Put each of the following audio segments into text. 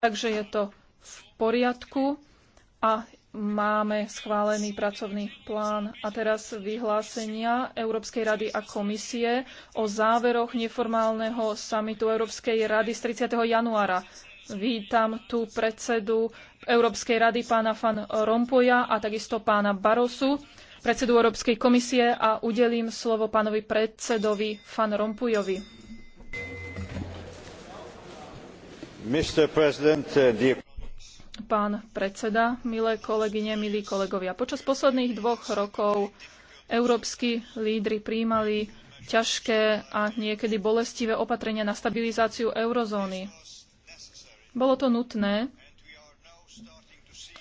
takže je to v poriadku a máme schválený pracovný plán. A teraz vyhlásenia Európskej rady a komisie o záveroch neformálneho samitu Európskej rady z 30. januára. Vítam tu predsedu Európskej rady pána Van Rompoja a takisto pána Barosu, predsedu Európskej komisie a udelím slovo pánovi predsedovi Van Rompujovi. Eh, Pán predseda, milé kolegyne, milí kolegovia, počas posledných dvoch rokov európski lídri príjmali ťažké a niekedy bolestivé opatrenia na stabilizáciu eurozóny. Bolo to nutné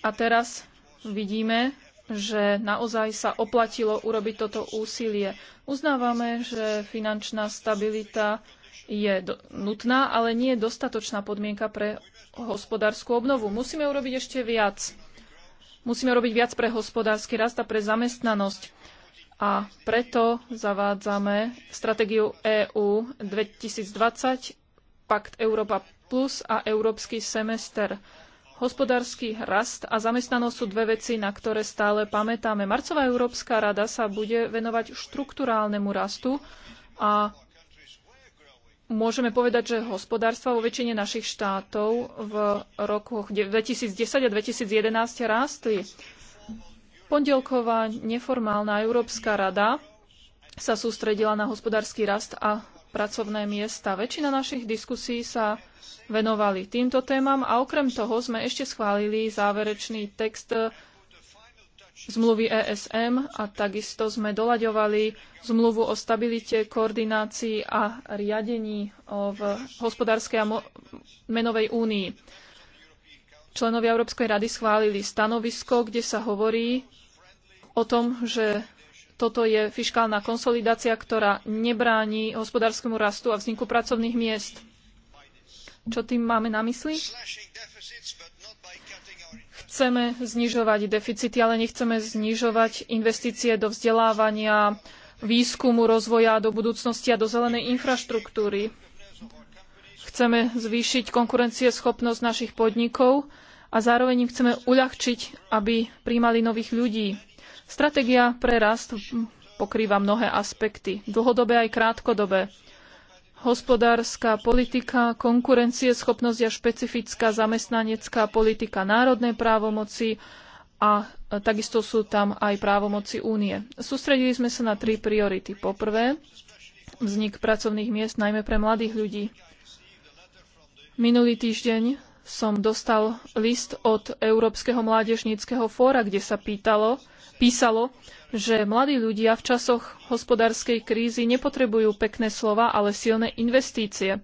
a teraz vidíme, že naozaj sa oplatilo urobiť toto úsilie. Uznávame, že finančná stabilita je nutná, ale nie je dostatočná podmienka pre hospodárskú obnovu. Musíme urobiť ešte viac. Musíme robiť viac pre hospodársky rast a pre zamestnanosť. A preto zavádzame stratégiu EÚ 2020, Pakt Európa Plus a Európsky semester. Hospodársky rast a zamestnanosť sú dve veci, na ktoré stále pamätáme. Marcová Európska rada sa bude venovať štrukturálnemu rastu a môžeme povedať, že hospodárstva vo väčšine našich štátov v rokoch 2010 a 2011 rástli. Pondelková neformálna Európska rada sa sústredila na hospodársky rast a pracovné miesta. Väčšina našich diskusí sa venovali týmto témam a okrem toho sme ešte schválili záverečný text zmluvy ESM a takisto sme dolaďovali zmluvu o stabilite, koordinácii a riadení v hospodárskej a menovej únii. Členovia Európskej rady schválili stanovisko, kde sa hovorí o tom, že toto je fiškálna konsolidácia, ktorá nebráni hospodárskemu rastu a vzniku pracovných miest. Čo tým máme na mysli? chceme znižovať deficity, ale nechceme znižovať investície do vzdelávania, výskumu, rozvoja, do budúcnosti a do zelenej infraštruktúry. Chceme zvýšiť konkurencieschopnosť našich podnikov a zároveň im chceme uľahčiť, aby príjmali nových ľudí. Stratégia pre rast pokrýva mnohé aspekty, dlhodobé aj krátkodobé hospodárska politika, konkurencieschopnosť a špecifická zamestnanecká politika, národné právomoci a takisto sú tam aj právomoci únie. Sústredili sme sa na tri priority. Poprvé, vznik pracovných miest najmä pre mladých ľudí. Minulý týždeň som dostal list od Európskeho mládežníckého fóra, kde sa pýtalo, písalo, že mladí ľudia v časoch hospodárskej krízy nepotrebujú pekné slova, ale silné investície.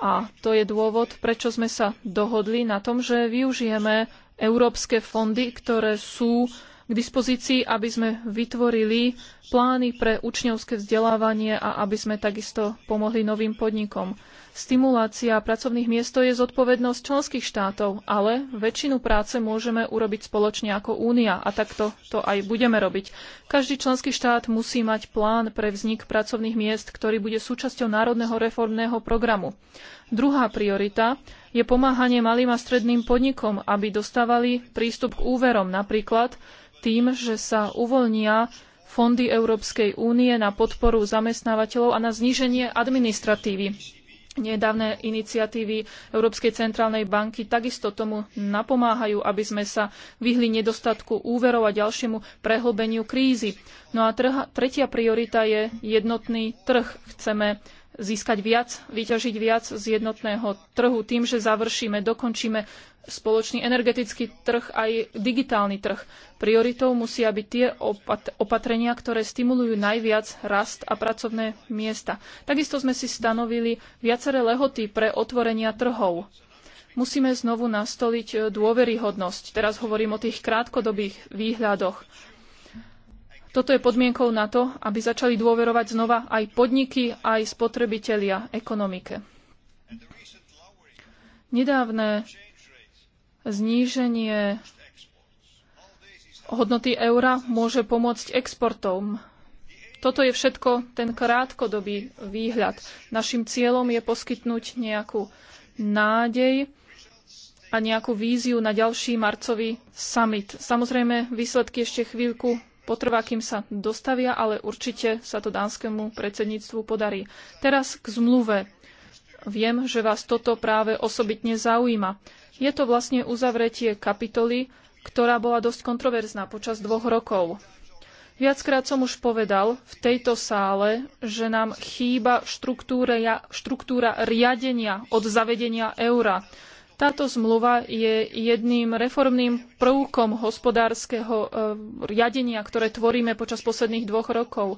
A to je dôvod, prečo sme sa dohodli na tom, že využijeme európske fondy, ktoré sú k dispozícii, aby sme vytvorili plány pre učňovské vzdelávanie a aby sme takisto pomohli novým podnikom. Stimulácia pracovných miest je zodpovednosť členských štátov, ale väčšinu práce môžeme urobiť spoločne ako únia a takto to aj budeme robiť. Každý členský štát musí mať plán pre vznik pracovných miest, ktorý bude súčasťou národného reformného programu. Druhá priorita je pomáhanie malým a stredným podnikom, aby dostávali prístup k úverom, napríklad tým, že sa uvoľnia fondy Európskej únie na podporu zamestnávateľov a na zníženie administratívy. Nedávne iniciatívy Európskej centrálnej banky takisto tomu napomáhajú, aby sme sa vyhli nedostatku úverov a ďalšiemu prehlbeniu krízy. No a trha, tretia priorita je jednotný trh. Chceme získať viac, vyťažiť viac z jednotného trhu tým, že završíme, dokončíme spoločný energetický trh aj digitálny trh. Prioritou musia byť tie opat opatrenia, ktoré stimulujú najviac rast a pracovné miesta. Takisto sme si stanovili viaceré lehoty pre otvorenia trhov. Musíme znovu nastoliť e, dôveryhodnosť. Teraz hovorím o tých krátkodobých výhľadoch. Toto je podmienkou na to, aby začali dôverovať znova aj podniky, aj spotrebitelia ekonomike. Nedávne zníženie hodnoty eura môže pomôcť exportom. Toto je všetko ten krátkodobý výhľad. Našim cieľom je poskytnúť nejakú nádej a nejakú víziu na ďalší marcový summit. Samozrejme, výsledky ešte chvíľku potrvá, kým sa dostavia, ale určite sa to dánskemu predsedníctvu podarí. Teraz k zmluve. Viem, že vás toto práve osobitne zaujíma. Je to vlastne uzavretie kapitoly, ktorá bola dosť kontroverzná počas dvoch rokov. Viackrát som už povedal v tejto sále, že nám chýba štruktúra, štruktúra riadenia od zavedenia eura. Táto zmluva je jedným reformným prvkom hospodárskeho eh, riadenia, ktoré tvoríme počas posledných dvoch rokov.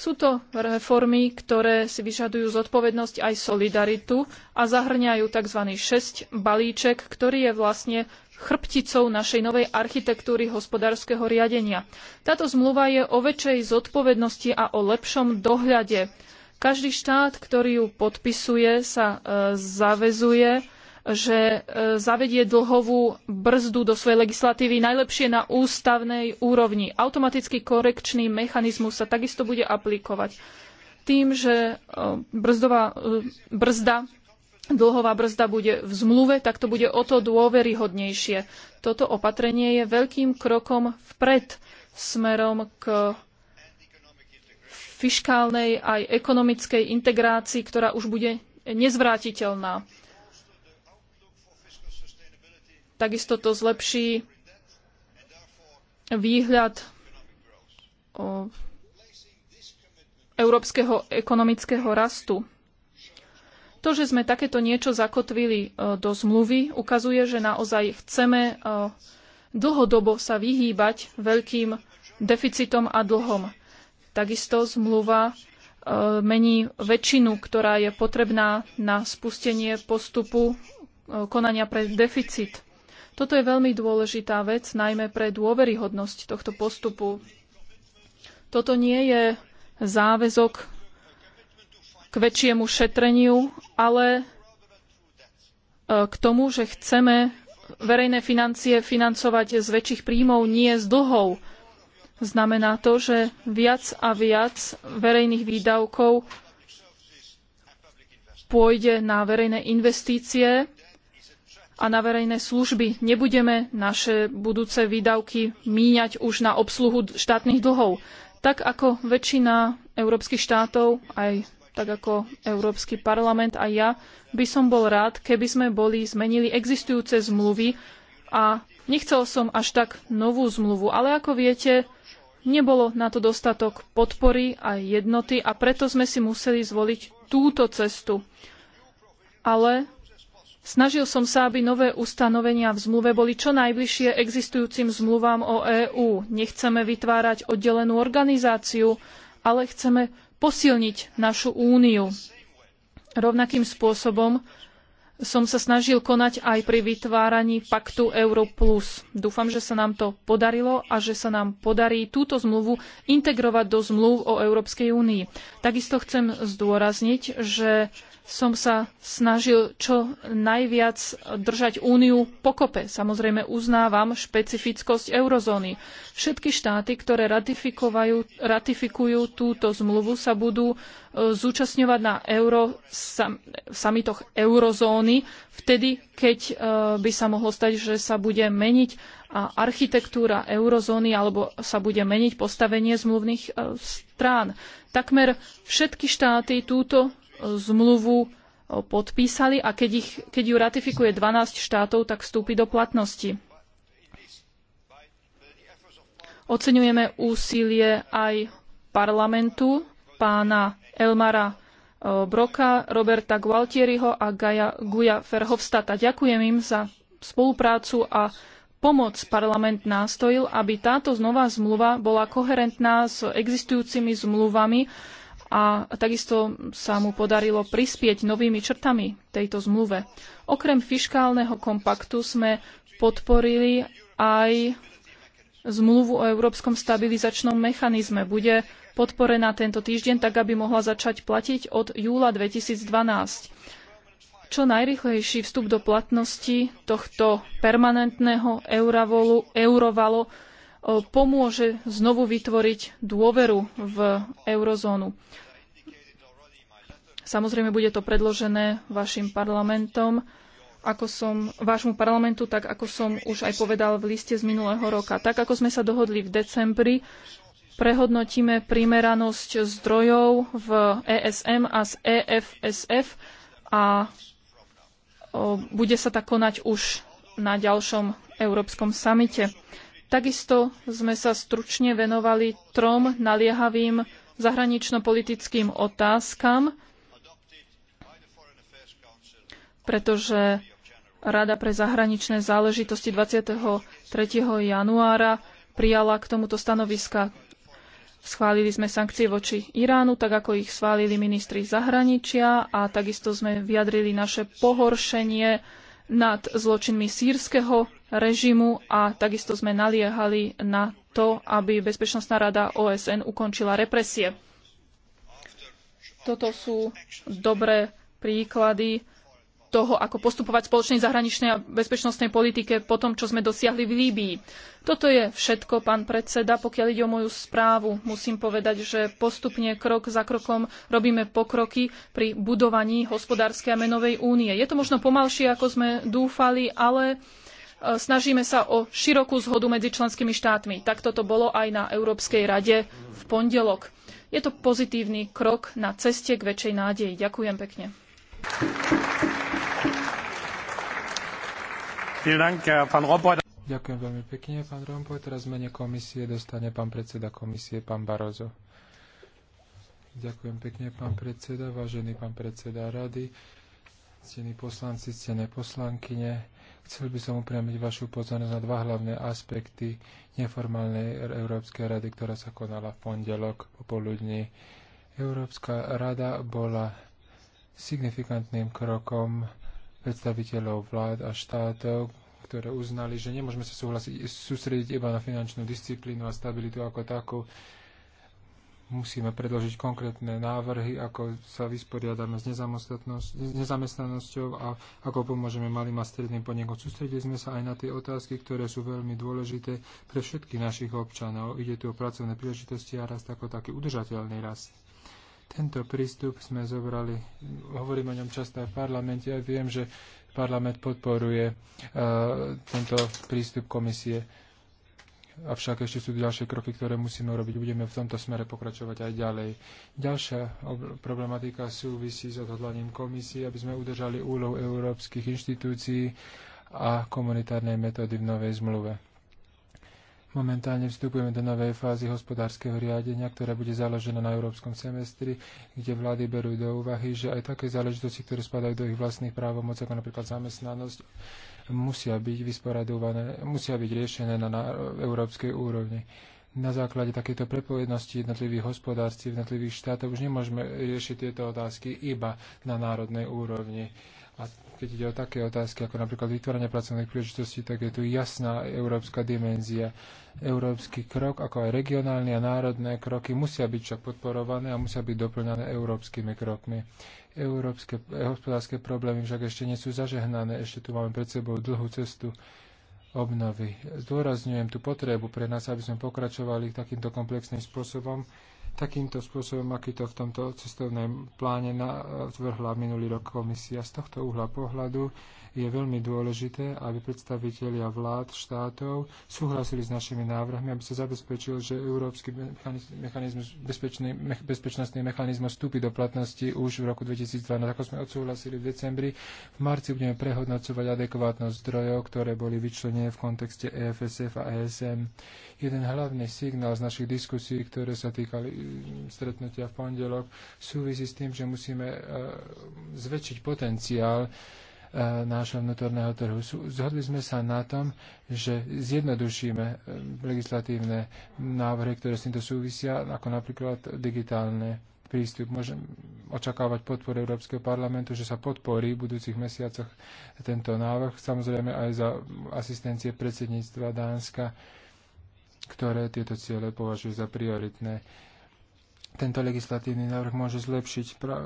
Sú to reformy, ktoré si vyžadujú zodpovednosť aj solidaritu a zahrňajú tzv. 6 balíček, ktorý je vlastne chrbticou našej novej architektúry hospodárskeho riadenia. Táto zmluva je o väčšej zodpovednosti a o lepšom dohľade. Každý štát, ktorý ju podpisuje, sa e, zavezuje že e, zavedie dlhovú brzdu do svojej legislatívy najlepšie na ústavnej úrovni. Automatický korekčný mechanizmus sa takisto bude aplikovať tým, že e, brzdová e, brzda dlhová brzda bude v zmluve, tak to bude o to dôveryhodnejšie. Toto opatrenie je veľkým krokom vpred smerom k fiškálnej aj ekonomickej integrácii, ktorá už bude nezvrátiteľná. Takisto to zlepší výhľad európskeho ekonomického rastu. To, že sme takéto niečo zakotvili e, do zmluvy, ukazuje, že naozaj chceme e, dlhodobo sa vyhýbať veľkým deficitom a dlhom. Takisto zmluva e, mení väčšinu, ktorá je potrebná na spustenie postupu konania pre deficit. Toto je veľmi dôležitá vec, najmä pre dôveryhodnosť tohto postupu. Toto nie je záväzok k väčšiemu šetreniu, ale e, k tomu, že chceme verejné financie financovať z väčších príjmov, nie z dlhov. Znamená to, že viac a viac verejných výdavkov pôjde na verejné investície a na verejné služby. Nebudeme naše budúce výdavky míňať už na obsluhu štátnych dlhov. Tak ako väčšina európskych štátov, aj tak ako Európsky parlament a ja, by som bol rád, keby sme boli zmenili existujúce zmluvy a nechcel som až tak novú zmluvu, ale ako viete, nebolo na to dostatok podpory a jednoty a preto sme si museli zvoliť túto cestu. Ale Snažil som sa, aby nové ustanovenia v zmluve boli čo najbližšie existujúcim zmluvám o EÚ. Nechceme vytvárať oddelenú organizáciu, ale chceme posilniť našu úniu. Rovnakým spôsobom som sa snažil konať aj pri vytváraní paktu Euro+. Plus. Dúfam, že sa nám to podarilo a že sa nám podarí túto zmluvu integrovať do zmluv o Európskej únii. Takisto chcem zdôrazniť, že som sa snažil čo najviac držať úniu pokope. Samozrejme uznávam špecifickosť eurozóny. Všetky štáty, ktoré ratifikujú túto zmluvu, sa budú e, zúčastňovať na euro, sam, samitoch eurozóny vtedy, keď e, by sa mohlo stať, že sa bude meniť architektúra eurozóny alebo sa bude meniť postavenie zmluvných e, strán. Takmer všetky štáty túto zmluvu podpísali a keď, ich, keď ju ratifikuje 12 štátov, tak vstúpi do platnosti. Oceňujeme úsilie aj parlamentu pána Elmara eh, Broka, Roberta Gualtieriho a Gaja, Guja Ferhovstata. Ďakujem im za spoluprácu a pomoc parlament nástojil, aby táto nová zmluva bola koherentná s existujúcimi zmluvami a takisto sa mu podarilo prispieť novými črtami tejto zmluve. Okrem fiškálneho kompaktu sme podporili aj zmluvu o Európskom stabilizačnom mechanizme. Bude podporená tento týždeň, tak aby mohla začať platiť od júla 2012 čo najrychlejší vstup do platnosti tohto permanentného Eurovalu. E, pomôže znovu vytvoriť dôveru v eurozónu. Samozrejme, bude to predložené vašim parlamentom, ako som, vášmu parlamentu, tak ako som už aj povedal v liste z minulého roka. Tak ako sme sa dohodli v decembri, prehodnotíme primeranosť zdrojov v ESM a z EFSF a o, e, bude sa tak konať už na ďalšom európskom samite. Takisto sme sa stručne venovali trom naliehavým zahranično-politickým otázkam, pretože Rada pre zahraničné záležitosti 23. januára prijala k tomuto stanoviska. Schválili sme sankcie voči Iránu, tak ako ich schválili ministri zahraničia a takisto sme vyjadrili naše pohoršenie nad zločinmi sírskeho režimu a takisto sme naliehali na to, aby Bezpečnostná rada OSN ukončila represie. Toto sú dobré príklady toho, ako postupovať spoločnej zahraničnej a bezpečnostnej politike po tom, čo sme dosiahli v Líbii. Toto je všetko, pán predseda, pokiaľ ide o moju správu. Musím povedať, že postupne krok za krokom robíme pokroky pri budovaní hospodárskej a menovej únie. Je to možno pomalšie, ako sme dúfali, ale E, snažíme sa o širokú zhodu medzi členskými štátmi. Takto to bolo aj na Európskej rade v pondelok. Je to pozitívny krok na ceste k väčšej nádeji. Ďakujem pekne. Ďakujem veľmi pekne, pán Rompuy. Teraz mene komisie dostane pán predseda komisie, pán Barozo. Ďakujem pekne, pán predseda, vážený pán predseda rady, ctení poslanci, ctené poslankyne. Chcel by som upriamiť vašu pozornosť na dva hlavné aspekty neformálnej Európskej rady, ktorá sa konala v pondelok popoludní. Európska rada bola signifikantným krokom predstaviteľov vlád a štátov, ktoré uznali, že nemôžeme sa súhlasiť, sústrediť iba na finančnú disciplínu a stabilitu ako takú, musíme predložiť konkrétne návrhy, ako sa vysporiadame s nezamestnanosťou a ako pomôžeme malým a stredným podnikom. Sústredili sme sa aj na tie otázky, ktoré sú veľmi dôležité pre všetkých našich občanov. Ide tu o pracovné príležitosti a rast ako taký udržateľný rast. Tento prístup sme zobrali, hovorím o ňom často aj v parlamente a viem, že parlament podporuje uh, tento prístup komisie avšak ešte sú ďalšie kroky, ktoré musíme urobiť. Budeme v tomto smere pokračovať aj ďalej. Ďalšia problematika súvisí s odhodlaním komisie, aby sme udržali úlohu európskych inštitúcií a komunitárnej metódy v novej zmluve. Momentálne vstupujeme do novej fázy hospodárskeho riadenia, ktorá bude založená na európskom semestri, kde vlády berú do úvahy, že aj také záležitosti, ktoré spadajú do ich vlastných právomoc, ako napríklad zamestnanosť, musia byť vysporadované, musia byť riešené na, na európskej úrovni. Na základe takéto prepovednosti jednotlivých hospodárstiev, jednotlivých štátov už nemôžeme riešiť tieto otázky iba na národnej úrovni a keď ide o také otázky ako napríklad vytvorenie pracovných príležitostí, tak je tu jasná európska dimenzia. Európsky krok, ako aj regionálne a národné kroky musia byť však podporované a musia byť doplňané európskymi krokmi. Európske hospodárske problémy však ešte nie sú zažehnané, ešte tu máme pred sebou dlhú cestu obnovy. Zdôrazňujem tú potrebu pre nás, aby sme pokračovali takýmto komplexným spôsobom takýmto spôsobom, aký to v tomto cestovnom pláne zvrhla minulý rok komisia. Z tohto uhla pohľadu je veľmi dôležité, aby predstavitelia vlád štátov súhlasili s našimi návrhmi, aby sa zabezpečil, že európsky mechanizmus, bezpečný, bezpečnostný mechanizmus vstúpi do platnosti už v roku 2012, ako sme odsúhlasili v decembri. V marci budeme prehodnocovať adekvátnosť zdrojov, ktoré boli vyčlenené v kontexte EFSF a ESM. Jeden hlavný signál z našich diskusí, ktoré sa týkali e, stretnutia v pondelok, súvisí s tým, že musíme e, zväčšiť potenciál e, nášho vnútorného trhu. Zhodli sme sa na tom, že zjednodušíme legislatívne návrhy, ktoré s týmto súvisia, ako napríklad digitálne prístup. Môžem očakávať podporu Európskeho parlamentu, že sa podporí v budúcich mesiacoch tento návrh, samozrejme aj za asistencie predsedníctva Dánska ktoré tieto ciele považujú za prioritné. Tento legislatívny návrh môže zlepšiť pra-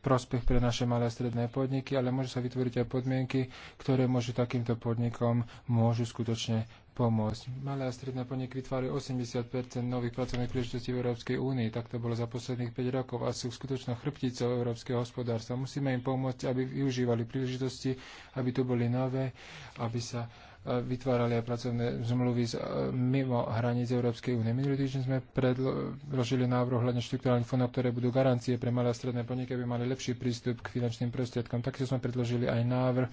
prospech pre naše malé a stredné podniky, ale môže sa vytvoriť aj podmienky, ktoré môžu takýmto podnikom môžu skutočne pomôcť. Malé a stredné podniky vytvárajú 80 nových pracovných príležitostí v Európskej únii. Tak to bolo za posledných 5 rokov a sú skutočne chrbticou európskeho hospodárstva. Musíme im pomôcť, aby využívali príležitosti, aby tu boli nové, aby sa vytvárali aj pracovné zmluvy z, e, mimo hraníc Európskej únie. Minulý týždeň sme predložili návrh hľadne štruktúrálnych fondov, ktoré budú garancie pre malé a stredné podniky, aby mali lepší prístup k finančným prostriedkom. Takisto sme predložili aj návrh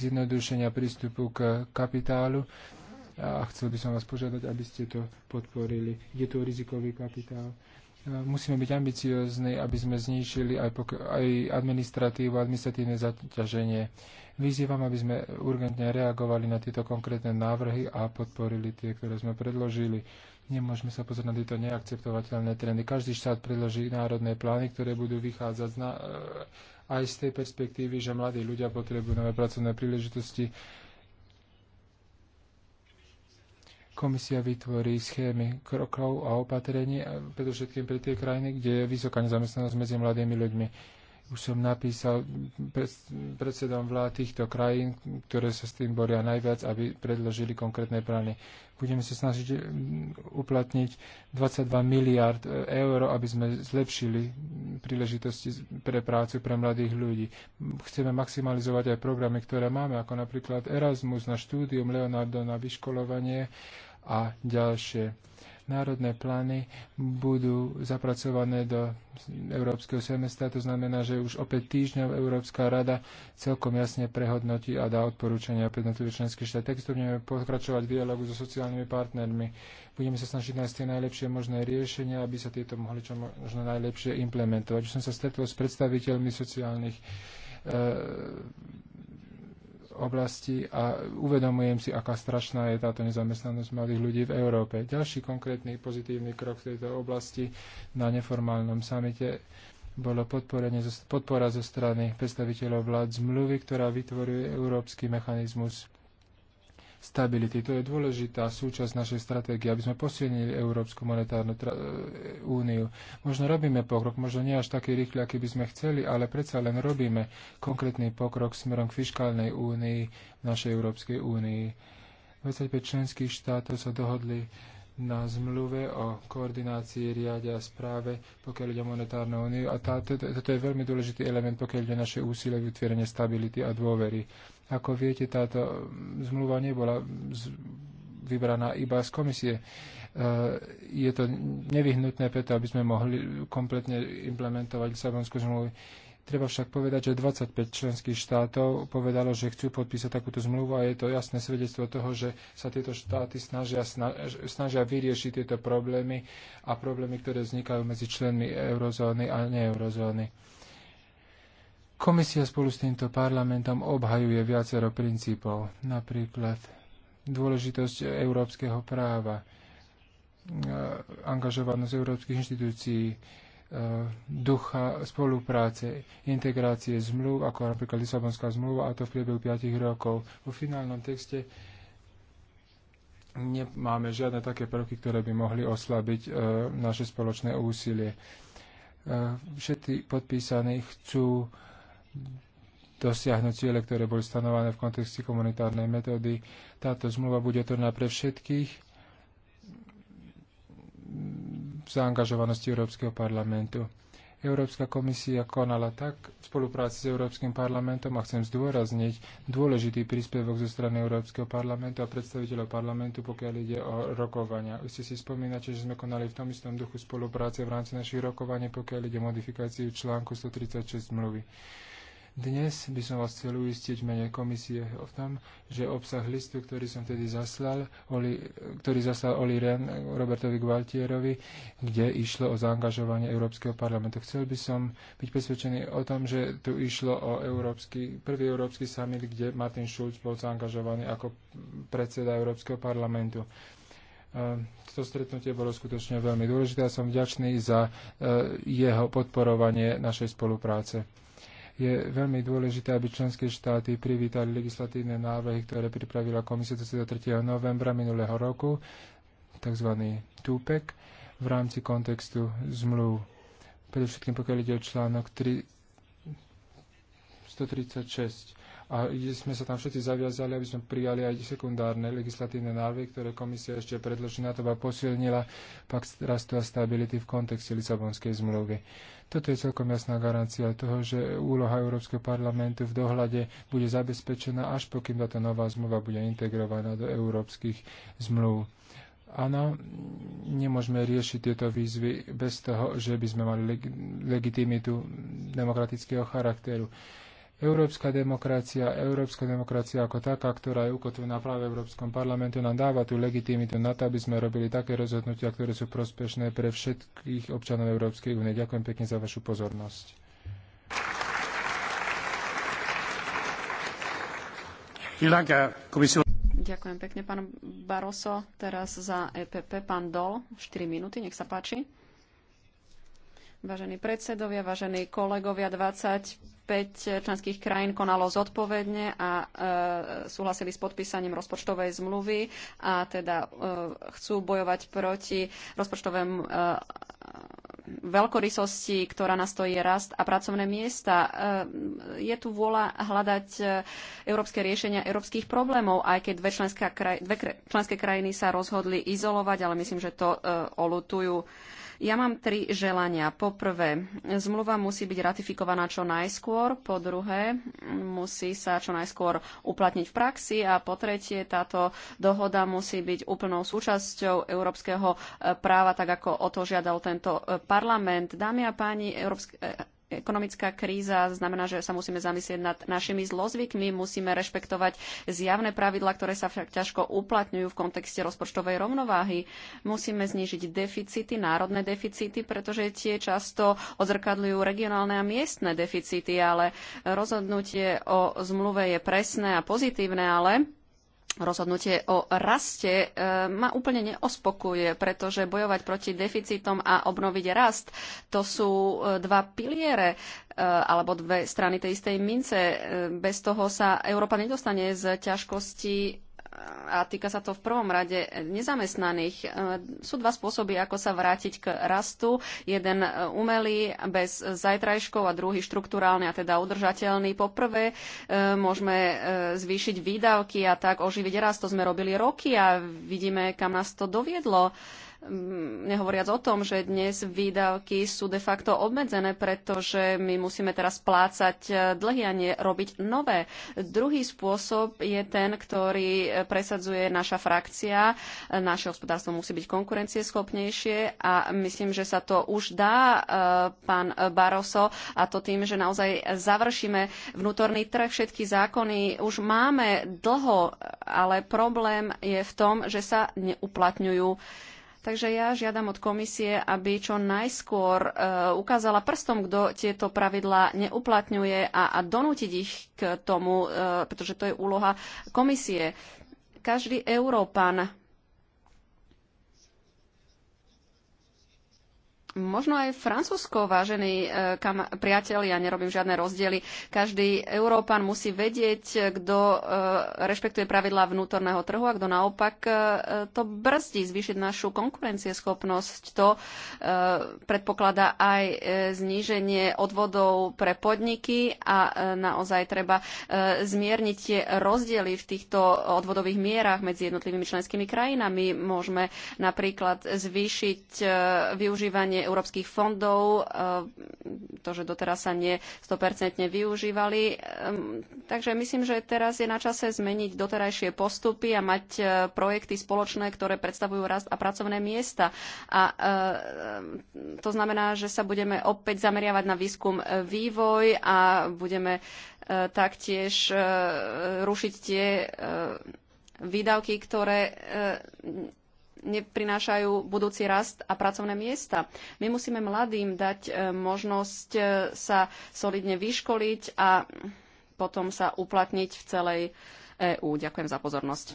zjednodušenia prístupu k kapitálu a chcel by som vás požiadať, aby ste to podporili. Je tu rizikový kapitál musíme byť ambiciozní, aby sme znišili aj, aj administratívu, administratívne zaťaženie. Vyzývam, aby sme urgentne reagovali na tieto konkrétne návrhy a podporili tie, ktoré sme predložili. Nemôžeme sa pozrieť na tieto neakceptovateľné trendy. Každý štát predloží národné plány, ktoré budú vychádzať z na, e, aj z tej perspektívy, že mladí ľudia potrebujú nové pracovné príležitosti komisia vytvorí schémy krokov a opatrení, e, predovšetkým pre tie krajiny, kde je vysoká nezamestnanosť medzi mladými ľuďmi. Už som napísal predsedom vlád týchto krajín, ktoré sa s tým boria najviac, aby predložili konkrétne plány. Budeme sa snažiť uplatniť 22 miliard e, eur, aby sme zlepšili príležitosti pre prácu pre mladých ľudí. Chceme maximalizovať aj programy, ktoré máme, ako napríklad Erasmus na štúdium, Leonardo na vyškolovanie, a ďalšie. Národné plány budú zapracované do európskeho semestra, to znamená, že už opäť týždňov Európska rada celkom jasne prehodnotí a dá odporúčania pre jednotlivé členské štáty. Takisto budeme pokračovať v dialogu so sociálnymi partnermi. Budeme sa snažiť nájsť tie najlepšie možné riešenia, aby sa tieto mohli čo možno najlepšie implementovať. Už som sa stretol s predstaviteľmi sociálnych e, oblasti a uvedomujem si, aká strašná je táto nezamestnanosť mladých ľudí v Európe. Ďalší konkrétny pozitívny krok v tejto oblasti na neformálnom samite bolo podpora zo strany predstaviteľov vlád zmluvy, ktorá vytvoruje európsky mechanizmus stability. To je dôležitá súčasť našej stratégie, aby sme posilnili Európsku monetárnu e, úniu. Možno robíme pokrok, možno nie až taký rýchly, aký by sme chceli, ale predsa len robíme konkrétny pokrok smerom k fiskálnej únii v našej Európskej únii. 25 členských štátov sa dohodli na zmluve o koordinácii, riade a správe, pokiaľ ide o monetárnu úniu. A toto je veľmi dôležitý element, pokiaľ ide o naše úsilie vytvorenie stability a dôvery. Ako viete, táto zmluva nebola vybraná iba z komisie. E, je to nevyhnutné preto, aby sme mohli kompletne implementovať Lisabonskú zmluvu. Treba však povedať, že 25 členských štátov povedalo, že chcú podpísať takúto zmluvu a je to jasné svedectvo toho, že sa tieto štáty snažia, snažia vyriešiť tieto problémy a problémy, ktoré vznikajú medzi členmi eurozóny a neeurozóny. Komisia spolu s týmto parlamentom obhajuje viacero princípov, napríklad dôležitosť európskeho práva, e, angažovanosť európskych inštitúcií, e, ducha spolupráce, integrácie zmluv, ako napríklad Lisabonská zmluva, a to v priebehu 5 rokov. Vo finálnom texte nemáme žiadne také prvky, ktoré by mohli oslabiť e, naše spoločné úsilie. všetci podpísaní chcú dosiahnuť ciele, ktoré boli stanované v kontexte komunitárnej metódy. Táto zmluva bude na pre všetkých v zaangažovanosti Európskeho parlamentu. Európska komisia konala tak v spolupráci s Európskym parlamentom a chcem zdôrazniť dôležitý príspevok zo strany Európskeho parlamentu a predstaviteľov parlamentu, pokiaľ ide o rokovania. Vy ste si spomínate, že sme konali v tom istom duchu spolupráce v rámci našich rokovaní, pokiaľ ide o modifikáciu článku 136 zmluvy. Dnes by som vás chcel uistiť v mene komisie o tom, že obsah listu, ktorý som tedy zaslal, Oli, ktorý zaslal Oli Ren Robertovi Gualtierovi, kde išlo o zaangažovanie Európskeho parlamentu. Chcel by som byť presvedčený o tom, že tu išlo o európsky, prvý európsky summit, kde Martin Schulz bol zaangažovaný ako predseda Európskeho parlamentu. Toto stretnutie bolo skutočne veľmi dôležité a som vďačný za e, jeho podporovanie našej spolupráce. Je veľmi dôležité, aby členské štáty privítali legislatívne návrhy, ktoré pripravila komisia 23. novembra minulého roku, tzv. TUPEC, v rámci kontextu zmluv. Predovšetkým pokiaľ ide o článok 3, 136 a sme sa tam všetci zaviazali, aby sme prijali aj sekundárne legislatívne návrhy, ktoré komisia ešte predloží na to, aby posilnila pak rastu a stability v kontexte Lisabonskej zmluvy. Toto je celkom jasná garancia toho, že úloha Európskeho parlamentu v dohľade bude zabezpečená, až pokým táto nová zmluva bude integrovaná do európskych zmluv. Áno, nemôžeme riešiť tieto výzvy bez toho, že by sme mali leg- legitimitu demokratického charakteru. Európska demokracia, európska demokracia ako taká, ktorá je ukotvená práve v Európskom parlamentu, nám dáva tú legitimitu na to, aby sme robili také rozhodnutia, ktoré sú prospešné pre všetkých občanov Európskej únie. Ďakujem pekne za vašu pozornosť. Ďakujem pekne, pán Baroso. Teraz za EPP pán Dol. 4 minúty, nech sa páči. Vážení predsedovia, vážení kolegovia, 25 členských krajín konalo zodpovedne a e, súhlasili s podpísaním rozpočtovej zmluvy a teda e, chcú bojovať proti rozpočtovému e, veľkorysosti, ktorá nastojí rast a pracovné miesta. E, je tu vôľa hľadať e, európske riešenia európskych problémov, aj keď dve, kraj, dve členské krajiny sa rozhodli izolovať, ale myslím, že to e, olutujú. Ja mám tri želania. Po prvé, zmluva musí byť ratifikovaná čo najskôr. Po druhé, musí sa čo najskôr uplatniť v praxi. A po tretie, táto dohoda musí byť úplnou súčasťou európskeho eh, práva, tak ako o to žiadal tento eh, parlament. Dámy a páni, Európske, eh, ekonomická kríza znamená, že sa musíme zamyslieť nad našimi zlozvykmi, musíme rešpektovať zjavné pravidlá, ktoré sa však ťažko uplatňujú v kontexte rozpočtovej rovnováhy. Musíme znížiť deficity, národné deficity, pretože tie často odzrkadľujú regionálne a miestne deficity, ale rozhodnutie o zmluve je presné a pozitívne, ale rozhodnutie o raste e, ma úplne neospokuje, pretože bojovať proti deficitom a obnoviť rast, to sú e, dva piliere e, alebo dve strany tej istej mince. Bez toho sa Európa nedostane z ťažkosti a týka sa to v prvom rade nezamestnaných. E, sú dva spôsoby, ako sa vrátiť k rastu. Jeden e, umelý, bez zajtrajškov a druhý štruktúrálny a teda udržateľný. Poprvé e, môžeme zvýšiť výdavky a tak oživiť rast. To sme robili roky a vidíme, kam nás to doviedlo. Mm, nehovoriac o tom, že dnes výdavky sú de facto obmedzené, pretože my musíme teraz plácať e, dlhy a nie robiť nové. Druhý spôsob je ten, ktorý e, presadzuje naša frakcia. E, naše hospodárstvo musí byť konkurencieschopnejšie a myslím, že sa to už dá, pán Baroso, a to tým, že naozaj završíme vnútorný trh. Všetky zákony už máme dlho, ale problém je v tom, že sa neuplatňujú Takže ja žiadam od komisie, aby čo najskôr e, ukázala prstom, kto tieto pravidlá neuplatňuje a, a donútiť ich k tomu, e, pretože to je úloha komisie. Každý Európan Možno aj Francúzsko, vážení e, kam, priatelia, ja nerobím žiadne rozdiely. Každý Európan musí vedieť, kto e, rešpektuje pravidlá vnútorného trhu a kto naopak e, to brzdí, zvýšiť našu konkurencieschopnosť. To predpokladá aj zníženie odvodov pre podniky a naozaj treba zmierniť tie rozdiely v týchto odvodových mierach medzi jednotlivými členskými krajinami. Môžeme napríklad zvýšiť využívanie európskych fondov, e, to, že doteraz sa nie 100% využívali. E, takže myslím, že teraz je na čase zmeniť doterajšie postupy a mať e, projekty spoločné, ktoré predstavujú rast a pracovné miesta. A to znamená, že sa budeme opäť zameriavať na výskum vývoj a budeme taktiež rušiť tie výdavky, ktoré neprinášajú budúci rast a pracovné miesta. My musíme mladým dať e, možnosť e, sa solidne vyškoliť a potom sa uplatniť v celej EÚ. Ďakujem za pozornosť.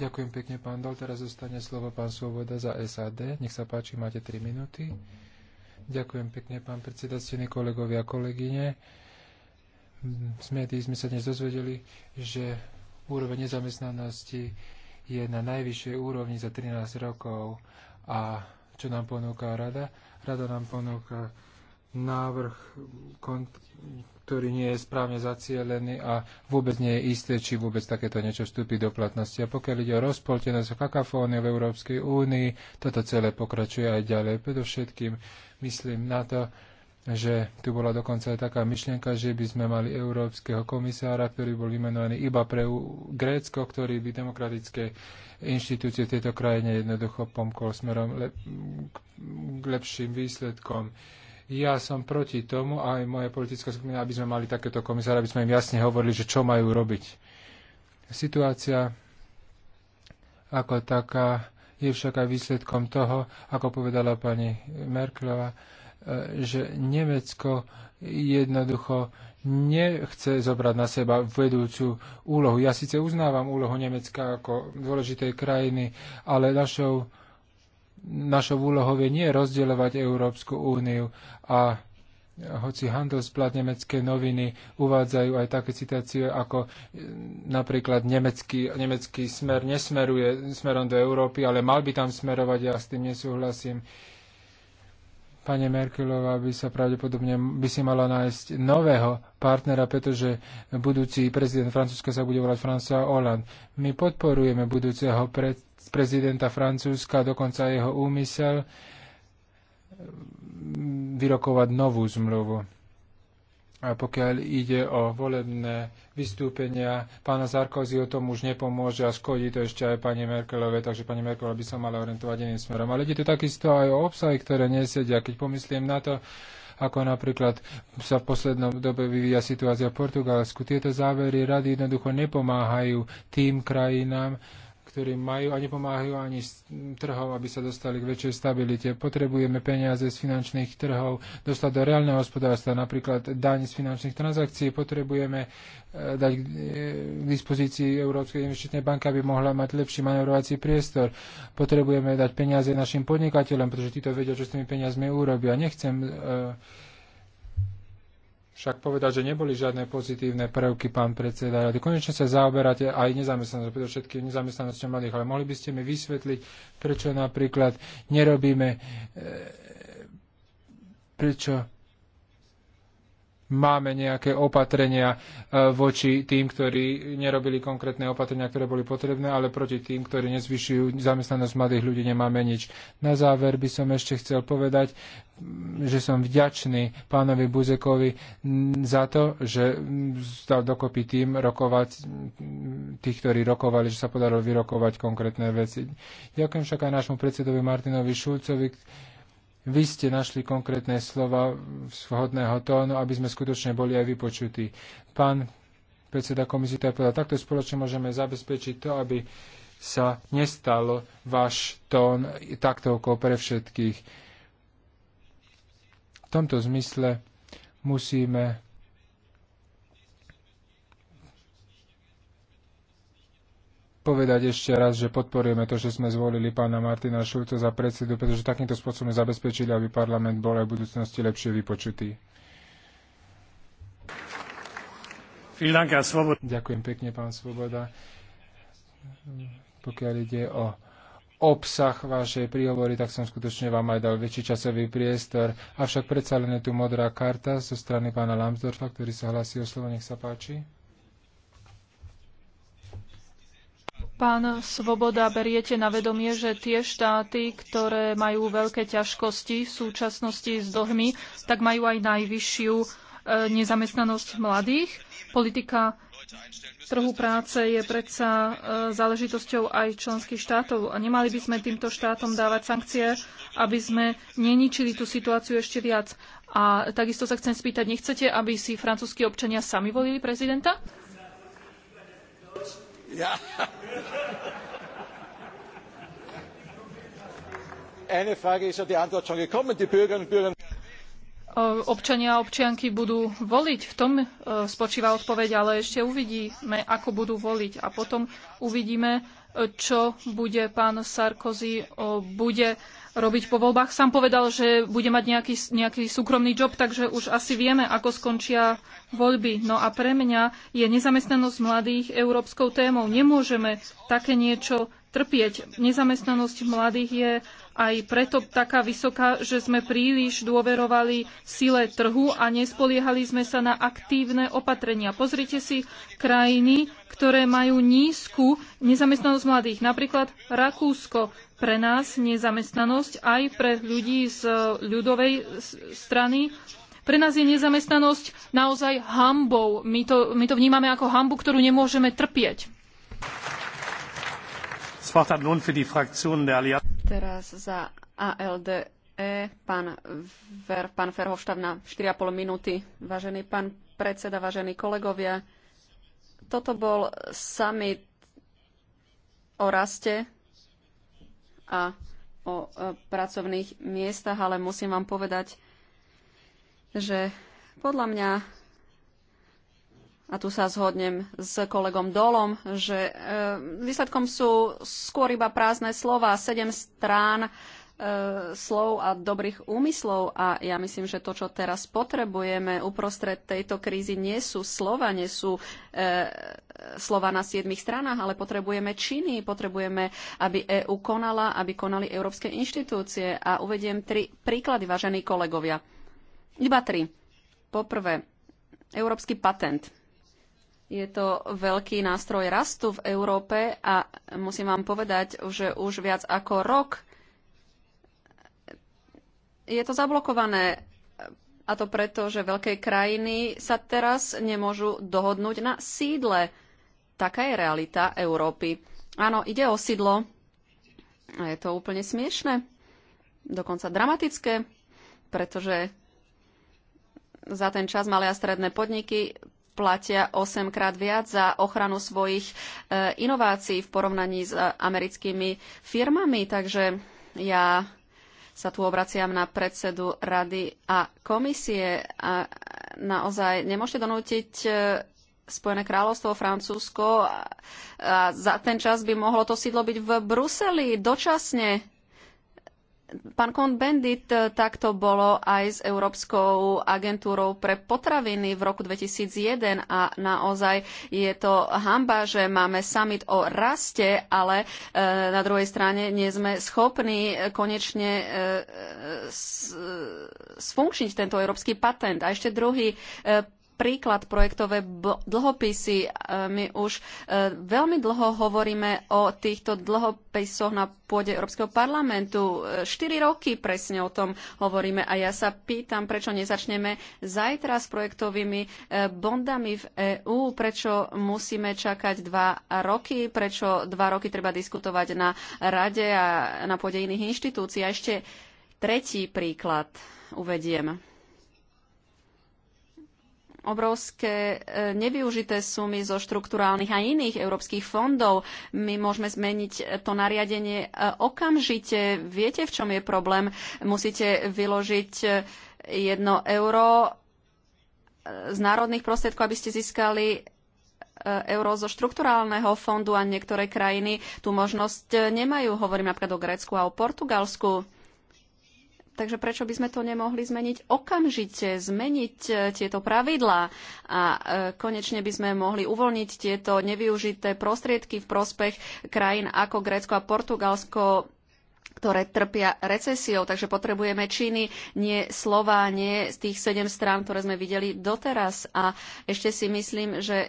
Ďakujem pekne, pán Dol. Teraz zostane slovo pán Svoboda za SAD. Nech sa páči, máte 3 minúty. Ďakujem pekne, pán predseda, kolegovia a kolegyne z médií sme sa dnes dozvedeli, že úroveň nezamestnanosti je na najvyššej úrovni za 13 rokov. A čo nám ponúka rada? Rada nám ponúka návrh, ktorý nie je správne zacielený a vôbec nie je isté, či vôbec takéto niečo vstúpi do platnosti. A pokiaľ ide o rozpoltenosť a kakafóny v Európskej únii, toto celé pokračuje aj ďalej. Predovšetkým myslím na to, že tu bola dokonca aj taká myšlienka, že by sme mali európskeho komisára, ktorý bol vymenovaný iba pre Grécko, ktorý by demokratické inštitúcie v tejto krajine jednoducho pomkol smerom lep- k lepším výsledkom. Ja som proti tomu, aj moje politická skupina, aby sme mali takéto komisára, aby sme im jasne hovorili, že čo majú robiť. Situácia ako taká je však aj výsledkom toho, ako povedala pani Merklova, že Nemecko jednoducho nechce zobrať na seba vedúcu úlohu. Ja síce uznávam úlohu Nemecka ako dôležitej krajiny, ale našou, našou úlohou je nie rozdielovať Európsku úniu a hoci Handelsblatt nemecké noviny uvádzajú aj také citácie, ako e, napríklad nemecký, nemecký smer nesmeruje smerom do Európy, ale mal by tam smerovať, ja s tým nesúhlasím. Uh, Pani Merkelová by sa pravdepodobne by si mala nájsť nového partnera, pretože budúci prezident Francúzska sa bude volať François Hollande. My podporujeme budúceho prezidenta Francúzska, dokonca jeho úmysel vyrokovať novú zmluvu a pokiaľ ide o volebné vystúpenia pána Sarkozyho, tomu už nepomôže a škodí to ešte aj pani Merkelove, takže pani Merkelová by sa mala orientovať iným smerom. Ale ide to takisto aj o obsahy, ktoré nesedia. Keď pomyslím na to, ako napríklad sa v poslednom dobe vyvíja situácia v Portugalsku. Tieto závery rady jednoducho nepomáhajú tým krajinám, ktorí majú a nepomáhajú ani trhov, aby sa dostali k väčšej stabilite. Potrebujeme peniaze z finančných trhov dostať do reálneho hospodárstva, napríklad daň z finančných transakcií. Potrebujeme e, dať e, k dispozícii Európskej investičnej banky, aby mohla mať lepší manevrovací priestor. Potrebujeme dať peniaze našim podnikateľom, pretože títo vedia, čo s tými peniazmi urobia. Nechcem uh, však povedať, že neboli žiadne pozitívne prvky, pán predseda. Konečne sa zaoberáte aj nezamestnanosťou, predovšetkým nezamestnanosťou mladých, ale mohli by ste mi vysvetliť, prečo napríklad nerobíme, e, prečo máme nejaké opatrenia e, voči tým, ktorí nerobili konkrétne opatrenia, ktoré boli potrebné, ale proti tým, ktorí nezvyšujú zamestnanosť mladých ľudí, nemáme nič. Na záver by som ešte chcel povedať, že som vďačný pánovi Buzekovi za to, že stal dokopy tým rokovať, tých, ktorí rokovali, že sa podarilo vyrokovať konkrétne veci. Ďakujem však aj nášmu predsedovi Martinovi Šulcovi, vy ste našli konkrétne slova vhodného tónu, aby sme skutočne boli aj vypočutí. Pán predseda komisie to aj povedal, takto spoločne môžeme zabezpečiť to, aby sa nestal váš tón taktovkou pre všetkých. V tomto zmysle musíme povedať ešte raz, že podporujeme to, že sme zvolili pána Martina Šulca za predsedu, pretože takýmto spôsobom zabezpečili, aby parlament bol aj v budúcnosti lepšie vypočutý. Ďakujem pekne, pán Svoboda. Pokiaľ ide o obsah vašej príhovory, tak som skutočne vám aj dal väčší časový priestor. Avšak predsa len je tu modrá karta zo strany pána Lambsdorfa, ktorý sa hlasí o slovo. Nech sa páči. Pán Svoboda, beriete na vedomie, že tie štáty, ktoré majú veľké ťažkosti v súčasnosti s dlhmi, tak majú aj najvyššiu e, nezamestnanosť mladých. Politika trhu práce je predsa e, záležitosťou aj členských štátov. A nemali by sme týmto štátom dávať sankcie, aby sme neničili tú situáciu ešte viac. A takisto sa chcem spýtať, nechcete, aby si francúzskí občania sami volili prezidenta? Ja. Eine Frage ist ja die Antwort schon gekommen. Die Bürgerinnen und Bürger občania a občianky budú voliť. V tom e, spočíva odpoveď, ale ešte uvidíme, ako budú voliť. A potom uvidíme, e, čo bude pán Sarkozy bude robiť po voľbách. Sám povedal, že bude mať nejaký, nejaký súkromný job, takže už asi vieme, ako skončia voľby. No a pre mňa je nezamestnanosť mladých európskou témou. Nemôžeme také niečo trpieť. Nezamestnanosť mladých je aj preto taká vysoká, že sme príliš dôverovali sile trhu a nespoliehali sme sa na aktívne opatrenia. Pozrite si krajiny, ktoré majú nízku nezamestnanosť mladých, napríklad Rakúsko pre nás nezamestnanosť, aj pre ľudí z eh, ľudovej strany. Pre nás je nezamestnanosť naozaj hambou. My to, my to vnímame ako hambu, ktorú nemôžeme trpieť. Teraz za ALDE pán, Ver, pán Verhofštav na 4,5 minúty. Vážený pán predseda, vážení kolegovia, toto bol summit o raste a o e, pracovných miestach, ale musím vám povedať, že podľa mňa, a tu sa zhodnem s kolegom Dolom, že e, výsledkom sú skôr iba prázdne slova, sedem strán slov a dobrých úmyslov a ja myslím, že to, čo teraz potrebujeme uprostred tejto krízy, nie sú slova, nie sú e, slova na siedmých stranách, ale potrebujeme činy, potrebujeme, aby EÚ konala, aby konali európske inštitúcie. A uvediem tri príklady, vážení kolegovia. Iba tri. Poprvé, európsky patent. Je to veľký nástroj rastu v Európe a musím vám povedať, že už viac ako rok je to zablokované. A to preto, že veľké krajiny sa teraz nemôžu dohodnúť na sídle. Taká je realita Európy. Áno, ide o sídlo. A je to úplne smiešne. Dokonca dramatické, pretože za ten čas malé a stredné podniky platia 8 krát viac za ochranu svojich e, inovácií v porovnaní s e, americkými firmami. Takže ja sa tu obraciam na predsedu rady a komisie. A naozaj nemôžete donútiť e, Spojené kráľovstvo, Francúzsko a za ten čas by mohlo to sídlo byť v Bruseli dočasne Pán Kont Bendit, e, tak to bolo aj s Európskou agentúrou pre potraviny v roku 2001 a naozaj je to hamba, že máme summit o raste, ale e, na druhej strane nie sme schopní konečne e, sfunkčniť tento európsky patent. A ešte druhý príklad projektové dlhopisy. E, my už e, veľmi dlho hovoríme o týchto dlhopisoch na pôde Európskeho parlamentu. 4 e, roky presne o tom hovoríme a ja sa pýtam, prečo nezačneme zajtra s projektovými bondami v EÚ, prečo musíme čakať 2 roky, prečo 2 roky treba diskutovať na rade a na pôde iných inštitúcií. A ešte tretí príklad uvediem obrovské e, nevyužité sumy zo štrukturálnych a iných európskych fondov. My môžeme zmeniť to nariadenie e, okamžite. Viete, v čom je problém? Musíte vyložiť e, jedno euro z národných prostriedkov, aby ste získali euro zo štrukturálneho fondu a niektoré krajiny tú možnosť nemajú. Hovorím napríklad o Grécku a o Portugalsku Takže prečo by sme to nemohli zmeniť okamžite, zmeniť e, tieto pravidlá a e, konečne by sme mohli uvoľniť tieto nevyužité prostriedky v prospech krajín ako Grécko a Portugalsko ktoré trpia recesiou, takže potrebujeme činy, nie slova, nie z tých sedem strán, ktoré sme videli doteraz. A ešte si myslím, že e,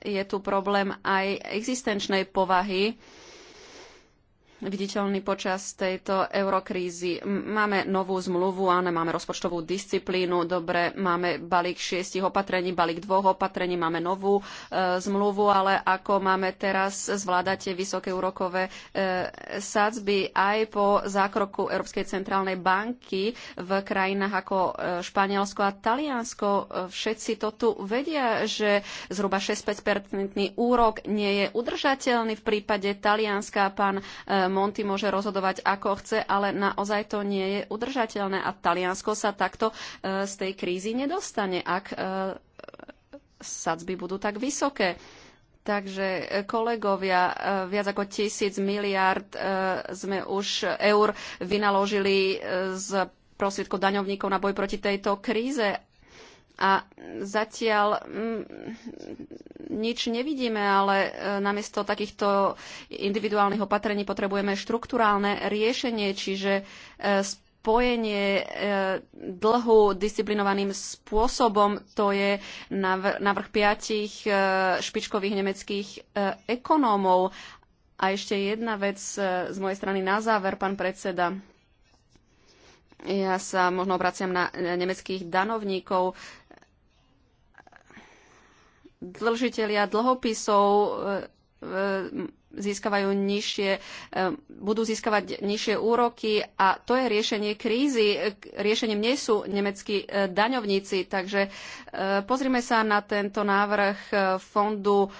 je tu problém aj existenčnej povahy viditeľný počas tejto eurokrízy. Máme novú zmluvu, áno, máme rozpočtovú disciplínu, dobre, máme balík šiestich opatrení, balík dvoch opatrení, máme novú e, zmluvu, ale ako máme teraz zvládať tie vysoké úrokové e, sadzby aj po zákroku Európskej centrálnej banky v krajinách ako e, Španielsko a Taliansko. E, všetci to tu vedia, že zhruba 6-5-percentný úrok nie je udržateľný v prípade Talianska. Pán e, Monty môže rozhodovať ako chce, ale naozaj to nie je udržateľné a Taliansko sa takto e, z tej krízy nedostane, ak e, sadzby budú tak vysoké. Takže e, kolegovia, viac ako tisíc miliard sme už eur vynaložili z prostriedkov daňovníkov na boj proti tejto kríze a zatiaľ m, mm, nič nevidíme, ale e, namiesto takýchto individuálnych opatrení potrebujeme štruktúrálne riešenie, čiže e, spojenie e, dlhu disciplinovaným spôsobom, to je navrh piatich špičkových nemeckých ekonómov. A ešte jedna vec z mojej strany na záver, pán predseda. Ja sa možno obraciam na nemeckých danovníkov dlžitelia dlhopisov e, e, získavajú nižšie, e, budú získavať nižšie úroky a to je riešenie krízy. Riešením nie sú nemeckí daňovníci, takže pozrime sa na tento návrh fondu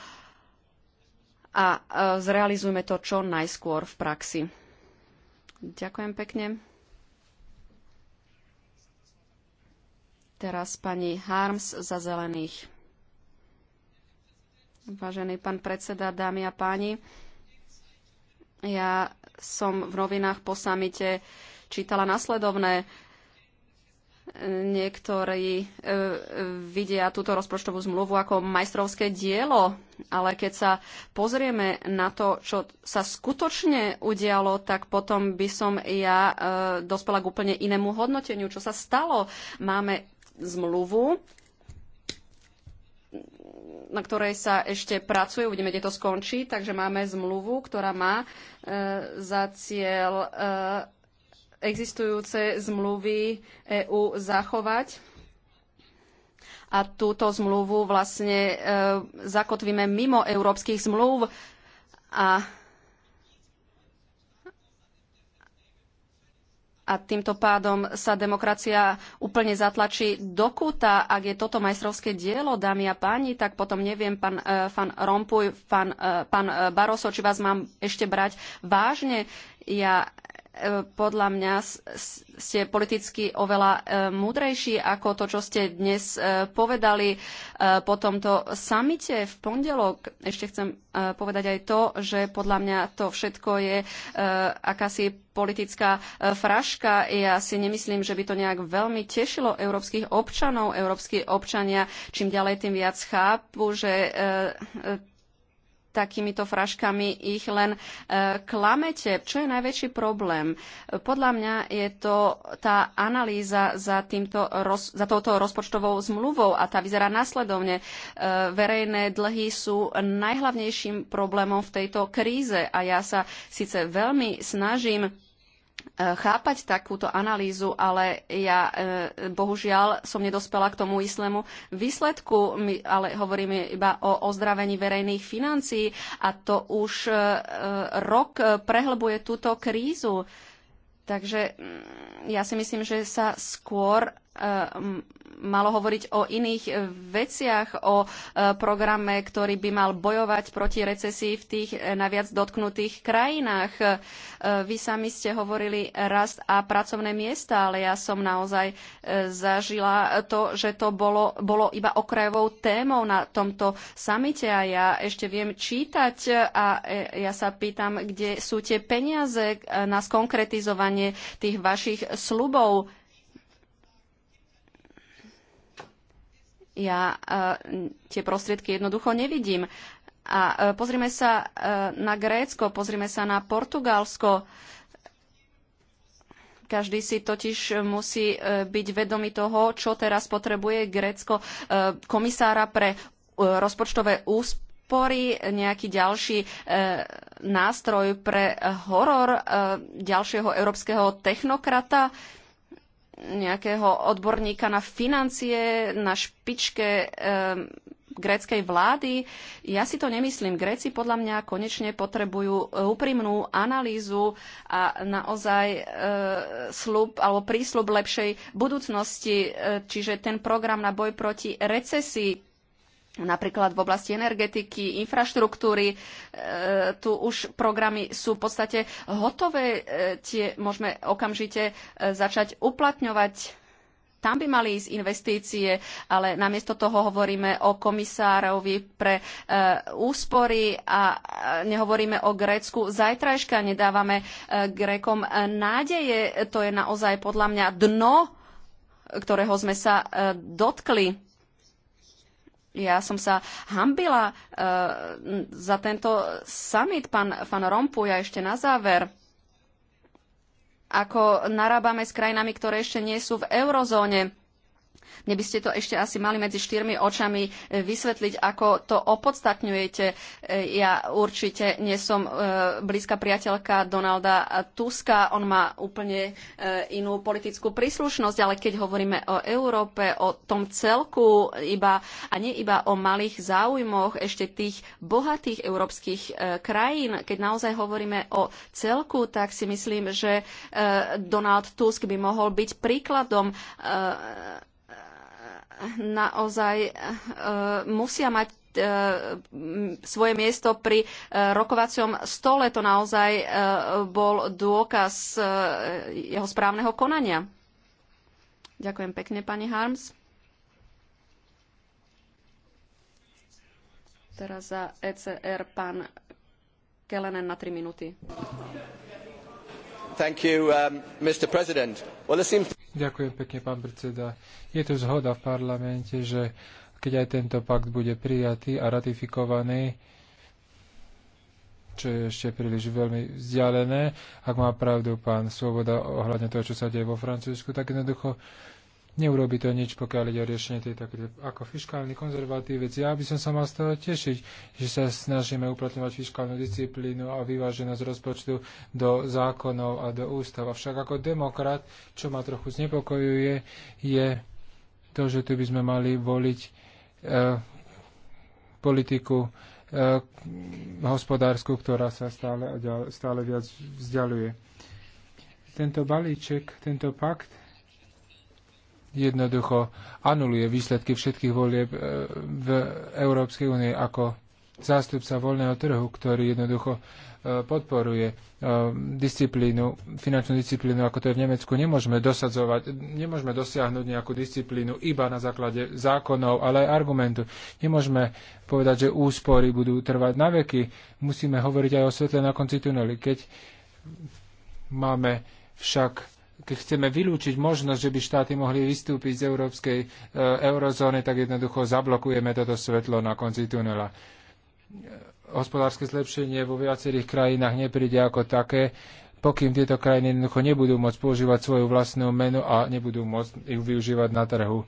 a zrealizujme to čo najskôr v praxi. Ďakujem pekne. Teraz pani Harms za zelených. Vážený pán predseda, dámy a páni, ja som v novinách po samite čítala nasledovné. Niektorí e, e, vidia túto rozpočtovú zmluvu ako majstrovské dielo, ale keď sa pozrieme na to, čo sa skutočne udialo, tak potom by som ja e, dospela k úplne inému hodnoteniu, čo sa stalo. Máme zmluvu, na ktorej sa ešte pracuje, uvidíme, kde to skončí. Takže máme zmluvu, ktorá má e, za cieľ e, existujúce zmluvy EÚ zachovať. A túto zmluvu vlastne e, zakotvíme mimo európskych zmluv a a týmto pádom sa demokracia úplne zatlačí do kúta. Ak je toto majstrovské dielo, dámy a páni, tak potom neviem, pán, e, e, pán Rompuj, e, pán, pán Baroso, či vás mám ešte brať vážne. Ja E, podľa mňa ste politicky oveľa e, múdrejší ako to, čo ste dnes e, povedali po tomto samite v pondelok. Ešte chcem povedať aj to, že podľa mňa to všetko je akási politická fraška. Ja si nemyslím, že by to nejak veľmi tešilo európskych občanov. Európsky občania čím ďalej tým viac chápu, že takýmito fraškami ich len e, klamete. Čo je najväčší problém? Podľa mňa je to tá analýza za, týmto roz, za touto rozpočtovou zmluvou a tá vyzerá následovne. E, verejné dlhy sú najhlavnejším problémom v tejto kríze a ja sa síce veľmi snažím Eh, chápať takúto analýzu, ale ja eh, bohužiaľ som nedospela k tomu islému výsledku, My ale hovoríme iba o ozdravení verejných financií a to už eh, rok prehlbuje túto krízu. Takže mm, ja si myslím, že sa skôr malo hovoriť o iných e, veciach, o e, programe, ktorý by mal bojovať proti recesii v tých e, naviac dotknutých krajinách. Vy sami ste hovorili rast a pracovné miesta, ale ja som naozaj zažila to, že to bolo, bolo iba okrajovou témou na tomto samite a ja ešte viem čítať a ja sa pýtam, kde sú tie peniaze na skonkretizovanie tých vašich slubov ja e, tie prostriedky jednoducho nevidím. A e, pozrime sa e, na Grécko, pozrime sa na Portugalsko. Každý si totiž musí byť vedomý toho, čo teraz potrebuje Grécko komisára pre rozpočtové úspory, nejaký ďalší nástroj pre horor ďalšieho európskeho technokrata nejakého odborníka na financie, na špičke e, gréckej vlády. Ja si to nemyslím. Gréci podľa mňa konečne potrebujú e, úprimnú analýzu a naozaj e, slub alebo prísľub lepšej budúcnosti, e, čiže ten program na boj proti recesii napríklad v oblasti energetiky, infraštruktúry. E, tu už programy sú v podstate hotové, e, tie môžeme okamžite e, začať uplatňovať. Tam by mali ísť investície, ale namiesto toho hovoríme o komisárovi pre e, úspory a e, nehovoríme o Grécku zajtrajška, nedávame e, Grékom nádeje. To je naozaj podľa mňa dno, ktorého sme sa e, dotkli ja som sa hambila uh, za tento summit, pán, pán Rompu, ja ešte na záver ako narábame s krajinami, ktoré ešte nie sú v eurozóne. Mne by ste to ešte asi mali medzi štyrmi očami e, vysvetliť, ako to opodstatňujete. E, ja určite nie som e, blízka priateľka Donalda Tuska. On má úplne inú politickú príslušnosť, ale keď hovoríme o Európe, o tom celku iba, a nie iba o malých záujmoch ešte tých bohatých európskych krajín, keď naozaj hovoríme o celku, tak si myslím, že Donald Tusk by mohol byť príkladom naozaj eh, musia mať eh, svoje miesto pri eh, rokovacom stole. To naozaj bol dôkaz jeho správneho konania. Ďakujem pekne, pani Harms. Teraz za ECR pán Kelenen na 3 minúty. You, um, well, seems... Ďakujem pekne, pán predseda. Je tu zhoda v parlamente, že keď aj tento pakt bude prijatý a ratifikovaný, čo je ešte príliš veľmi vzdialené, ak má pravdu pán Svoboda ohľadne toho, čo sa deje vo Francúzsku, tak jednoducho Neurobi to nič, pokiaľ ide o riešenie tejto krízy. Ako fiskálny konzervatívec, ja by som sa mal z toho tešiť, že sa snažíme uplatňovať fiskálnu disciplínu a vyváženosť rozpočtu do zákonov a do ústav. Avšak ako demokrat, čo ma trochu znepokojuje, je to, že tu by sme mali voliť e, politiku e, hospodárskú, ktorá sa stále, stále viac vzdialuje. Tento balíček, tento pakt jednoducho anuluje výsledky všetkých volieb e, v Európskej únie ako zástupca voľného trhu, ktorý jednoducho e, podporuje e, disciplínu, finančnú disciplínu, ako to je v Nemecku. Nemôžeme dosadzovať, nemôžeme dosiahnuť nejakú disciplínu iba na základe zákonov, ale aj argumentu. Nemôžeme povedať, že úspory budú trvať na veky. Musíme hovoriť aj o svetle na konci tunely. Keď máme však keď chceme vylúčiť možnosť, že by štáty mohli vystúpiť z európskej e, eurozóny, tak jednoducho zablokujeme toto svetlo na konci tunela. Hospodárske zlepšenie vo viacerých krajinách nepríde ako také, pokým tieto krajiny jednoducho nebudú môcť používať svoju vlastnú menu a nebudú môcť ju využívať na trhu.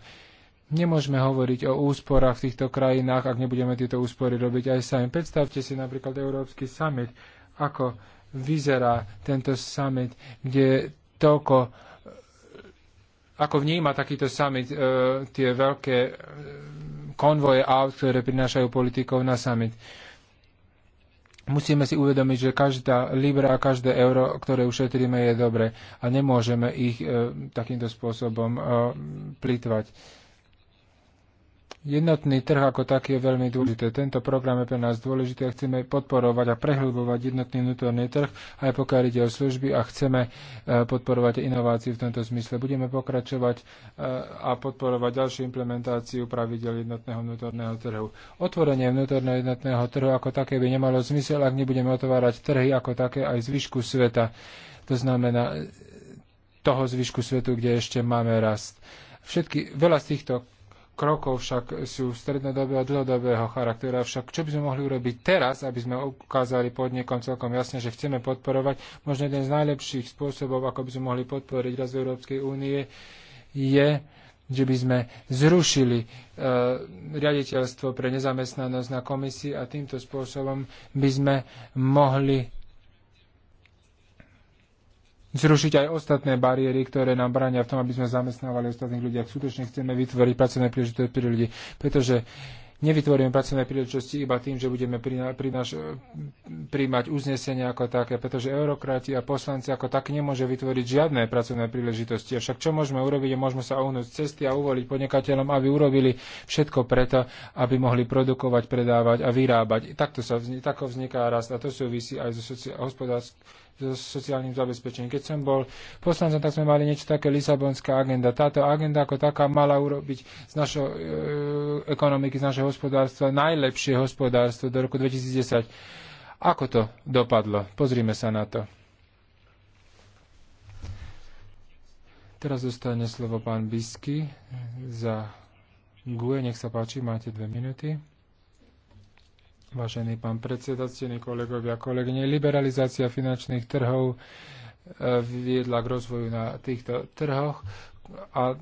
Nemôžeme hovoriť o úsporách v týchto krajinách, ak nebudeme tieto úspory robiť aj sami. Predstavte si napríklad Európsky summit, ako vyzerá tento summit, kde toľko, ako vníma takýto summit e, tie veľké e, konvoje aut, ktoré prinášajú politikov na summit. Musíme si uvedomiť, že každá libra a každé euro, ktoré ušetríme, je dobre a nemôžeme ich e, takýmto spôsobom e, plýtvať. Jednotný trh ako taký je veľmi dôležité. Tento program je pre nás dôležitý a chceme podporovať a prehlbovať jednotný vnútorný trh, aj pokiaľ ide o služby a chceme e, podporovať inováciu v tomto zmysle. Budeme pokračovať e, a podporovať ďalšiu implementáciu pravidel jednotného vnútorného trhu. Otvorenie vnútorného jednotného trhu ako také by nemalo zmysel, ak nebudeme otvárať trhy ako také aj zvyšku sveta. To znamená e, toho zvyšku svetu, kde ešte máme rast. Všetky, veľa z týchto krokov však sú strednodobého a dlhodobého charakteru. Avšak čo by sme mohli urobiť teraz, aby sme ukázali podnikom celkom jasne, že chceme podporovať? Možno jeden z najlepších spôsobov, ako by sme mohli podporiť raz Európskej únie, je že by sme zrušili e, riaditeľstvo pre nezamestnanosť na komisii a týmto spôsobom by sme mohli zrušiť aj ostatné bariéry, ktoré nám bránia v tom, aby sme zamestnávali ostatných ľudí. Ak skutočne chceme vytvoriť pracovné príležitosti pre ľudí, pretože nevytvoríme pracovné príležitosti iba tým, že budeme príjmať uznesenia ako také, pretože eurokrati a poslanci ako tak nemôže vytvoriť žiadne pracovné príležitosti. Však čo môžeme urobiť? Môžeme sa ohnúť z cesty a uvoliť podnikateľom, aby urobili všetko preto, aby mohli produkovať, predávať a vyrábať. Takto sa, tako vzniká rast a to súvisí aj so hospodárskou so sociálnym zabezpečením. Keď som bol poslancom, tak sme mali niečo také Lisabonská agenda. Táto agenda ako taká mala urobiť z našej e, ekonomiky, z našeho hospodárstva najlepšie hospodárstvo do roku 2010. Ako to dopadlo? Pozrime sa na to. Teraz dostane slovo pán Bisky za GUE. Nech sa páči, máte dve minúty. Vážený pán predseda, ctení kolegovia kolegyne, liberalizácia finančných trhov e, viedla k rozvoju na týchto trhoch a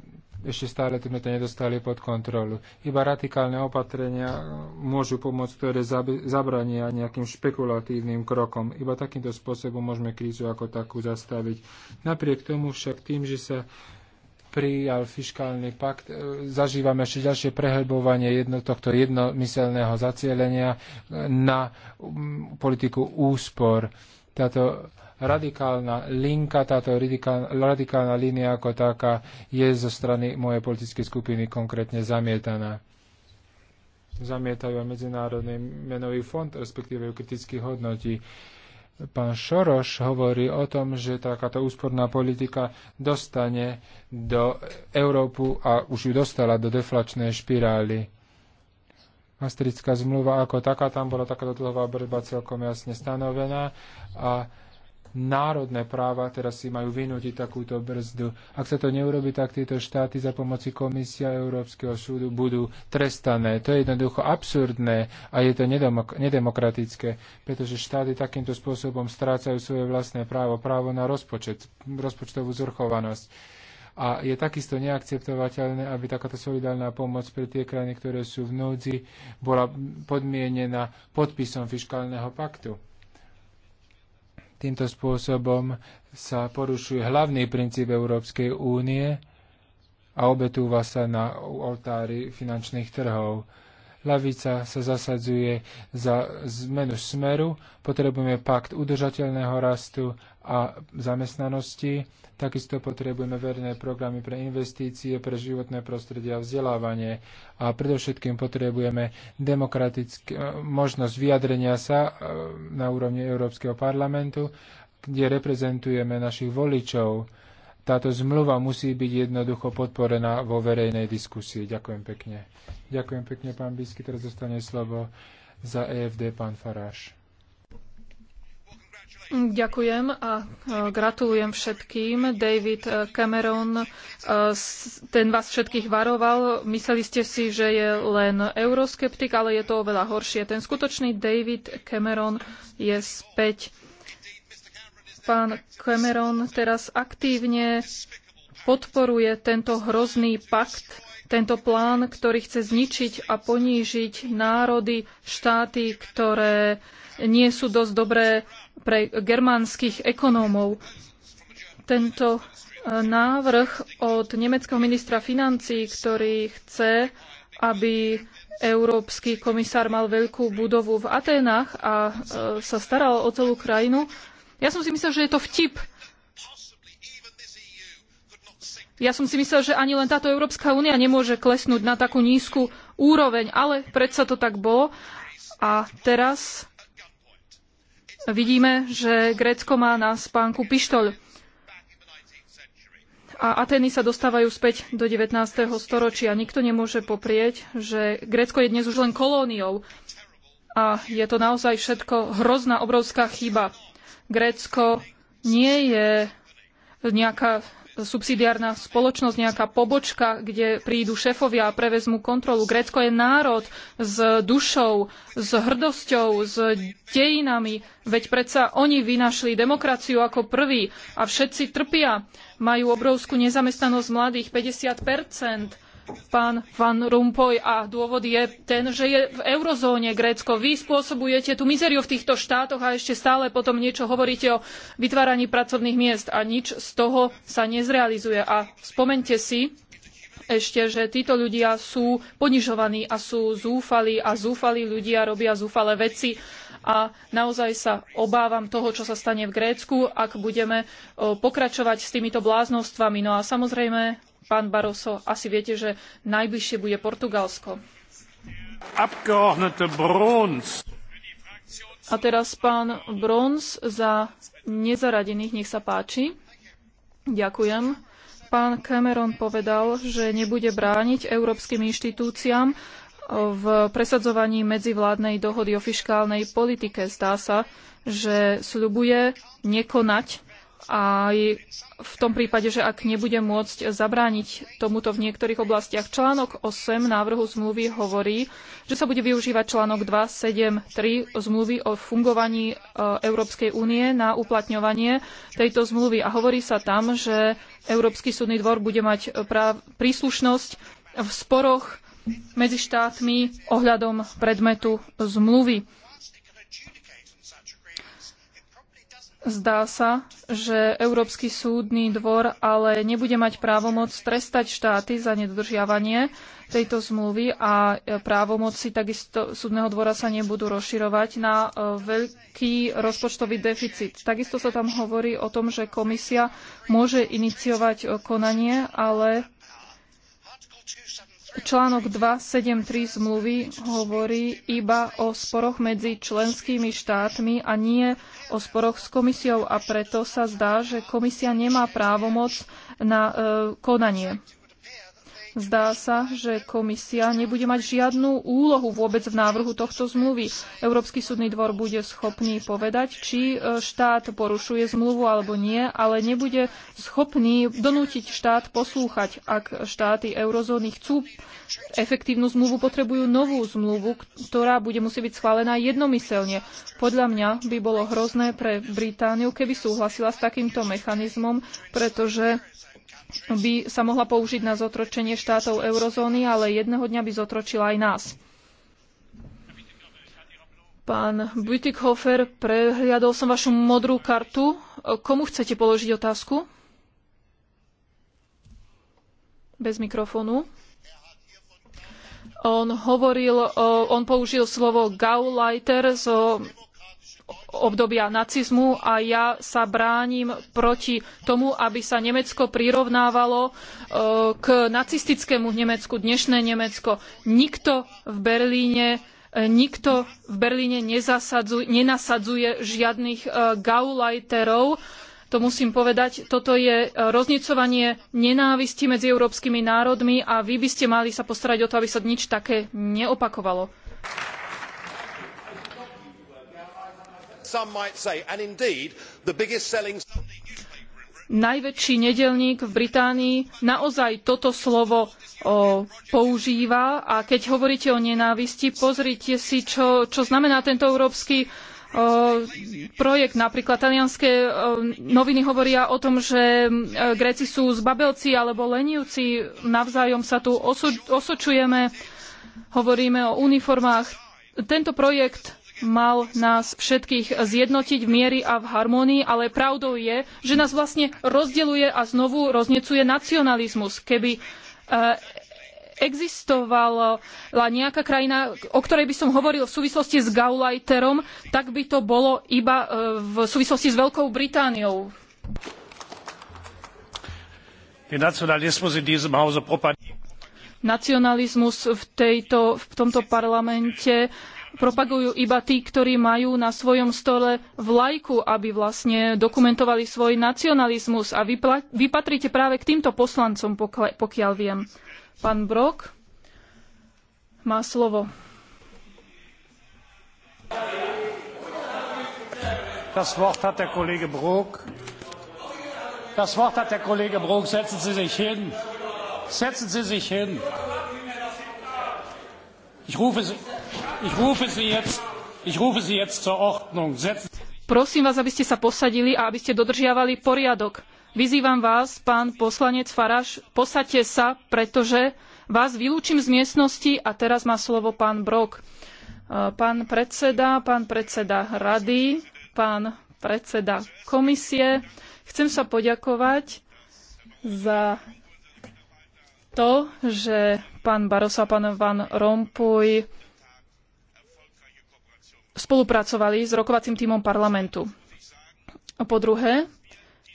ešte stále sme to nedostali pod kontrolu. Iba radikálne opatrenia môžu pomôcť, ktoré zabrania nejakým špekulatívnym krokom. Iba takýmto spôsobom môžeme krízu ako takú zastaviť. Napriek tomu však tým, že sa prijal fiskálny pakt, e, zažívame ešte ďalšie prehlbovanie jedno, tohto jednomyselného zacielenia e, na um, politiku úspor. Táto radikálna linka, táto radikálna, radikálna línia ako taká je zo strany mojej politickej skupiny konkrétne zamietaná. Zamietajú aj Medzinárodný menový fond, respektíve ju kriticky hodnotí. Uh, pán Šoroš hovorí o tom, že takáto úsporná politika dostane do Európu a už ju dostala do deflačnej špirály. Astrická zmluva ako taká, tam bola takáto dlhová brzba celkom jasne stanovená a národné práva teraz si majú vynútiť takúto brzdu. Ak sa to neurobi, tak tieto štáty za pomoci Komisia Európskeho súdu budú trestané. To je jednoducho absurdné a je to nedemokratické, pretože štáty takýmto spôsobom strácajú svoje vlastné právo, právo na rozpočet, rozpočtovú zrchovanosť. A je takisto neakceptovateľné, aby takáto solidárna pomoc pre tie krajiny, ktoré sú v núdzi, bola podmienená podpisom fiskálneho paktu. Týmto spôsobom sa porušuje hlavný princíp Európskej únie a obetúva sa na oltári finančných trhov. Lavica sa zasadzuje za zmenu smeru, potrebujeme pakt udržateľného rastu a zamestnanosti. Takisto potrebujeme verné programy pre investície, pre životné prostredie a vzdelávanie. A predovšetkým potrebujeme demokratickú e, možnosť vyjadrenia sa e, na úrovni Európskeho parlamentu, kde reprezentujeme našich voličov. Táto zmluva musí byť jednoducho podporená vo verejnej diskusii. Ďakujem pekne. Ďakujem pekne, pán Bisky. Teraz dostane slovo za EFD pán Faráš. Ďakujem a e, gratulujem všetkým. David e, Cameron, e, ten vás všetkých varoval. Mysleli ste si, že je len euroskeptik, ale je to oveľa horšie. Ten skutočný David Cameron je späť. Pán Cameron teraz aktívne podporuje tento hrozný pakt tento plán, ktorý chce zničiť a ponížiť národy, štáty, ktoré nie sú dosť dobré pre germánskych ekonómov. Tento e, návrh od nemeckého ministra financí, ktorý chce, aby európsky komisár mal veľkú budovu v Aténach a e, sa staral o celú krajinu. Ja som si myslel, že je to vtip, Ja som si myslel, že ani len táto Európska únia nemôže klesnúť na takú nízku úroveň, ale predsa to tak bolo. A teraz vidíme, že Grécko má na spánku pištoľ. A Atény sa dostávajú späť do 19. storočia. Nikto nemôže poprieť, že Grécko je dnes už len kolóniou. A je to naozaj všetko hrozná, obrovská chyba. Grécko nie je nejaká subsidiárna spoločnosť, nejaká pobočka, kde prídu šéfovia a prevezmú kontrolu. Grécko je národ s dušou, s hrdosťou, s dejinami, veď predsa oni vynašli demokraciu ako prví a všetci trpia. Majú obrovskú nezamestnanosť mladých, 50 pán Van Rompuy. a dôvod je ten, že je v eurozóne Grécko. Vy spôsobujete tú mizeriu v týchto štátoch a ešte stále potom niečo hovoríte o vytváraní pracovných miest a nič z toho sa nezrealizuje. A spomente si ešte, že títo ľudia sú ponižovaní a sú zúfali a zúfali ľudia robia zúfale veci a naozaj sa obávam toho, čo sa stane v Grécku, ak budeme pokračovať s týmito bláznostvami. No a samozrejme Pán Barroso, asi viete, že najbližšie bude Portugalsko. A teraz pán Brons za nezaradených, nech sa páči. Ďakujem. Pán Cameron povedal, že nebude brániť európskym inštitúciám v presadzovaní medzivládnej dohody o fiškálnej politike. Zdá sa, že sľubuje nekonať aj v tom prípade, že ak nebude môcť zabrániť tomuto v niektorých oblastiach. Článok 8 návrhu zmluvy hovorí, že sa bude využívať článok 273 zmluvy o fungovaní e, Európskej únie na uplatňovanie tejto zmluvy. A hovorí sa tam, že Európsky súdny dvor bude mať e, príslušnosť v sporoch medzi štátmi ohľadom predmetu zmluvy. Zdá sa, že Európsky súdny dvor ale nebude mať právomoc trestať štáty za nedodržiavanie tejto zmluvy a právomoci takisto súdneho dvora sa nebudú rozširovať na e, veľký rozpočtový deficit. Takisto sa tam hovorí o tom, že komisia môže iniciovať e, konanie, ale Článok 273 zmluvy hovorí iba o sporoch medzi členskými štátmi a nie o sporoch s komisiou a preto sa zdá, že komisia nemá právomoc na e, konanie. Zdá sa, že komisia nebude mať žiadnu úlohu vôbec v návrhu tohto zmluvy. Európsky súdny dvor bude schopný povedať, či e, štát porušuje zmluvu alebo nie, ale nebude schopný donútiť štát poslúchať. Ak štáty eurozóny chcú efektívnu zmluvu, potrebujú novú zmluvu, ktorá bude musieť byť schválená jednomyselne. Podľa mňa by bolo hrozné pre Britániu, keby súhlasila s takýmto mechanizmom, pretože by sa mohla použiť na zotročenie štátov eurozóny, ale jedného dňa by zotročila aj nás. Pán Butikhofer, prehliadol som vašu modrú kartu. Komu chcete položiť otázku? Bez mikrofónu. On hovoril, on použil slovo Gauleiter zo obdobia nacizmu a ja sa bránim proti tomu, aby sa Nemecko prirovnávalo e, k nacistickému Nemecku, dnešné Nemecko. Nikto v Berlíne e, nikto v Berlíne nenasadzuje žiadnych e, gaulajterov. To musím povedať, toto je roznicovanie nenávisti medzi európskymi národmi a vy by ste mali sa postarať o to, aby sa nič také neopakovalo. some might say and indeed the biggest selling najväčší nedelník v Británii naozaj toto slovo o, používa a keď hovoríte o nenávisti, pozrite si, čo, čo znamená tento európsky projekt. Napríklad talianské noviny hovoria o tom, že Gréci sú zbabelci alebo lenivci. Navzájom sa tu osočujeme, hovoríme o uniformách. Tento projekt mal nás všetkých zjednotiť v miery a v harmónii, ale pravdou je, že nás vlastne rozdeľuje a znovu roznecuje nacionalizmus. Keby e, existovala nejaká krajina, o ktorej by som hovoril v súvislosti s Gauleiterom, tak by to bolo iba e, v súvislosti s Veľkou Britániou. Nacionalizmus v, tejto, v tomto parlamente propagujú iba tí, ktorí majú na svojom stole vlajku, aby vlastne dokumentovali svoj nacionalizmus. A vy patrite práve k týmto poslancom, pokiaľ viem. Pán Brok má slovo. Das Wort hat der Kollege Brok. Das Wort hat der Kollege Brok. Setzen Sie sich hin. Setzen Sie sich hin. Ich rufe Sie. Prosím vás, aby ste sa posadili a aby ste dodržiavali poriadok. Vyzývam vás, pán poslanec Faraš, posaďte sa, pretože vás vylúčim z miestnosti a teraz má slovo pán Brok. E, pán predseda, pán predseda rady, pán predseda komisie, chcem sa poďakovať za to, že pán Barosa, pán Van Rompuy spolupracovali s rokovacím tímom parlamentu. Po druhé,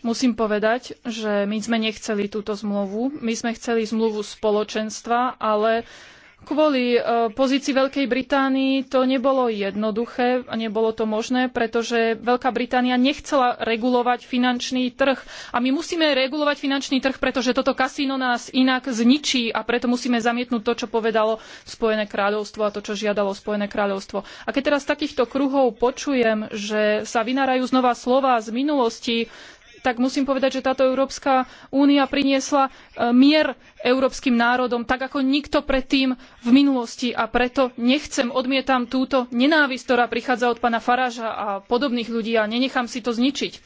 musím povedať, že my sme nechceli túto zmluvu. My sme chceli zmluvu spoločenstva, ale Kvôli e, pozícii Veľkej Británii to nebolo jednoduché a nebolo to možné, pretože Veľká Británia nechcela regulovať finančný trh. A my musíme regulovať finančný trh, pretože toto kasíno nás inak zničí a preto musíme zamietnúť to, čo povedalo Spojené kráľovstvo a to, čo žiadalo Spojené kráľovstvo. A keď teraz z takýchto kruhov počujem, že sa vynárajú znova slova z minulosti, tak musím povedať, že táto Európska únia priniesla e, mier európskym národom, tak ako nikto predtým v minulosti. A preto nechcem, odmietam túto nenávisť, ktorá prichádza od pána faraža a podobných ľudí a nenechám si to zničiť.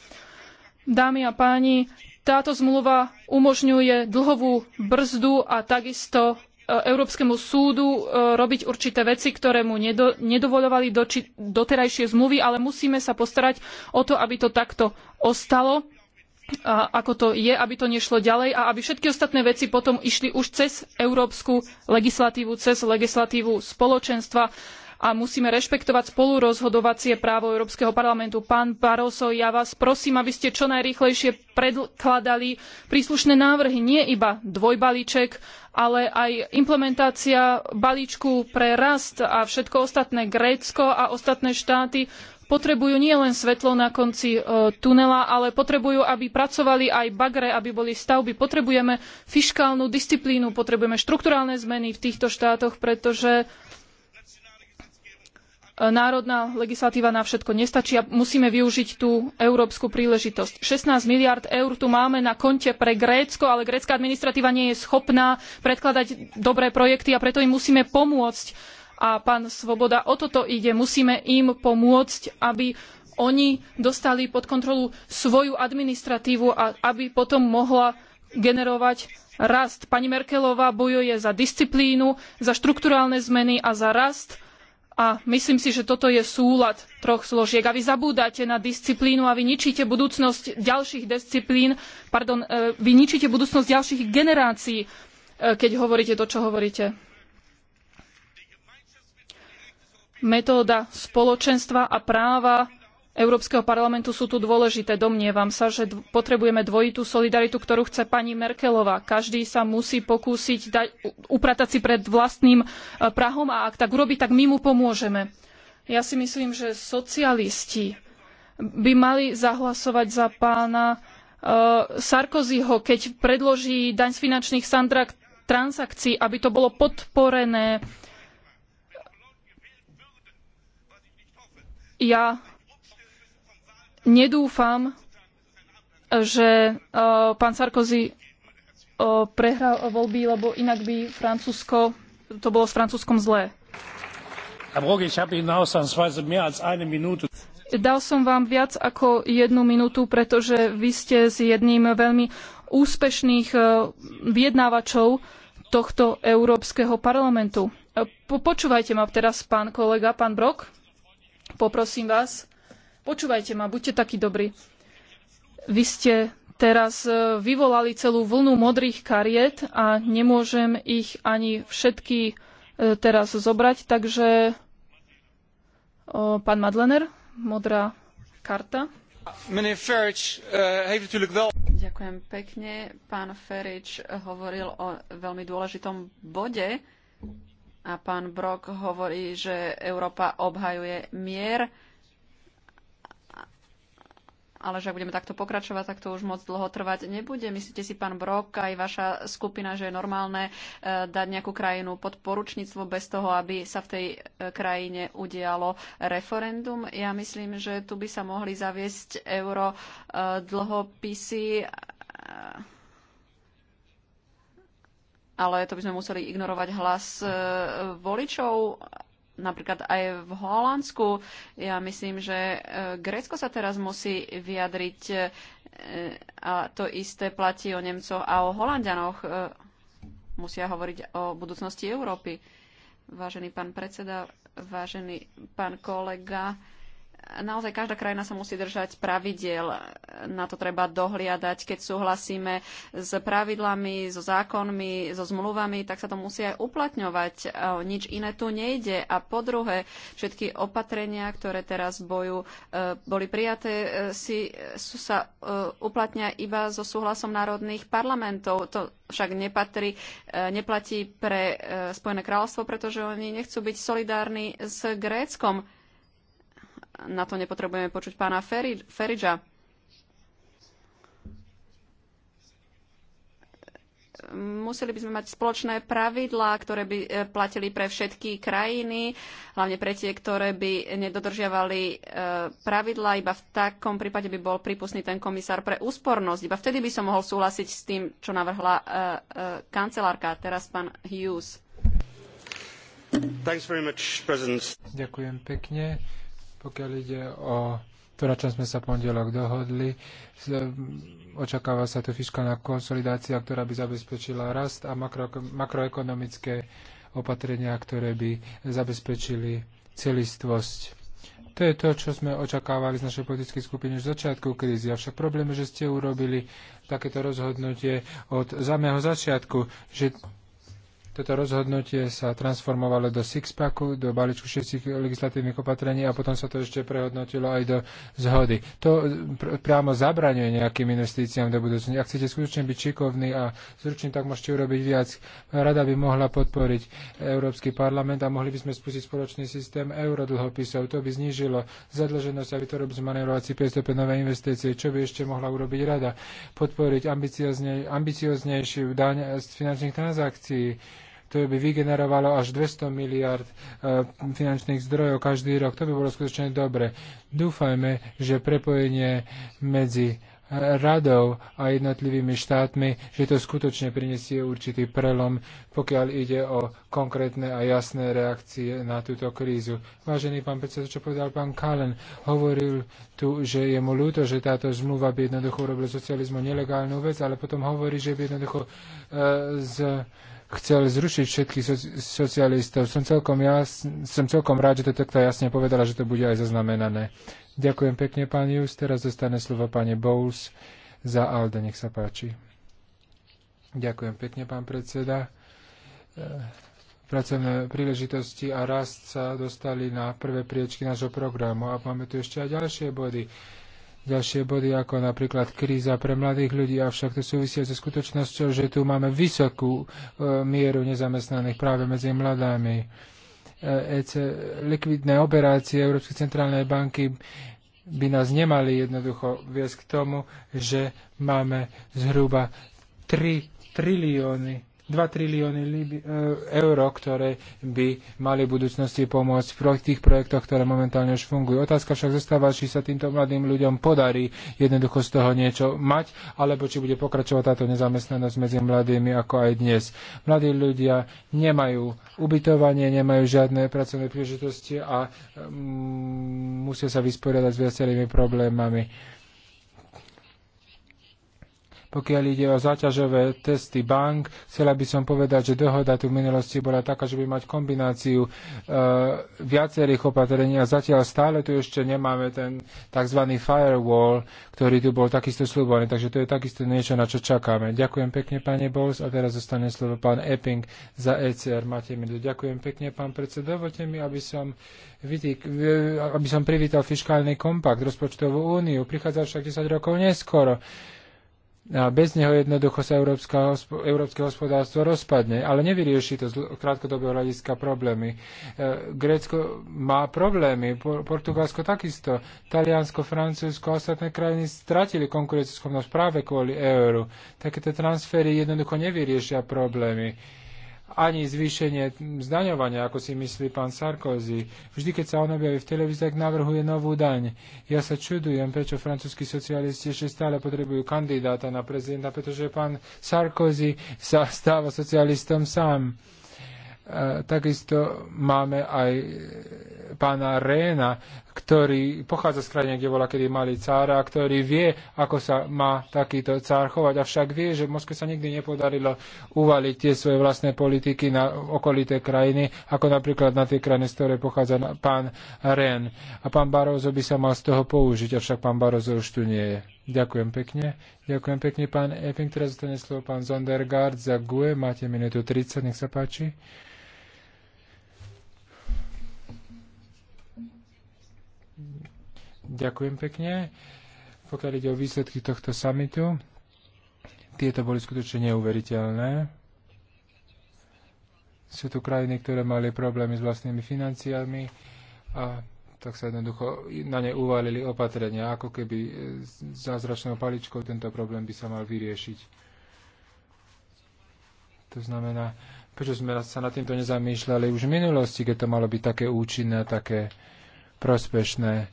Dámy a páni, táto zmluva umožňuje dlhovú brzdu a takisto e, Európskemu súdu e, robiť určité veci, ktoré mu nedo, nedovoľovali doči, doterajšie zmluvy, ale musíme sa postarať o to, aby to takto ostalo ako to je, aby to nešlo ďalej a aby všetky ostatné veci potom išli už cez európsku legislatívu, cez legislatívu spoločenstva a musíme rešpektovať spolurozhodovacie právo Európskeho parlamentu. Pán Barroso, ja vás prosím, aby ste čo najrýchlejšie predkladali príslušné návrhy, nie iba dvojbalíček, ale aj implementácia balíčku pre rast a všetko ostatné Grécko a ostatné štáty potrebujú nielen svetlo na konci e, tunela, ale potrebujú, aby pracovali aj bagre, aby boli stavby. Potrebujeme fiškálnu disciplínu, potrebujeme štrukturálne zmeny v týchto štátoch, pretože e, národná legislatíva na všetko nestačí a musíme využiť tú európsku príležitosť. 16 miliard eur tu máme na konte pre Grécko, ale grécka administratíva nie je schopná predkladať dobré projekty a preto im musíme pomôcť a pán Svoboda, o toto ide. Musíme im pomôcť, aby oni dostali pod kontrolu svoju administratívu a aby potom mohla generovať rast. Pani Merkelová bojuje za disciplínu, za štrukturálne zmeny a za rast. A myslím si, že toto je súlad troch zložiek. A vy zabúdate na disciplínu a vy ničíte budúcnosť ďalších disciplín, pardon, e, vy ničíte budúcnosť ďalších generácií, e, keď hovoríte to, čo hovoríte. metóda spoločenstva a práva Európskeho parlamentu sú tu dôležité. Domnievam sa, že potrebujeme dvojitú solidaritu, ktorú chce pani Merkelová. Každý sa musí pokúsiť dať, upratať si pred vlastným e, prahom a ak tak urobí, tak my mu pomôžeme. Ja si myslím, že socialisti by mali zahlasovať za pána e, Sarkozyho, keď predloží daň z finančných transakcií, aby to bolo podporené ja nedúfam, že pán Sarkozy prehral voľby, lebo inak by Francúzsko, to bolo s Francúzskom zlé. Dal som vám viac ako jednu minútu, pretože vy ste s jedným veľmi úspešných vyjednávačov tohto Európskeho parlamentu. Počúvajte ma teraz, pán kolega, pán Brok. Poprosím vás, počúvajte ma, buďte takí dobrí. Vy ste teraz e, vyvolali celú vlnu modrých kariet a nemôžem ich ani všetky e, teraz zobrať, takže o, pán Madlener, modrá karta. E, Ďakujem pekne. Pán Ferič hovoril o veľmi dôležitom bode, a pán Brok hovorí, že Európa obhajuje mier, ale že ak budeme takto pokračovať, tak to už moc dlho trvať nebude. Myslíte si, pán Brok, aj vaša skupina, že je normálne eh, dať nejakú krajinu pod poručníctvo bez toho, aby sa v tej eh, krajine udialo referendum? Ja myslím, že tu by sa mohli zaviesť euro eh, dlhopisy ale to by sme museli ignorovať hlas e, voličov napríklad aj v Holandsku. Ja myslím, že e, Grécko sa teraz musí vyjadriť e, a to isté platí o Nemcoch a o Holandianoch. Musia hovoriť o budúcnosti Európy. Vážený pán predseda, vážený pán kolega, naozaj každá krajina sa musí držať pravidiel. Na to treba dohliadať. Keď súhlasíme s pravidlami, so zákonmi, so zmluvami, tak sa to musí aj uplatňovať. E, nič iné tu nejde. A po druhé, všetky opatrenia, ktoré teraz boju e, boli prijaté, e, si, sú, sa uplatňa iba so súhlasom národných parlamentov. To však nepatrí, neplatí pre Spojené kráľovstvo, pretože oni nechcú byť solidárni s Gréckom na to nepotrebujeme počuť pána Feridža. Museli by sme mať spoločné pravidlá, ktoré by e, platili pre všetky krajiny, hlavne pre tie, ktoré by nedodržiavali e, pravidlá. Iba v takom prípade by bol prípustný ten komisár pre úspornosť. Iba vtedy by som mohol súhlasiť s tým, čo navrhla e, kancelárka, teraz pán Hughes. Much, Ďakujem pekne. Pokiaľ ide o to, na čom sme sa pondelok dohodli, očakáva sa tu fiskálna konsolidácia, ktorá by zabezpečila rast a makro, makroekonomické opatrenia, ktoré by zabezpečili celistvosť to je to, čo sme očakávali z našej politickej skupiny už začiatku krízy. Avšak problém je, že ste urobili takéto rozhodnutie od samého začiatku, že toto rozhodnutie sa transformovalo do six packu, do balíčku šestich legislatívnych opatrení a potom sa to ešte prehodnotilo aj do zhody. To e, pr- priamo zabraňuje nejakým investíciám do budúcnosti. Ak chcete skutočne byť šikovní a zruční, tak môžete urobiť viac. Rada by mohla podporiť Európsky parlament a mohli by sme spustiť spoločný systém eurodlhopisov. To by znížilo zadlženosť a vytvoril by sme manevrovací priestor pre nové investície. Čo by ešte mohla urobiť rada? Podporiť ambicioznejšiu daň z finančných transakcií to by vygenerovalo až 200 miliard eh, finančných zdrojov každý rok. To by bolo skutočne dobre. Dúfajme, že prepojenie medzi eh, radou a jednotlivými štátmi, že to skutočne prinesie určitý prelom, pokiaľ ide o konkrétne a jasné reakcie na túto krízu. Vážený pán predseda, čo povedal pán Kalen, hovoril tu, že je mu ľúto, že táto zmluva by jednoducho urobila socializmu nelegálnu vec, ale potom hovorí, že by jednoducho uh, z chcel zrušiť všetkých socialistov. Som celkom, jas, som celkom rád, že to takto jasne povedala, že to bude aj zaznamenané. Ďakujem pekne, pán Jus. Teraz dostane slovo pani Bowles za Alde. Nech sa páči. Ďakujem pekne, pán predseda eh, pracovné príležitosti a rast sa dostali na prvé priečky nášho programu. A máme tu ešte aj ďalšie body ďalšie body, ako napríklad kríza pre mladých ľudí, avšak to súvisia so skutočnosťou, že tu máme vysokú e, mieru nezamestnaných práve medzi mladými. E, EC, likvidné operácie Európskej centrálnej banky by nás nemali jednoducho viesť k tomu, že máme zhruba 3 trilióny 2 trilióny e, eur, ktoré by mali v budúcnosti pomôcť v tých projektoch, ktoré momentálne už fungujú. Otázka však zostáva, či sa týmto mladým ľuďom podarí jednoducho z toho niečo mať, alebo či bude pokračovať táto nezamestnanosť medzi mladými ako aj dnes. Mladí ľudia nemajú ubytovanie, nemajú žiadne pracovné príležitosti a mm, musia sa vysporiadať s viacerými problémami pokiaľ ide o záťažové testy bank, chcela by som povedať, že dohoda tu v minulosti bola taká, že by mať kombináciu uh, viacerých opatrení a zatiaľ stále tu ešte nemáme ten tzv. firewall, ktorý tu bol takisto slúbovaný. Takže to je takisto niečo, na čo čakáme. Ďakujem pekne, pani Bols, A teraz zostane slovo pán Epping za ECR. Máte mi Ďakujem pekne, pán predseda. Dovolte mi, aby som, vytýk, aby som privítal fiskálny kompakt, rozpočtovú úniu. Prichádza však 10 rokov neskoro. A bez neho jednoducho sa európska, európske hospodárstvo rozpadne, ale nevyrieši to z krátkodobého hľadiska problémy. E, Grécko má problémy, Portugalsko takisto, Taliansko, Francúzsko a ostatné krajiny stratili konkurencieschopnosť práve kvôli euru. Takéto transfery jednoducho nevyriešia problémy ani zvýšenie zdaňovania, ako si myslí pán Sarkozy. Vždy, keď sa on objaví v televízii, tak navrhuje novú daň. Ja sa čudujem, prečo francúzskí socialisti ešte stále potrebujú kandidáta na prezidenta, pretože pán Sarkozy sa stáva socialistom sám. E, takisto máme aj e, pána Réna, ktorý pochádza z krajiny, kde bola kedy malý cára, ktorý vie, ako sa má takýto cár chovať, avšak vie, že Moskve sa nikdy nepodarilo uvaliť tie svoje vlastné politiky na okolité krajiny, ako napríklad na tie krajiny, z ktoré pochádza pán Ren. A pán Barozo by sa mal z toho použiť, avšak pán Barozo už tu nie je. Ďakujem pekne. Ďakujem pekne, pán Epping. Teraz zostane slovo pán Zondergaard za GUE. Máte minútu 30, nech sa páči. Ďakujem pekne. Pokiaľ ide o výsledky tohto samitu, tieto boli skutočne neuveriteľné. Sú tu krajiny, ktoré mali problémy s vlastnými financiami a tak sa jednoducho na ne uvalili opatrenia, ako keby e, zázračnou paličkou tento problém by sa mal vyriešiť. To znamená, prečo sme sa nad týmto nezamýšľali už v minulosti, keď to malo byť také účinné, také prospešné.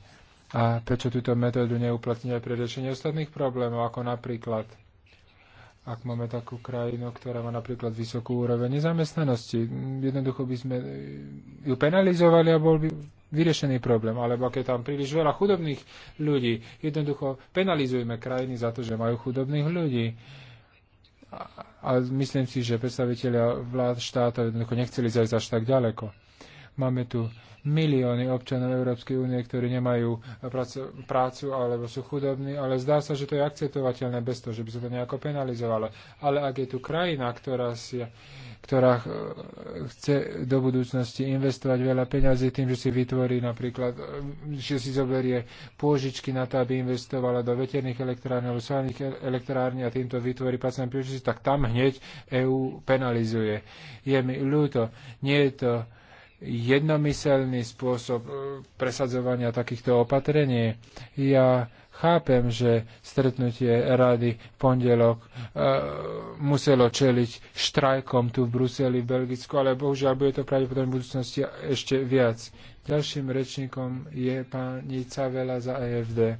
A prečo túto metódu neuplatniť aj pre riešenie ostatných problémov, ako napríklad ak máme takú krajinu, ktorá má napríklad vysokú úroveň nezamestnanosti. Jednoducho by sme eh, ju penalizovali a bol by vyriešený problém. Alebo keď tam príliš veľa chudobných ľudí, jednoducho penalizujeme krajiny za to, že majú chudobných ľudí. A, a myslím si, že predstaviteľia vlád štátov jednoducho nechceli zajsť až tak ďaleko. Máme tu milióny občanov Európskej únie, ktorí nemajú prácu alebo sú chudobní, ale zdá sa, že to je akceptovateľné bez toho, že by sa to nejako penalizovalo. Ale ak je tu krajina, ktorá, si, ktorá chce do budúcnosti investovať veľa peňazí tým, že si vytvorí napríklad, že si zoberie pôžičky na to, aby investovala do veterných elektrární alebo solárnych elektrární a týmto vytvorí pracovné príležitosti, tak tam hneď EÚ penalizuje. Je mi ľúto, nie je to jednomyselný spôsob e, presadzovania takýchto opatrení. Ja chápem, že stretnutie rady v pondelok e, muselo čeliť štrajkom tu v Bruseli, v Belgicku, ale bohužiaľ bude to pravdepodobne v budúcnosti ešte viac. Ďalším rečníkom je pani Cavela za AFD. E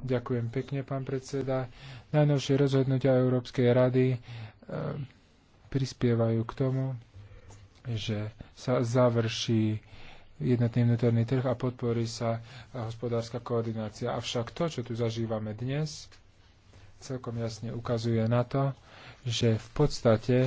Ďakujem pekne, pán predseda. Najnovšie rozhodnutia Európskej rady e, prispievajú k tomu, že sa završí jednotný vnútorný trh a podporí sa hospodárska koordinácia. Avšak to, čo tu zažívame dnes, celkom jasne ukazuje na to, že v podstate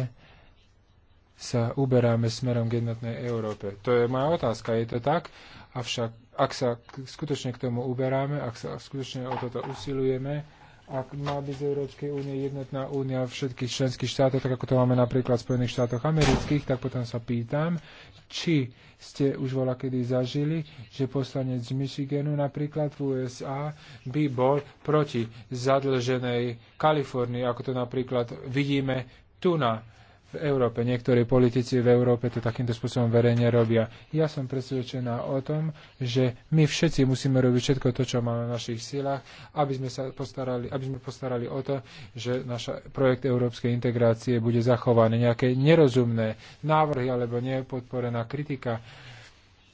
sa uberáme smerom k jednotnej Európe. To je moja otázka, je to tak? Avšak ak sa skutočne k tomu uberáme, ak sa skutočne o toto usilujeme, ak má byť z Európskej únie jednotná únia všetkých členských štátov, tak ako to máme napríklad v Spojených štátoch amerických, tak potom sa pýtam, či ste už voľa kedy zažili, že poslanec z Michiganu napríklad v USA by bol proti zadlženej Kalifornii, ako to napríklad vidíme tu na v Európe. Niektorí politici v Európe to takýmto spôsobom verejne robia. Ja som presvedčená o tom, že my všetci musíme robiť všetko to, čo máme v našich silách, aby sme sa postarali, aby sme postarali o to, že náš projekt európskej integrácie bude zachovaný. Nejaké nerozumné návrhy alebo nepodporená kritika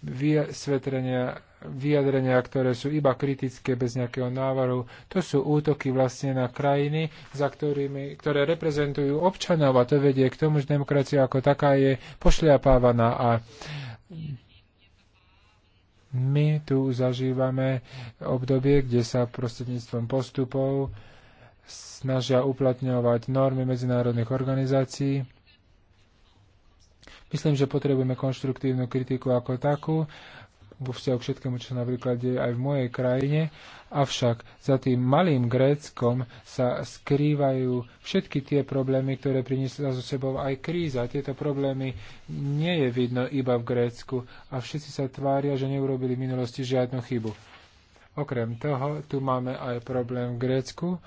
vysvetrenia, vyjadrenia, ktoré sú iba kritické bez nejakého návaru. To sú útoky vlastne na krajiny, za ktorými, ktoré reprezentujú občanov a to vedie k tomu, že demokracia ako taká je pošliapávaná a my tu zažívame obdobie, kde sa prostredníctvom postupov snažia uplatňovať normy medzinárodných organizácií, Myslím, že potrebujeme konštruktívnu kritiku ako takú vo vzťahu k všetkému, čo napríklad deje aj v mojej krajine. Avšak za tým malým Gréckom sa skrývajú všetky tie problémy, ktoré priniesla so sebou aj kríza. Tieto problémy nie je vidno iba v Grécku a všetci sa tvária, že neurobili v minulosti žiadnu chybu. Okrem toho, tu máme aj problém v Grécku,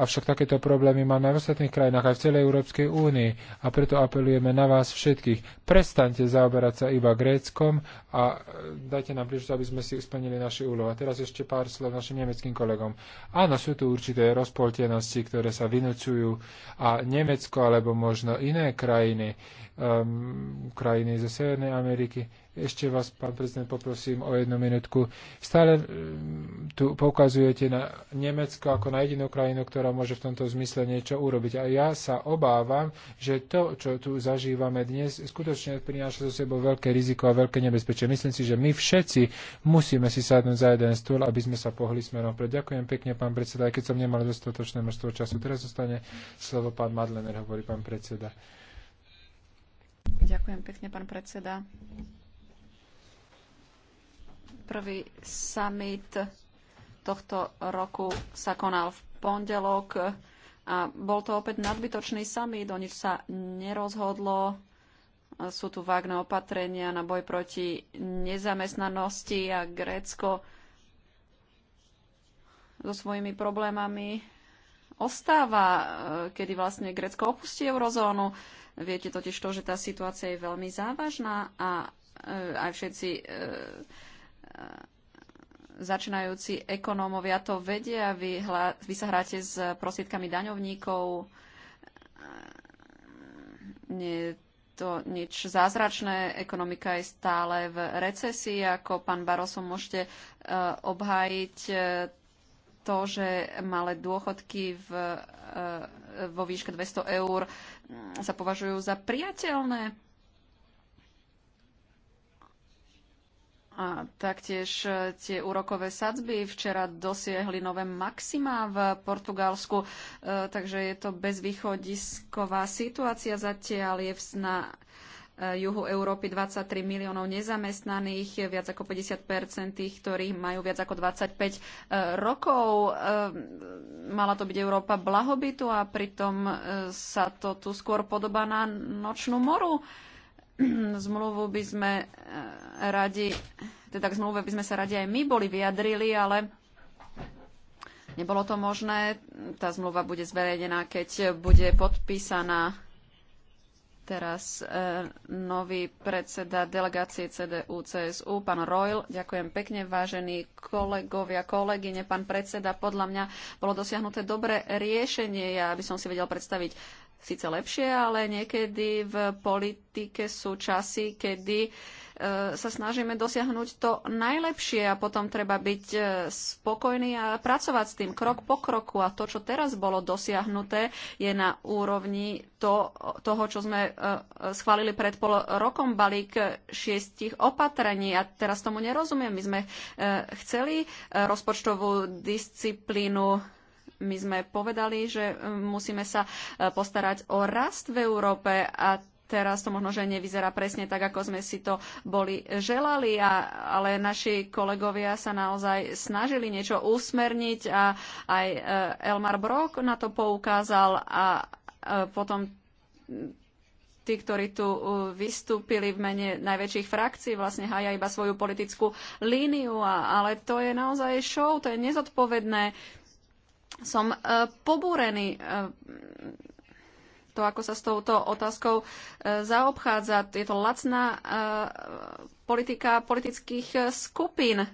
avšak takéto problémy máme aj v ostatných krajinách, aj v celej Európskej únii. A preto apelujeme na vás všetkých. Prestaňte zaoberať sa iba Gréckom a e, dajte nám príležitosť, aby sme si splnili naše úlohy. A teraz ešte pár slov našim nemeckým kolegom. Áno, sú tu určité rozpoltenosti, ktoré sa vynúcujú a Nemecko alebo možno iné krajiny um, ehm, krajiny zo Severnej Ameriky. Ešte vás, pán prezident, poprosím o jednu minútku. Stále um, tu poukazujete na Nemecko ako na jedinú krajinu, ktorá môže v tomto zmysle niečo urobiť. A ja sa obávam, že to, čo tu zažívame dnes, skutočne prináša so sebou veľké riziko a veľké nebezpečie. Myslím si, že my všetci musíme si sadnúť za jeden stôl, aby sme sa pohli smerom pred. Ďakujem pekne, pán predseda, aj keď som nemal dostatočné množstvo času. Teraz zostane slovo pán Madlener, hovorí pán predseda. Ďakujem pekne, pán predseda. Prvý summit tohto roku sa konal v pondelok a bol to opäť nadbytočný summit, o nič sa nerozhodlo. Sú tu vágne opatrenia na boj proti nezamestnanosti a Grécko so svojimi problémami ostáva, e, kedy vlastne Grécko opustí eurozónu. Viete totiž to, že tá situácia je veľmi závažná a e, aj všetci e, začínajúci ekonómovia to vedia. Vy, hla, vy sa hráte s prosiedkami daňovníkov. Nie je to nič zázračné. Ekonomika je stále v recesii. Ako pán Barosom môžete obhájiť to, že malé dôchodky v, e, vo výške 200 eur sa považujú za priateľné. A taktiež e, tie úrokové sadzby včera dosiahli nové maxima v Portugalsku, e, takže je to bezvýchodisková situácia zatiaľ. Je, vzna, juhu Európy 23 miliónov nezamestnaných, viac ako 50 tých, ktorí majú viac ako 25 e, rokov. E, mala to byť Európa blahobytu a pritom e, sa to tu skôr podobá na nočnú moru. Zmluvu by sme radi, teda k zmluve by sme sa radi aj my boli vyjadrili, ale nebolo to možné. Tá zmluva bude zverejnená, keď bude podpísaná Teraz e, nový predseda delegácie CDU CSU, pán Royl. Ďakujem pekne, vážení kolegovia, kolegyne, pán predseda. Podľa mňa bolo dosiahnuté dobré riešenie. Ja by som si vedel predstaviť síce lepšie, ale niekedy v politike sú časy, kedy E, sa snažíme dosiahnuť to najlepšie a potom treba byť e, spokojný a pracovať s tým krok po kroku. A to, čo teraz bolo dosiahnuté, je na úrovni to, toho, čo sme e, schválili pred pol rokom balík šiestich opatrení. A teraz tomu nerozumiem. My sme chceli rozpočtovú disciplínu my sme povedali, že musíme sa postarať o rast v Európe a teraz to možno, že nevyzerá presne tak, ako sme si to boli želali, a, ale naši kolegovia sa naozaj snažili niečo usmerniť a aj e, Elmar Brok na to poukázal a e, potom tí, ktorí tu e, vystúpili v mene najväčších frakcií, vlastne hája iba svoju politickú líniu, a, ale to je naozaj show, to je nezodpovedné. Som e, pobúrený. E, to, ako sa s touto otázkou e, zaobchádza. Je to lacná e, politika politických skupín. E,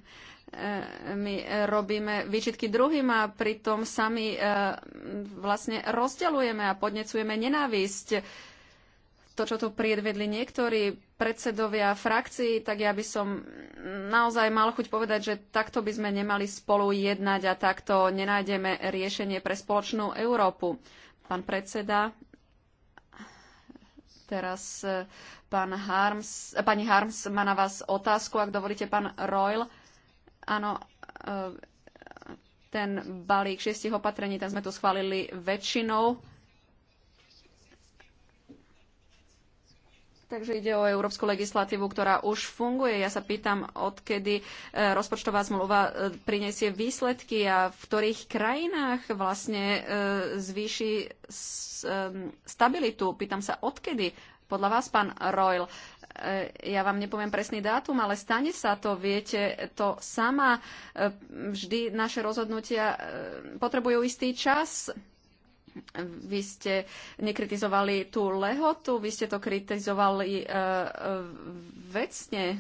my robíme výčitky druhým a pritom sami vlastne rozdelujeme a podnecujeme nenávisť. To, čo tu priedvedli niektorí predsedovia frakcií, tak ja by som naozaj mal chuť povedať, že takto by sme nemali spolu jednať a takto nenájdeme riešenie pre spoločnú Európu. Pán predseda, Teraz e, pán Harms, e, pani Harms má na vás otázku, ak dovolíte, pán Royal. Áno, e, ten balík šiestich opatrení, ten sme tu schválili väčšinou Takže ide o európsku legislatívu, ktorá už funguje. Ja sa pýtam, odkedy e, rozpočtová zmluva e, prinesie výsledky a v ktorých krajinách vlastne e, zvýši stabilitu. Pýtam sa, odkedy podľa vás, pán Royal, ja vám nepoviem presný dátum, ale stane sa to, viete to sama. Vždy naše rozhodnutia potrebujú istý čas. Vy ste nekritizovali tú lehotu, vy ste to kritizovali uh, vecne.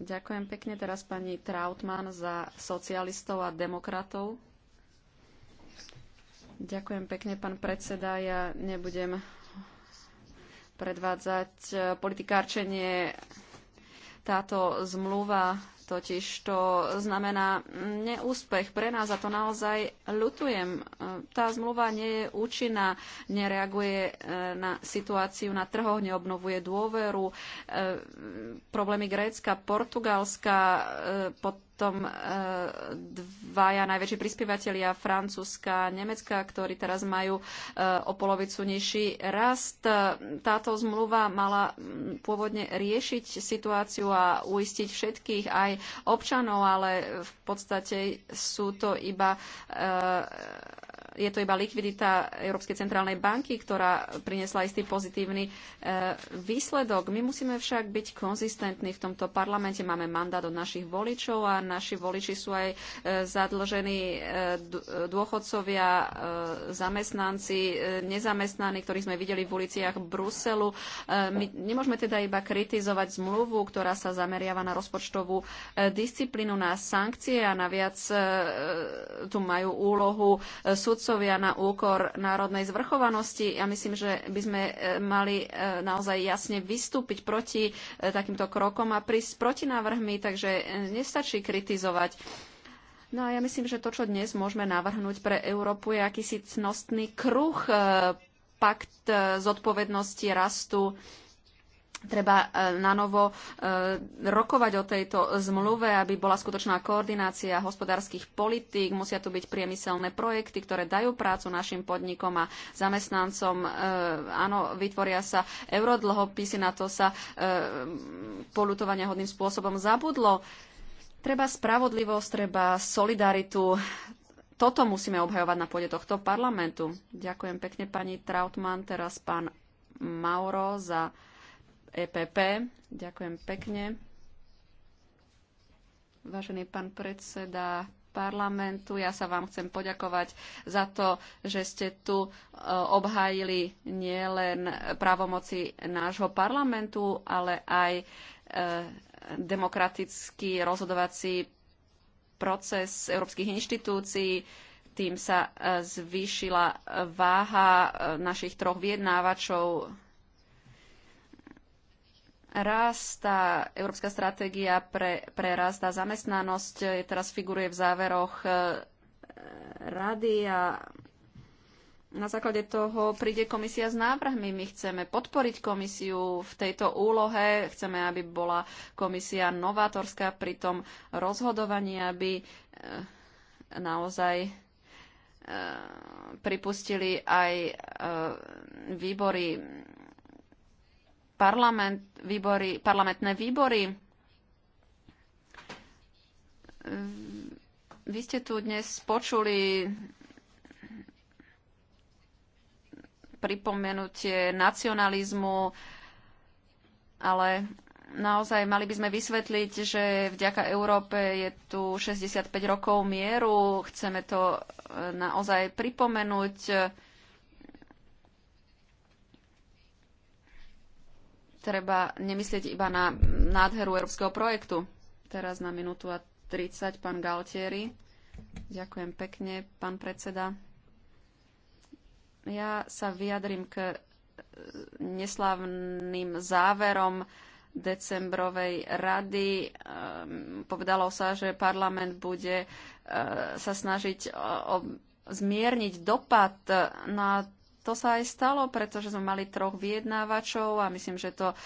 Ďakujem pekne teraz pani Trautmann za socialistov a demokratov. Ďakujem pekne, pán predseda. Ja nebudem predvádzať e, politikárčenie. Táto zmluva totiž to znamená neúspech pre nás a to naozaj ľutujem. Tá zmluva nie je účinná, nereaguje e, na situáciu na trhoch, neobnovuje dôveru. E, problémy Grécka, Portugalska e, pod potom e, dvaja najväčší prispievateľia Francúzska a Nemecka, ktorí teraz majú e, o polovicu nižší rast. Táto zmluva mala pôvodne riešiť situáciu a uistiť všetkých, aj občanov, ale v podstate sú to iba e, je to iba likvidita Európskej centrálnej banky, ktorá priniesla istý pozitívny e, výsledok. My musíme však byť konzistentní v tomto parlamente. Máme mandát od našich voličov a naši voliči sú aj e, zadlžení e, dôchodcovia, zamestnanci, nezamestnaní, ktorých sme videli v uliciach Bruselu. My nemôžeme teda iba kritizovať zmluvu, ktorá sa zameriava na rozpočtovú disciplínu, na sankcie a naviac tu majú úlohu sudcov sudcovia na úkor národnej zvrchovanosti. Ja myslím, že by sme e, mali e, naozaj jasne vystúpiť proti e, takýmto krokom a prísť proti návrhmi, takže nestačí kritizovať. No a ja myslím, že to, čo dnes môžeme navrhnúť pre Európu, je akýsi cnostný kruh, pakt zodpovednosti rastu treba e, na novo e, rokovať o tejto zmluve, aby bola skutočná koordinácia hospodárskych politík. Musia tu byť priemyselné projekty, ktoré dajú prácu našim podnikom a zamestnancom. E, áno, vytvoria sa eurodlhopisy, na to sa polutovania hodným spôsobom zabudlo. Treba spravodlivosť, treba solidaritu. Toto musíme obhajovať na pôde tohto parlamentu. Ďakujem pekne pani Trautmann, teraz pán Mauro za EPP. Ďakujem pekne. Vážený pán predseda parlamentu, ja sa vám chcem poďakovať za to, že ste tu e, obhájili nielen právomoci nášho parlamentu, ale aj e, demokratický rozhodovací proces európskych inštitúcií. Tým sa e, zvýšila váha našich troch vyjednávačov Rast Európska stratégia pre, pre rast a zamestnanosť teraz figuruje v záveroch e, rady a na základe toho príde komisia s návrhmi. My chceme podporiť komisiu v tejto úlohe, chceme, aby bola komisia novátorská pri tom rozhodovaní, aby e, naozaj e, pripustili aj výbory parlament, výbory, parlamentné výbory. Vy ste tu dnes počuli pripomenutie nacionalizmu, ale naozaj mali by sme vysvetliť, že vďaka Európe je tu 65 rokov mieru. Chceme to eh, naozaj pripomenúť Treba nemyslieť iba na nádheru európskeho projektu. Teraz na minútu a 30, pán Galtieri. Ďakujem pekne, pán predseda. Ja sa vyjadrím k eh, neslavným záverom decembrovej rady. Ehm, povedalo sa, že parlament bude eh, sa snažiť eh, o zmierniť dopad na to sa aj stalo, pretože sme mali troch vyjednávačov a myslím, že to e,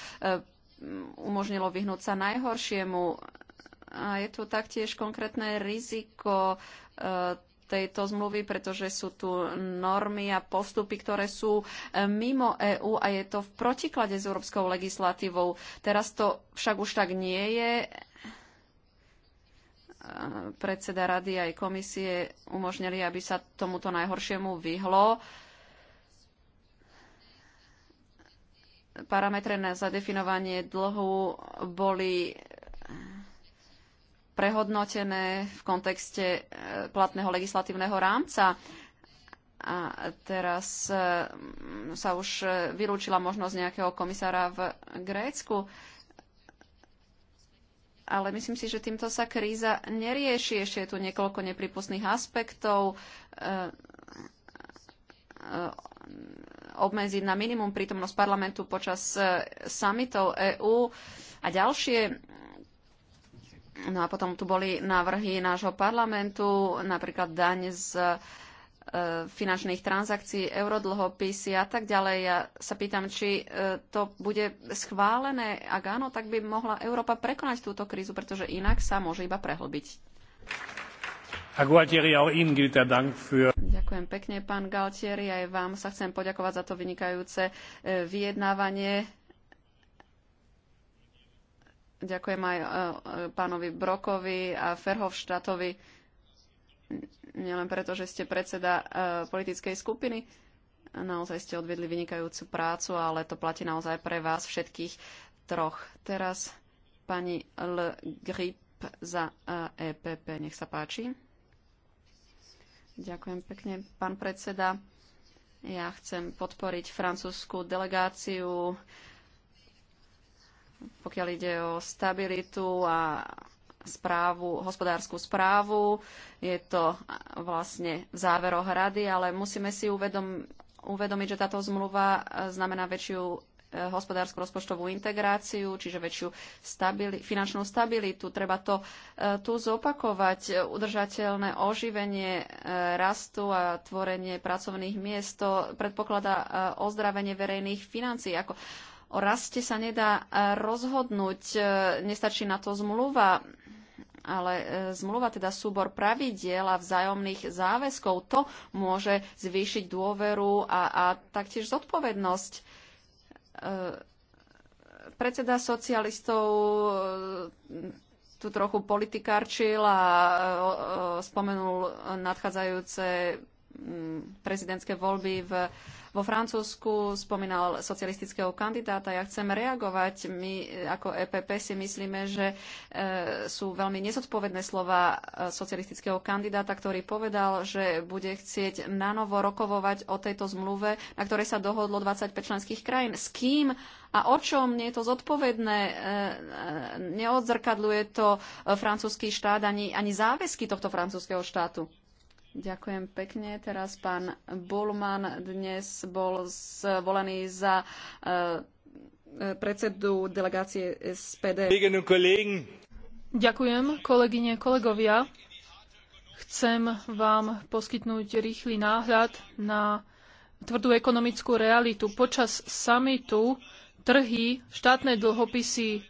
umožnilo vyhnúť sa najhoršiemu. A je tu taktiež konkrétne riziko e, tejto zmluvy, pretože sú tu normy a postupy, ktoré sú e, mimo EÚ a je to v protiklade s európskou legislatívou. Teraz to však už tak nie je. Predseda rady aj komisie umožnili, aby sa tomuto najhoršiemu vyhlo. parametre na zadefinovanie dlhu boli prehodnotené v kontexte e, platného legislatívneho rámca. A teraz e, sa už e, vylúčila možnosť nejakého komisára v Grécku. Ale myslím si, že týmto sa kríza nerieši. Ešte je tu niekoľko nepripustných aspektov obmedziť na minimum prítomnosť parlamentu počas e, summitov EÚ a ďalšie. No a potom tu boli návrhy nášho parlamentu, napríklad daň z e, finančných transakcií, eurodlhopisy a tak ďalej. Ja sa pýtam, či e, to bude schválené. Ak áno, tak by mohla Európa prekonať túto krízu, pretože inak sa môže iba prehlbiť. Herr Gualtieri, auch Ihnen gilt der Dank für Ďakujem pekne, pán Galtieri, aj vám sa chcem poďakovať za to vynikajúce e, vyjednávanie. Ďakujem aj e, e, pánovi Brokovi a Ferhovštátovi, nielen preto, že ste predseda politickej skupiny. Naozaj ste odvedli vynikajúcu prácu, ale to platí naozaj pre vás všetkých troch. Teraz pani L. Grip za EPP. Nech sa páči. Ďakujem pekne, pán predseda. Ja chcem podporiť francúzskú delegáciu, pokiaľ ide o stabilitu a správu, hospodárskú správu. Je to vlastne v záveroch rady, ale musíme si uvedom, uvedomiť, že táto zmluva znamená väčšiu hospodársku rozpočtovú integráciu, čiže väčšiu stabili- finančnú stabilitu. Treba to e, tu zopakovať. Udržateľné oživenie e, rastu a tvorenie pracovných miest to predpokladá e, ozdravenie verejných financií. Ako o raste sa nedá rozhodnúť, nestačí na to zmluva ale zmluva teda súbor pravidiel a vzájomných záväzkov, to môže zvýšiť dôveru a, a taktiež zodpovednosť E, predseda socialistov e, tu trochu politikárčil a e, spomenul nadchádzajúce prezidentské voľby v vo Francúzsku, spomínal socialistického kandidáta. Ja chcem reagovať. My ako EPP si myslíme, že e, sú veľmi nezodpovedné slova e, socialistického kandidáta, ktorý povedal, že bude chcieť nanovo rokovovať o tejto zmluve, na ktorej sa dohodlo 25 členských krajín. S kým a o čom nie je to zodpovedné, e, neodzrkadluje to francúzsky štát ani, ani záväzky tohto francúzského štátu. Ďakujem pekne. Teraz pán Bulman dnes bol zvolený za e, e, predsedu delegácie SPD. Ďakujem, kolegyne, kolegovia. Chcem vám poskytnúť rýchly náhľad na tvrdú ekonomickú realitu. Počas samitu trhy, štátne dlhopisy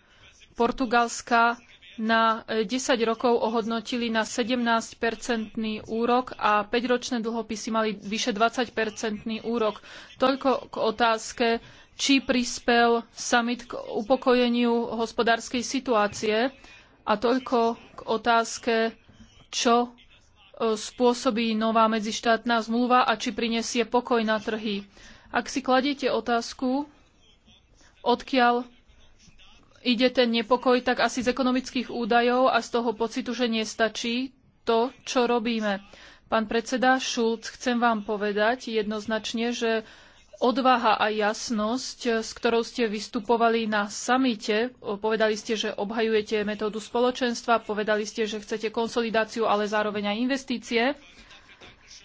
Portugalska na 10 e, rokov ohodnotili na 17-percentný úrok a 5-ročné dlhopisy mali vyše 20-percentný úrok. Toľko k otázke, či prispel summit k upokojeniu hospodárskej situácie a toľko k otázke, čo e, spôsobí nová medzištátna zmluva a či prinesie pokoj na trhy. Ak si kladiete otázku, odkiaľ ide ten nepokoj tak asi z ekonomických údajov a z toho pocitu, že nestačí to, čo robíme. Pán predseda Šulc, chcem vám povedať jednoznačne, že odvaha a jasnosť, s ktorou ste vystupovali na samite, povedali ste, že obhajujete metódu spoločenstva, povedali ste, že chcete konsolidáciu, ale zároveň aj investície.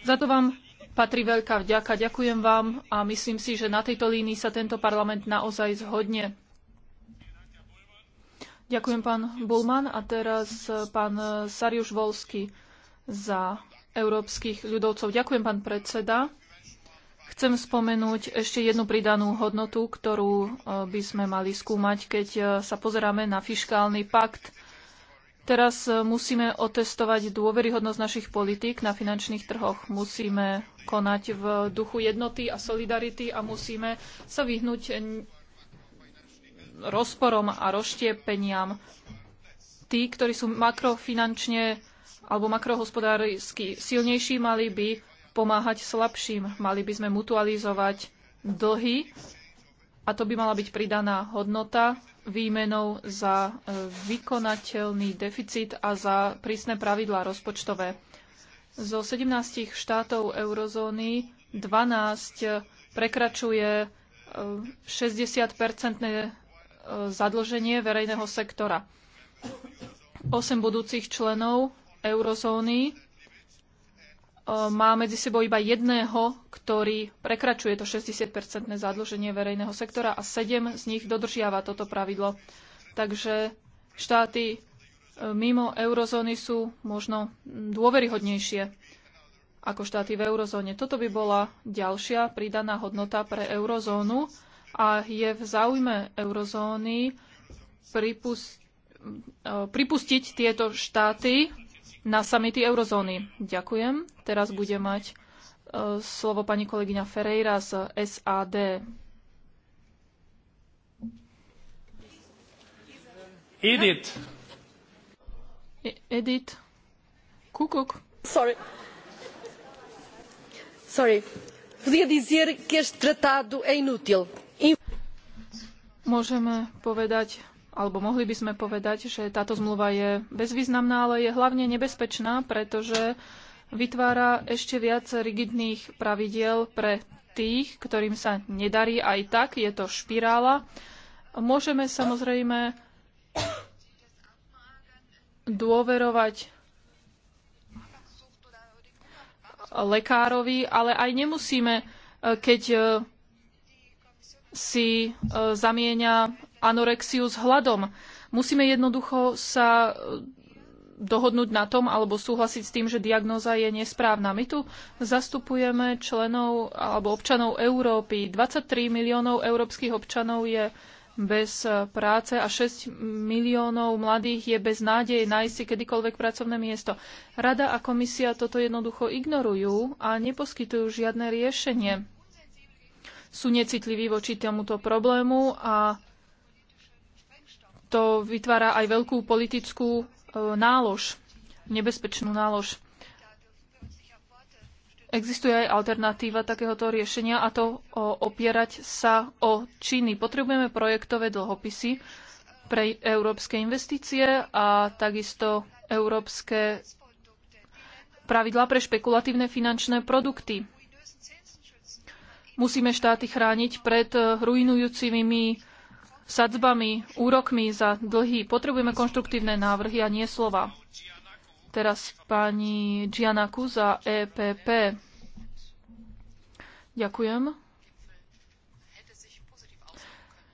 Za to vám patrí veľká vďaka. Ďakujem vám a myslím si, že na tejto línii sa tento parlament naozaj zhodne. Ďakujem pán Bulman a teraz eh, pán eh, Sariuš Volsky za európskych ľudovcov. Ďakujem pán predseda. Chcem spomenúť ešte jednu pridanú hodnotu, ktorú eh, by sme mali skúmať, keď sa pozeráme na fiškálny pakt. Teraz musíme otestovať dôveryhodnosť našich politík na finančných trhoch. Musíme konať v duchu jednoty a solidarity a musíme sa vyhnúť rozporom a rozštiepeniam. Tí, ktorí sú makrofinančne alebo makrohospodársky silnejší, mali by pomáhať slabším. Mali by sme mutualizovať dlhy a to by mala byť pridaná hodnota výmenou za e, vykonateľný deficit a za prísne pravidlá rozpočtové. Zo 17 štátov eurozóny 12 prekračuje 60-percentné e, zadlženie verejného sektora. Osem budúcich členov eurozóny e, má medzi sebou iba jedného, ktorý prekračuje to 60-percentné zadlženie verejného sektora a sedem z nich dodržiava toto pravidlo. Takže štáty e, mimo eurozóny sú možno dôveryhodnejšie ako štáty v eurozóne. Toto by bola ďalšia pridaná hodnota pre eurozónu a je v záujme eurozóny pripust, pripustiť tieto štáty na samity eurozóny. Ďakujem. Teraz bude mať slovo pani kolegyňa Ferreira z SAD. Edith. E, Edith. Kukuk. Sorry. Sorry. Podia dizer que este tratado é inútil. Môžeme povedať, alebo mohli by sme povedať, že táto zmluva je bezvýznamná, ale je hlavne nebezpečná, pretože vytvára ešte viac rigidných pravidiel pre tých, ktorým sa nedarí aj tak, je to špirála. Môžeme samozrejme dôverovať lekárovi, ale aj nemusíme, keď si e, zamieňa anorexiu s hladom. Musíme jednoducho sa e, dohodnúť na tom alebo súhlasiť s tým, že diagnóza je nesprávna. My tu zastupujeme členov alebo občanov Európy. 23 miliónov európskych občanov je bez e, práce a 6 miliónov mladých je bez nádeje nájsť si kedykoľvek pracovné miesto. Rada a komisia toto jednoducho ignorujú a neposkytujú žiadne riešenie sú necitliví voči tomuto problému a to vytvára aj veľkú politickú e, nálož, nebezpečnú nálož. Existuje aj alternatíva takéhoto riešenia a to o, opierať sa o činy. Potrebujeme projektové dlhopisy pre európske investície a takisto európske pravidlá pre špekulatívne finančné produkty. Musíme štáty chrániť pred eh, ruinujúcimi sadzbami, úrokmi za dlhy. Potrebujeme konštruktívne návrhy a nie slova. Teraz pani Gianaku za EPP. Ďakujem.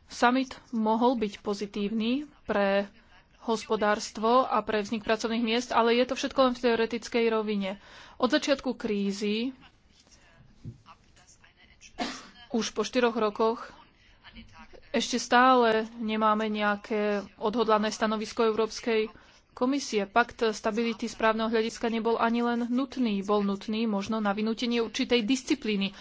Summit mohol byť pozitívny pre hospodárstvo a pre vznik pracovných miest, ale je to všetko len v teoretickej rovine. Od začiatku krízy už po štyroch rokoch ešte stále nemáme nejaké odhodlané stanovisko Európskej komisie. Pakt stability správneho hľadiska nebol ani len nutný. Bol nutný možno na vynútenie určitej disciplíny,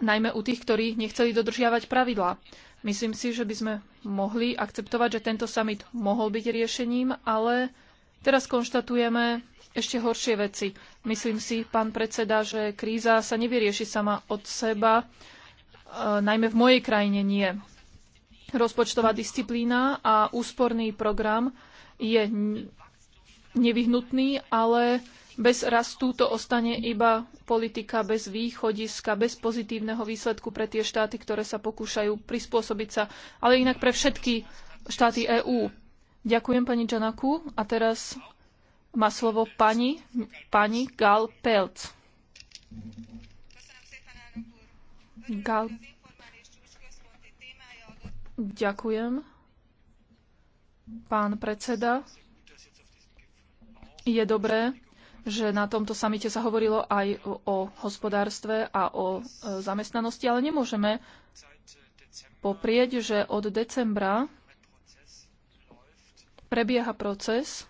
najmä u tých, ktorí nechceli dodržiavať pravidlá. Myslím si, že by sme mohli akceptovať, že tento summit mohol byť riešením, ale Teraz konštatujeme ešte horšie veci. Myslím si, pán predseda, že kríza sa nevyrieši sama od seba, e, najmä v mojej krajine nie. Rozpočtová disciplína a úsporný program je nevyhnutný, ale bez rastu to ostane iba politika bez východiska, bez pozitívneho výsledku pre tie štáty, ktoré sa pokúšajú prispôsobiť sa, ale inak pre všetky štáty EÚ. Ďakujem pani Janaku. A teraz má slovo pani, pani Gal Pelt. Gal... Ďakujem. Pán predseda, je dobré, že na tomto samite sa hovorilo aj o hospodárstve a o e, zamestnanosti, ale nemôžeme poprieť, že od decembra prebieha proces,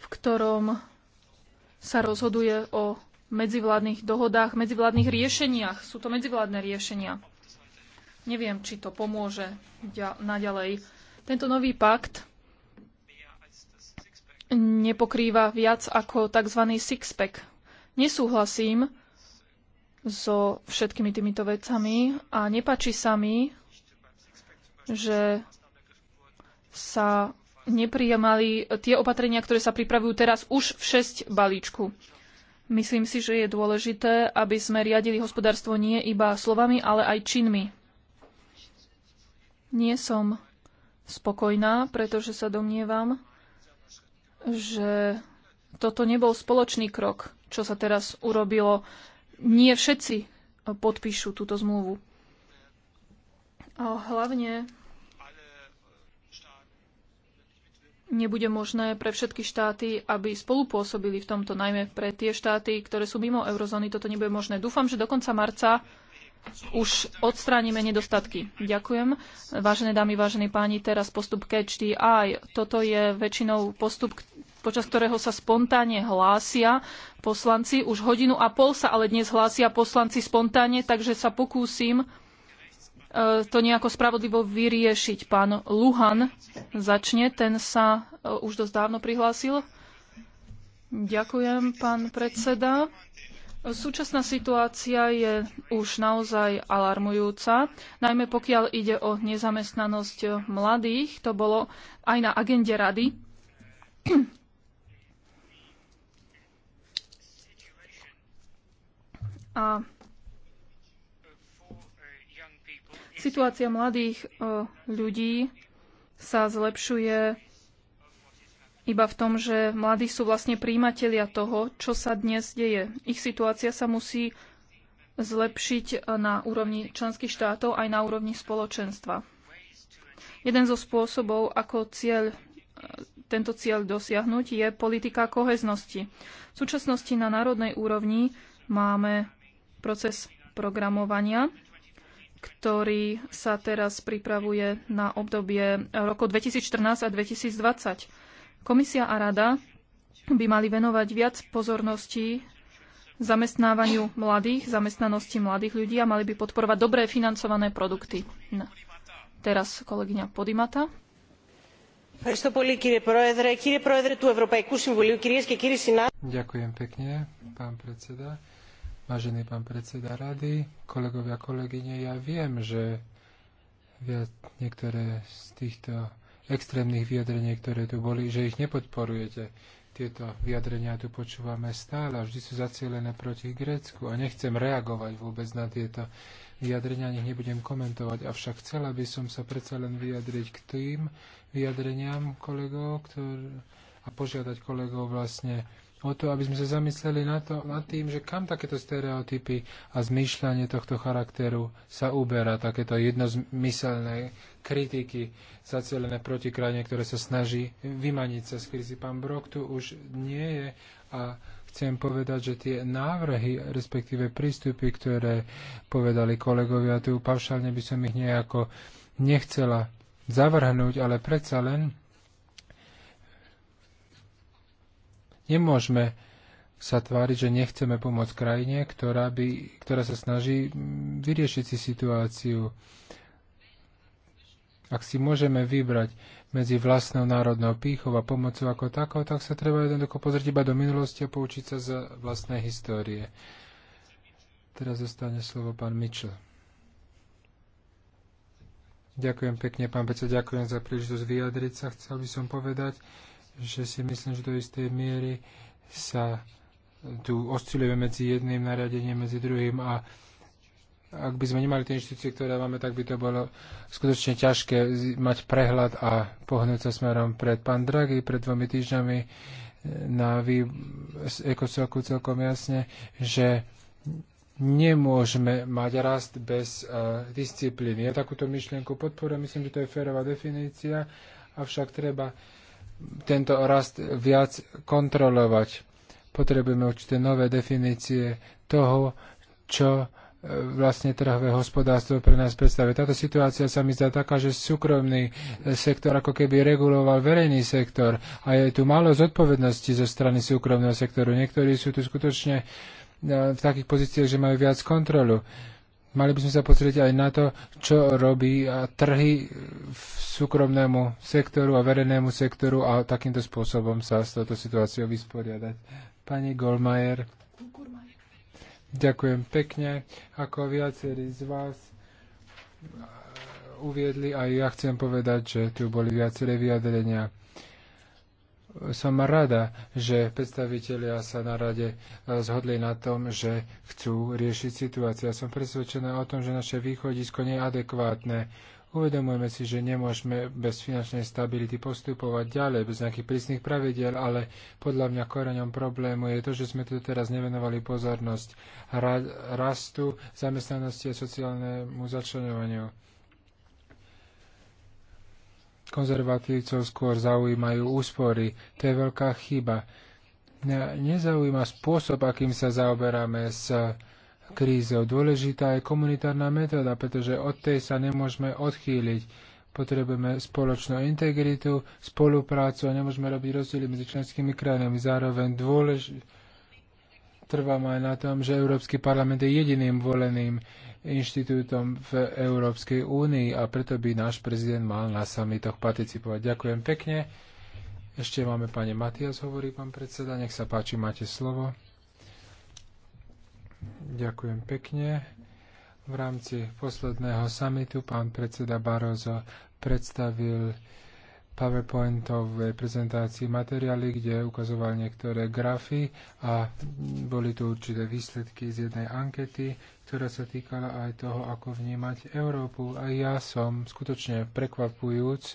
v ktorom sa rozhoduje o medzivládnych dohodách, medzivládnych riešeniach. Sú to medzivládne riešenia. Neviem, či to pomôže naďalej. Tento nový pakt nepokrýva viac ako tzv. six-pack. Nesúhlasím so všetkými týmito vecami a nepačí sa mi, že sa neprijemali tie opatrenia, ktoré sa pripravujú teraz už v 6 balíčku. Myslím si, že je dôležité, aby sme riadili hospodárstvo nie iba slovami, ale aj činmi. Nie som spokojná, pretože sa domnievam, že toto nebol spoločný krok, čo sa teraz urobilo. Nie všetci podpíšu túto zmluvu. A hlavne nebude možné pre všetky štáty, aby spolupôsobili v tomto, najmä pre tie štáty, ktoré sú mimo eurozóny, toto nebude možné. Dúfam, že do konca marca už odstránime nedostatky. Ďakujem. Vážené dámy, vážení páni, teraz postup Catch the Eye. Toto je väčšinou postup, počas ktorého sa spontánne hlásia poslanci. Už hodinu a pol sa ale dnes hlásia poslanci spontánne, takže sa pokúsim E, to nejako spravodlivo vyriešiť. Pán Luhan začne, ten sa e, už dosť dávno prihlásil. Ďakujem, pán predseda. Súčasná situácia je už naozaj alarmujúca, najmä pokiaľ ide o nezamestnanosť mladých. To bolo aj na agende rady. A Situácia mladých e, ľudí sa zlepšuje iba v tom, že mladí sú vlastne príjimatelia toho, čo sa dnes deje. Ich situácia sa musí zlepšiť e, na úrovni členských štátov aj na úrovni spoločenstva. Jeden zo spôsobov, ako cieľ, e, tento cieľ dosiahnuť, je politika koheznosti. V súčasnosti na národnej úrovni máme proces programovania ktorý sa teraz pripravuje na obdobie roku 2014 a 2020. Komisia a rada by mali venovať viac pozornosti zamestnávaniu mladých, zamestnanosti mladých ľudí a mali by podporovať dobré financované produkty. No. Teraz kolegyňa Podimata. Ďakujem pekne, pán predseda. Vážený pán predseda rady, kolegovia, kolegyne, ja viem, že viac niektoré z týchto extrémnych vyjadrení, ktoré tu boli, že ich nepodporujete. Tieto vyjadrenia tu počúvame stále a vždy sú zacielené proti Grécku a nechcem reagovať vôbec na tieto vyjadrenia, nech nebudem komentovať, avšak chcela by som sa predsa len vyjadriť k tým vyjadreniam kolegov ktor a požiadať kolegov vlastne o to, aby sme sa zamysleli na to, nad tým, že kam takéto stereotypy a zmýšľanie tohto charakteru sa uberá, takéto jednozmyselné kritiky zacelené proti krajine, ktoré sa snaží vymaniť sa z krízy. Pán Brok tu už nie je a chcem povedať, že tie návrhy, respektíve prístupy, ktoré povedali kolegovia tu, pavšalne by som ich nejako nechcela zavrhnúť, ale predsa len Nemôžeme sa tváriť, že nechceme pomôcť krajine, ktorá, by, ktorá sa snaží mm, vyriešiť si situáciu. Ak si môžeme vybrať medzi vlastnou národnou pýchou a pomocou ako takou, tak sa treba jednoducho pozrieť iba do minulosti a poučiť sa za vlastnej histórie. Teraz zostane slovo pán Mitchell. Ďakujem pekne, pán Beca, ďakujem za príležitosť vyjadriť sa. Chcel by som povedať, že si myslím, že do istej miery sa tu oscilujeme medzi jedným nariadením, medzi druhým a ak by sme nemali tie inštitúcie, ktoré máme, tak by to bolo skutočne ťažké mať prehľad a pohnúť sa smerom pred pán Draghi pred dvomi týždňami eh, na vý... ekocelku celkom jasne, že nemôžeme mať rast bez uh, disciplíny. Ja takúto myšlienku podporujem, myslím, že to je férová definícia, avšak treba uh, tento rast viac kontrolovať. Potrebujeme určité nové definície toho, čo e, vlastne trhové hospodárstvo pre nás predstavuje. Táto situácia sa mi zdá taká, že súkromný e, sektor ako keby reguloval verejný sektor a je tu málo zodpovednosti zo strany súkromného sektoru. Niektorí sú tu skutočne e, v takých pozíciách, že majú viac kontrolu. Mali by sme sa pozrieť aj na to, čo robí trhy v súkromnému sektoru a verejnému sektoru a takýmto spôsobom sa s touto situáciou vysporiadať. Pani Golmajer. Ďakujem pekne. Ako viacerí z vás uviedli, aj ja chcem povedať, že tu boli viaceré vyjadrenia som rada, že predstavitelia sa na rade e, zhodli na tom, že chcú riešiť situáciu. Ja som presvedčená o tom, že naše východisko nie je adekvátne. Uvedomujeme si, že nemôžeme bez finančnej stability postupovať ďalej, bez nejakých prísnych pravidiel, ale podľa mňa koreňom problému je to, že sme tu teraz nevenovali pozornosť rastu, zamestnanosti a sociálnemu začlenovaniu konzervatívcov skôr zaujímajú úspory. To je veľká chyba. Mňa nezaujíma spôsob, akým sa zaoberáme s krízou. Dôležitá je komunitárna metóda, pretože od tej sa nemôžeme odchýliť. Potrebujeme spoločnú integritu, spoluprácu a nemôžeme robiť rozdiely medzi členskými krajinami. Zároveň dôležitá trvám aj na tom, že Európsky parlament je jediným voleným inštitútom v Európskej únii a preto by náš prezident mal na samitoch participovať. Ďakujem pekne. Ešte máme pani Matias, hovorí pán predseda. Nech sa páči, máte slovo. Ďakujem pekne. V rámci posledného samitu pán predseda Barozo predstavil PowerPointovej prezentácii materiály, kde ukazoval niektoré grafy a boli tu určité výsledky z jednej ankety, ktorá sa týkala aj toho, ako vnímať Európu. A ja som skutočne prekvapujúc e,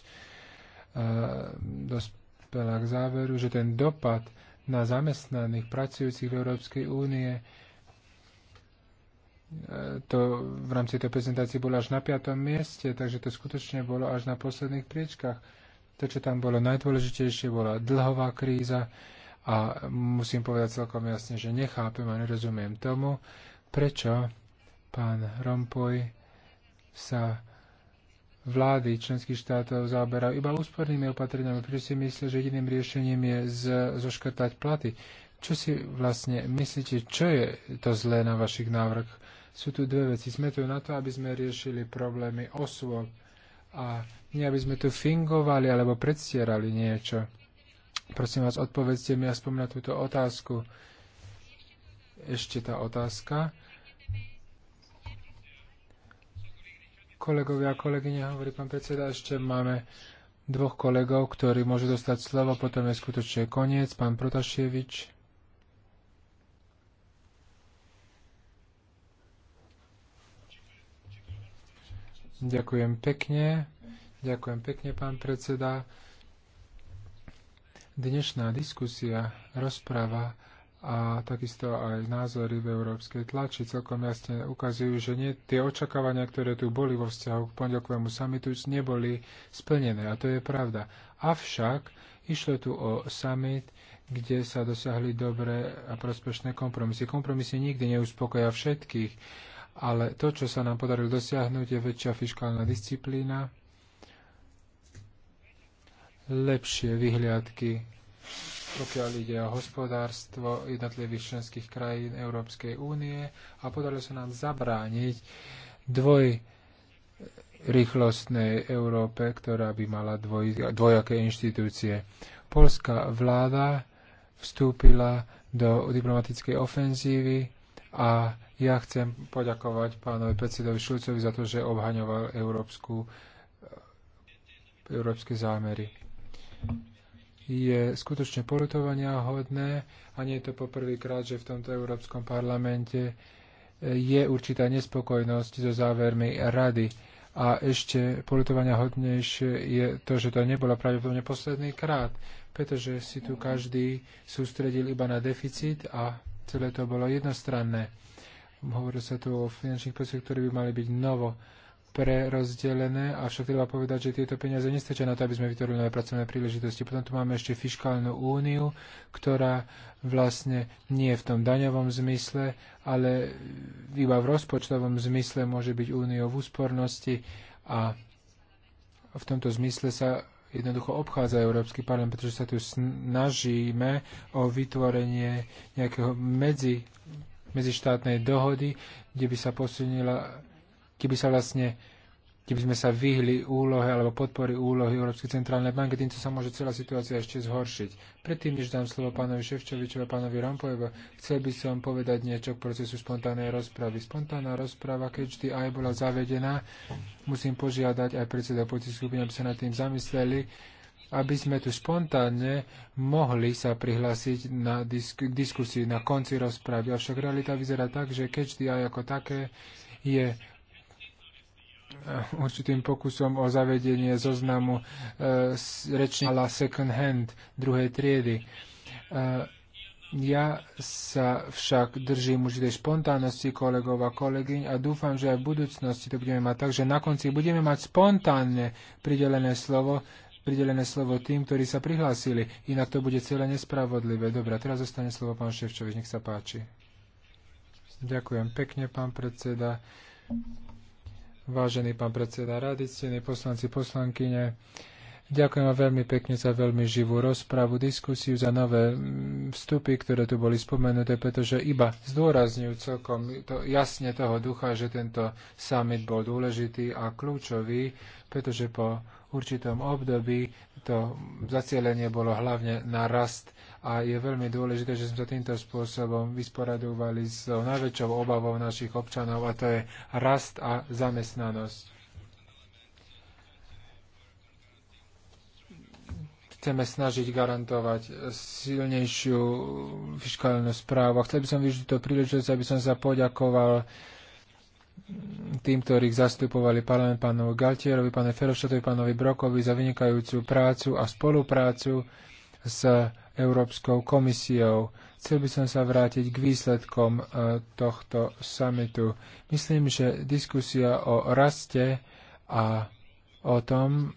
dospela k záveru, že ten dopad na zamestnaných pracujúcich v Európskej únie e, to v rámci tej prezentácie bolo až na piatom mieste, takže to skutočne bolo až na posledných priečkách. To, čo tam bolo najdôležitejšie, bola dlhová kríza a musím povedať celkom jasne, že nechápem a nerozumiem tomu, prečo pán Rompuy sa vlády členských štátov zaoberajú iba úspornými opatreniami, pretože si myslia, že jediným riešením je z, zoškrtať platy. Čo si vlastne myslíte, čo je to zlé na vašich návrh? Sú tu dve veci. Sme tu na to, aby sme riešili problémy osôb, a nie, aby sme tu fingovali alebo predstierali niečo. Prosím vás, odpovedzte mi aspoň na túto otázku. Ešte tá otázka. Kolegovia a kolegyne, hovorí pán predseda, ešte máme dvoch kolegov, ktorí môžu dostať slovo, potom je skutočne koniec. Pán Protaševič. Ďakujem pekne. Ďakujem pekne, pán predseda. Dnešná diskusia, rozpráva a takisto aj názory v európskej tlači celkom jasne ukazujú, že nie, tie očakávania, ktoré tu boli vo vzťahu k pondelkovému samitu, neboli splnené. A to je pravda. Avšak išlo tu o summit, kde sa dosiahli dobré a prospešné kompromisy. Kompromisy nikdy neuspokoja všetkých ale to, čo sa nám podarilo dosiahnuť, je väčšia fiskálna disciplína, lepšie vyhliadky, pokiaľ ide o hospodárstvo jednotlivých členských krajín Európskej únie a podarilo sa nám zabrániť dvoj rýchlostnej Európe, ktorá by mala dvoj, dvojaké inštitúcie. Polská vláda vstúpila do diplomatickej ofenzívy a ja chcem poďakovať pánovi predsedovi Šulcovi za to, že obhaňoval európsku, európske zámery. Je skutočne polutovania hodné a nie je to poprvýkrát, že v tomto Európskom parlamente je určitá nespokojnosť so závermi rady. A ešte politovania hodnejšie je to, že to nebolo pravdepodobne posledný krát, pretože si tu každý sústredil iba na deficit a celé to bolo jednostranné. Hovorí sa tu o finančných prostriedkoch, ktoré by mali byť novo prerozdelené, avšak treba povedať, že tieto peniaze nestačia na to, aby sme vytvorili nové pracovné príležitosti. Potom tu máme ešte fiskálnu úniu, ktorá vlastne nie v tom daňovom zmysle, ale iba v rozpočtovom zmysle môže byť úniou v úspornosti a v tomto zmysle sa jednoducho obchádza Európsky parlament, pretože sa tu snažíme o vytvorenie nejakého medzi, medzištátnej dohody, kde by sa posunila, keby sa vlastne kde by sme sa vyhli úlohe alebo podpory úlohy Európskej centrálnej banky. Týmto sa môže celá situácia ešte zhoršiť. Predtým, než dám slovo pánovi Ševčovičovi a pánovi Rampojevo, chcel by som povedať niečo k procesu spontánnej rozpravy. Spontánna rozprava, keď vždy aj bola zavedená, musím požiadať aj predseda skupiny, aby sa nad tým zamysleli, aby sme tu spontánne mohli sa prihlásiť na disk- diskusii na konci rozpravy. Avšak realita vyzerá tak, že keď aj ako také je určitým pokusom o zavedenie zoznamu e, rečníka second hand druhej triedy. E, ja sa však držím určitej spontánnosti kolegov a kolegyň a dúfam, že aj v budúcnosti to budeme mať tak, že na konci budeme mať spontánne pridelené slovo, pridelené slovo tým, ktorí sa prihlásili. Inak to bude celé nespravodlivé. Dobre, teraz zostane slovo pán Ševčovič, nech sa páči. Ďakujem pekne, pán predseda vážený pán predseda rady, ctení poslanci, poslankyne. Ďakujem vám veľmi pekne za veľmi živú rozpravu, diskusiu, za nové vstupy, ktoré tu boli spomenuté, pretože iba zdôrazňujú celkom to, jasne toho ducha, že tento summit bol dôležitý a kľúčový, pretože po určitom období to zacielenie bolo hlavne na rast a je veľmi dôležité, že sme sa týmto spôsobom vysporadovali s najväčšou obavou našich občanov a to je rast a zamestnanosť. Chceme snažiť garantovať silnejšiu fiskálnu správu. A chcel by som využiť to príležitosť, aby som sa poďakoval tým, ktorých zastupovali parlament pánovi Galtierovi, pánovi Ferošatovi, pánovi Brokovi za vynikajúcu prácu a spoluprácu s Európskou komisiou. Chcel by som sa vrátiť k výsledkom e, tohto samitu. Myslím, že diskusia o raste a o tom,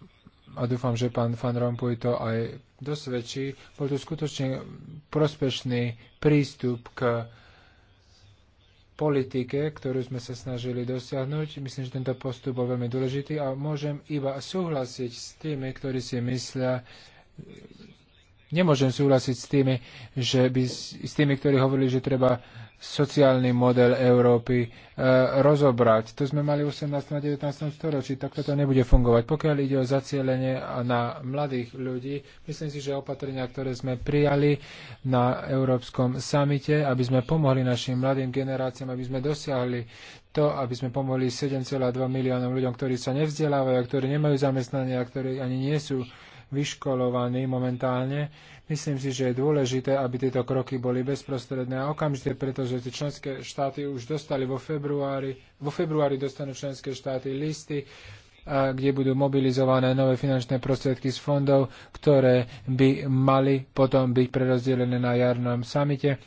a dúfam, že pán Van Rompuy to aj dosvedčí, bol to skutočne prospešný prístup k politike, ktorú sme sa snažili dosiahnuť. Myslím, že tento postup bol veľmi dôležitý a môžem iba súhlasiť s tými, ktorí si myslia, Nemôžem súhlasiť s tými, že by, s tými, ktorí hovorili, že treba sociálny model Európy e, rozobrať. To sme mali v 18. a 19. storočí, tak toto nebude fungovať. Pokiaľ ide o zacielenie na mladých ľudí, myslím si, že opatrenia, ktoré sme prijali na Európskom samite, aby sme pomohli našim mladým generáciám, aby sme dosiahli to, aby sme pomohli 7,2 miliónom ľuďom, ktorí sa nevzdelávajú, ktorí nemajú zamestnania, ktorí ani nie sú vyškolovaní momentálne. Myslím si, že je dôležité, aby tieto kroky boli bezprostredné a okamžite, pretože tie členské štáty už dostali vo februári, vo februári dostanú členské štáty listy, kde budú mobilizované nové finančné prostriedky z fondov, ktoré by mali potom byť prerozdelené na jarnom samite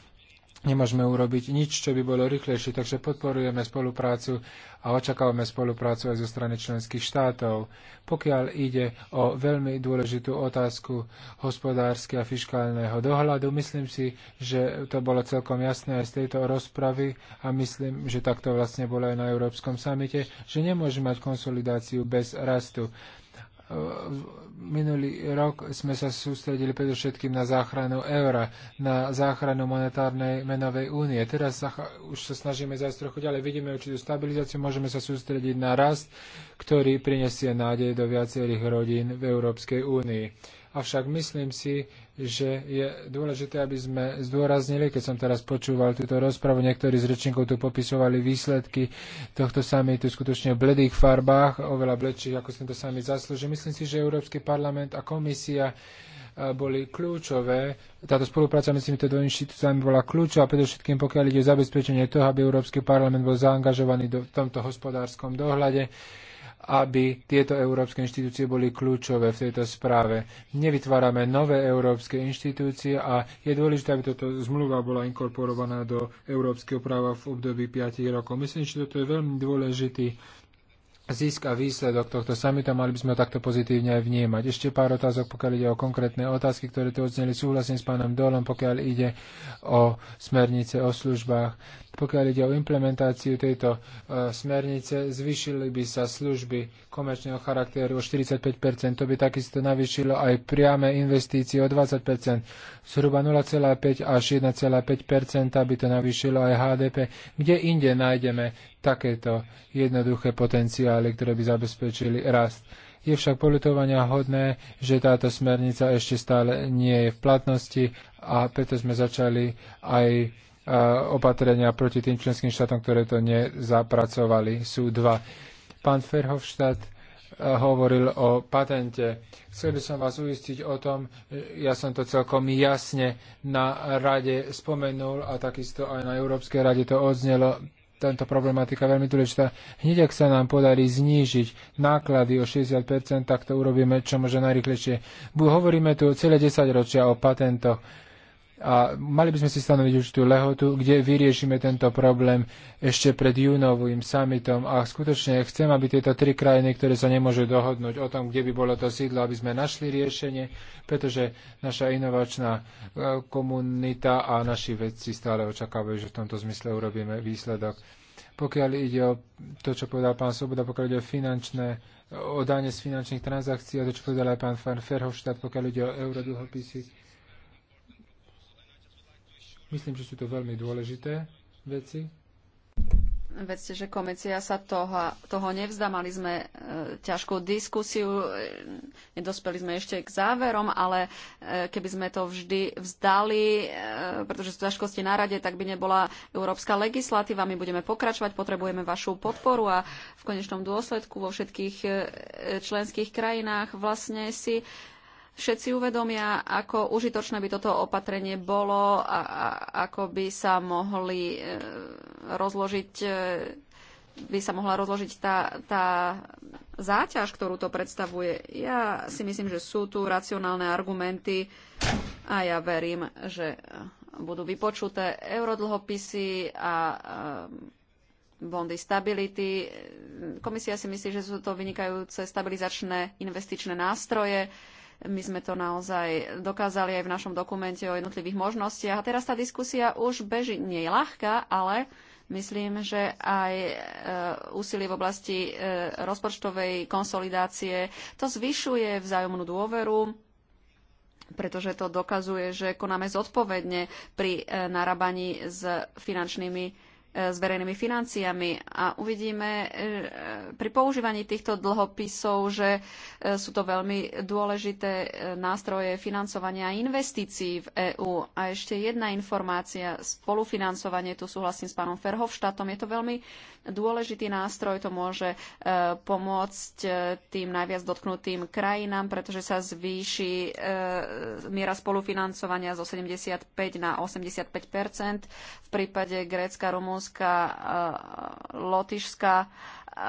nemôžeme urobiť nič, čo by bolo rýchlejšie. Takže podporujeme spoluprácu a očakávame spoluprácu aj zo strany členských štátov. Pokiaľ ide o veľmi dôležitú otázku hospodárskeho a fiskálneho dohľadu, myslím si, že to bolo celkom jasné aj z tejto rozpravy a myslím, že takto vlastne bolo aj na Európskom samite, že nemôžeme mať konsolidáciu bez rastu. Minulý rok sme sa sústredili predovšetkým na záchranu eura, na záchranu monetárnej menovej únie. Teraz sa, už sa snažíme zase trochu ďalej. Vidíme určitú stabilizáciu, môžeme sa sústrediť na rast, ktorý prinesie nádej do viacerých rodín v Európskej únii avšak myslím si, že je dôležité, aby sme zdôraznili, keď som teraz počúval túto rozpravu, niektorí z rečníkov tu popisovali výsledky tohto samitu skutočne v bledých farbách, oveľa bledších, ako som to sami zaslúžil. Myslím si, že Európsky parlament a komisia e, boli kľúčové. Táto spolupráca medzi týmito dvomi inštitúciami bola kľúčová, predovšetkým pokiaľ ide o zabezpečenie toho, aby Európsky parlament bol zaangažovaný do, v tomto hospodárskom dohľade aby tieto európske inštitúcie boli kľúčové v tejto správe. Nevytvárame nové európske inštitúcie a je dôležité, aby toto zmluva bola inkorporovaná do európskeho práva v období 5 rokov. Myslím, že toto je veľmi dôležitý zisk a výsledok tohto samita, mali by sme ho takto pozitívne aj vnímať. Ešte pár otázok, pokiaľ ide o konkrétne otázky, ktoré tu odzneli. Súhlasím s pánom Dolom, pokiaľ ide o smernice o službách. Pokiaľ ide o implementáciu tejto uh, smernice, zvyšili by sa služby komerčného charakteru o 45%. To by takisto navýšilo aj priame investície o 20%. Zhruba 0,5 až 1,5% by to navýšilo aj HDP. Kde inde nájdeme takéto jednoduché potenciály, ktoré by zabezpečili rast. Je však politovania hodné, že táto smernica ešte stále nie je v platnosti a preto sme začali aj e, opatrenia proti tým členským štátom, ktoré to nezapracovali. Sú dva. Pán Ferhofštát e, hovoril o patente. Chcel by som vás uistiť o tom, e, ja som to celkom jasne na rade spomenul a takisto aj na Európskej rade to odznelo táto problematika veľmi dôležitá. Hneď ak sa nám podarí znížiť náklady o 60%, tak to urobíme čo možno najrychlejšie. Hovoríme tu celé 10 ročia o patentoch a mali by sme si stanoviť už tú lehotu, kde vyriešime tento problém ešte pred júnovým summitom a skutočne chcem, aby tieto tri krajiny, ktoré sa nemôžu dohodnúť o tom, kde by bolo to sídlo, aby sme našli riešenie, pretože naša inovačná e, komunita a naši vedci stále očakávajú, že v tomto zmysle urobíme výsledok. Pokiaľ ide o to, čo povedal pán Soboda, pokiaľ ide o finančné, o dane z finančných transakcií a to, čo povedal aj pán Ferhofstadt, pokiaľ ide o eurodlhopisy, Myslím, že sú to veľmi dôležité veci. Vedzte, že komisia sa toho, toho nevzdá. Mali sme e, ťažkú diskusiu, e, nedospeli sme ešte k záverom, ale e, keby sme to vždy vzdali, e, pretože sú ťažkosti na rade, tak by nebola európska legislatíva. My budeme pokračovať, potrebujeme vašu podporu a v konečnom dôsledku vo všetkých e, členských krajinách vlastne si všetci uvedomia, ako užitočné by toto opatrenie bolo a, a ako by sa mohli e, rozložiť e, by sa mohla rozložiť tá, tá záťaž, ktorú to predstavuje. Ja si myslím, že sú tu racionálne argumenty a ja verím, že budú vypočuté eurodlhopisy a e, bondy stability. Komisia si myslí, že sú to vynikajúce stabilizačné investičné nástroje. E, my sme to naozaj dokázali aj v našom dokumente o jednotlivých možnostiach. A teraz tá diskusia už beží. Nie je ľahká, ale myslím, že aj e, úsilie v oblasti e, rozpočtovej konsolidácie to zvyšuje vzájomnú dôveru pretože to dokazuje, že konáme zodpovedne pri e, narábaní s finančnými E, s verejnými financiami a uvidíme e, e, pri používaní týchto dlhopisov, že sú to veľmi dôležité nástroje financovania investícií v EÚ. A ešte jedna informácia, spolufinancovanie, tu súhlasím s pánom Ferhovštátom, je to veľmi dôležitý nástroj, to môže pomôcť tým najviac dotknutým krajinám, pretože sa zvýši miera spolufinancovania zo 75 na 85 v prípade Grécka, Rumúnska Estónska, eh, Lotyšska. Eh,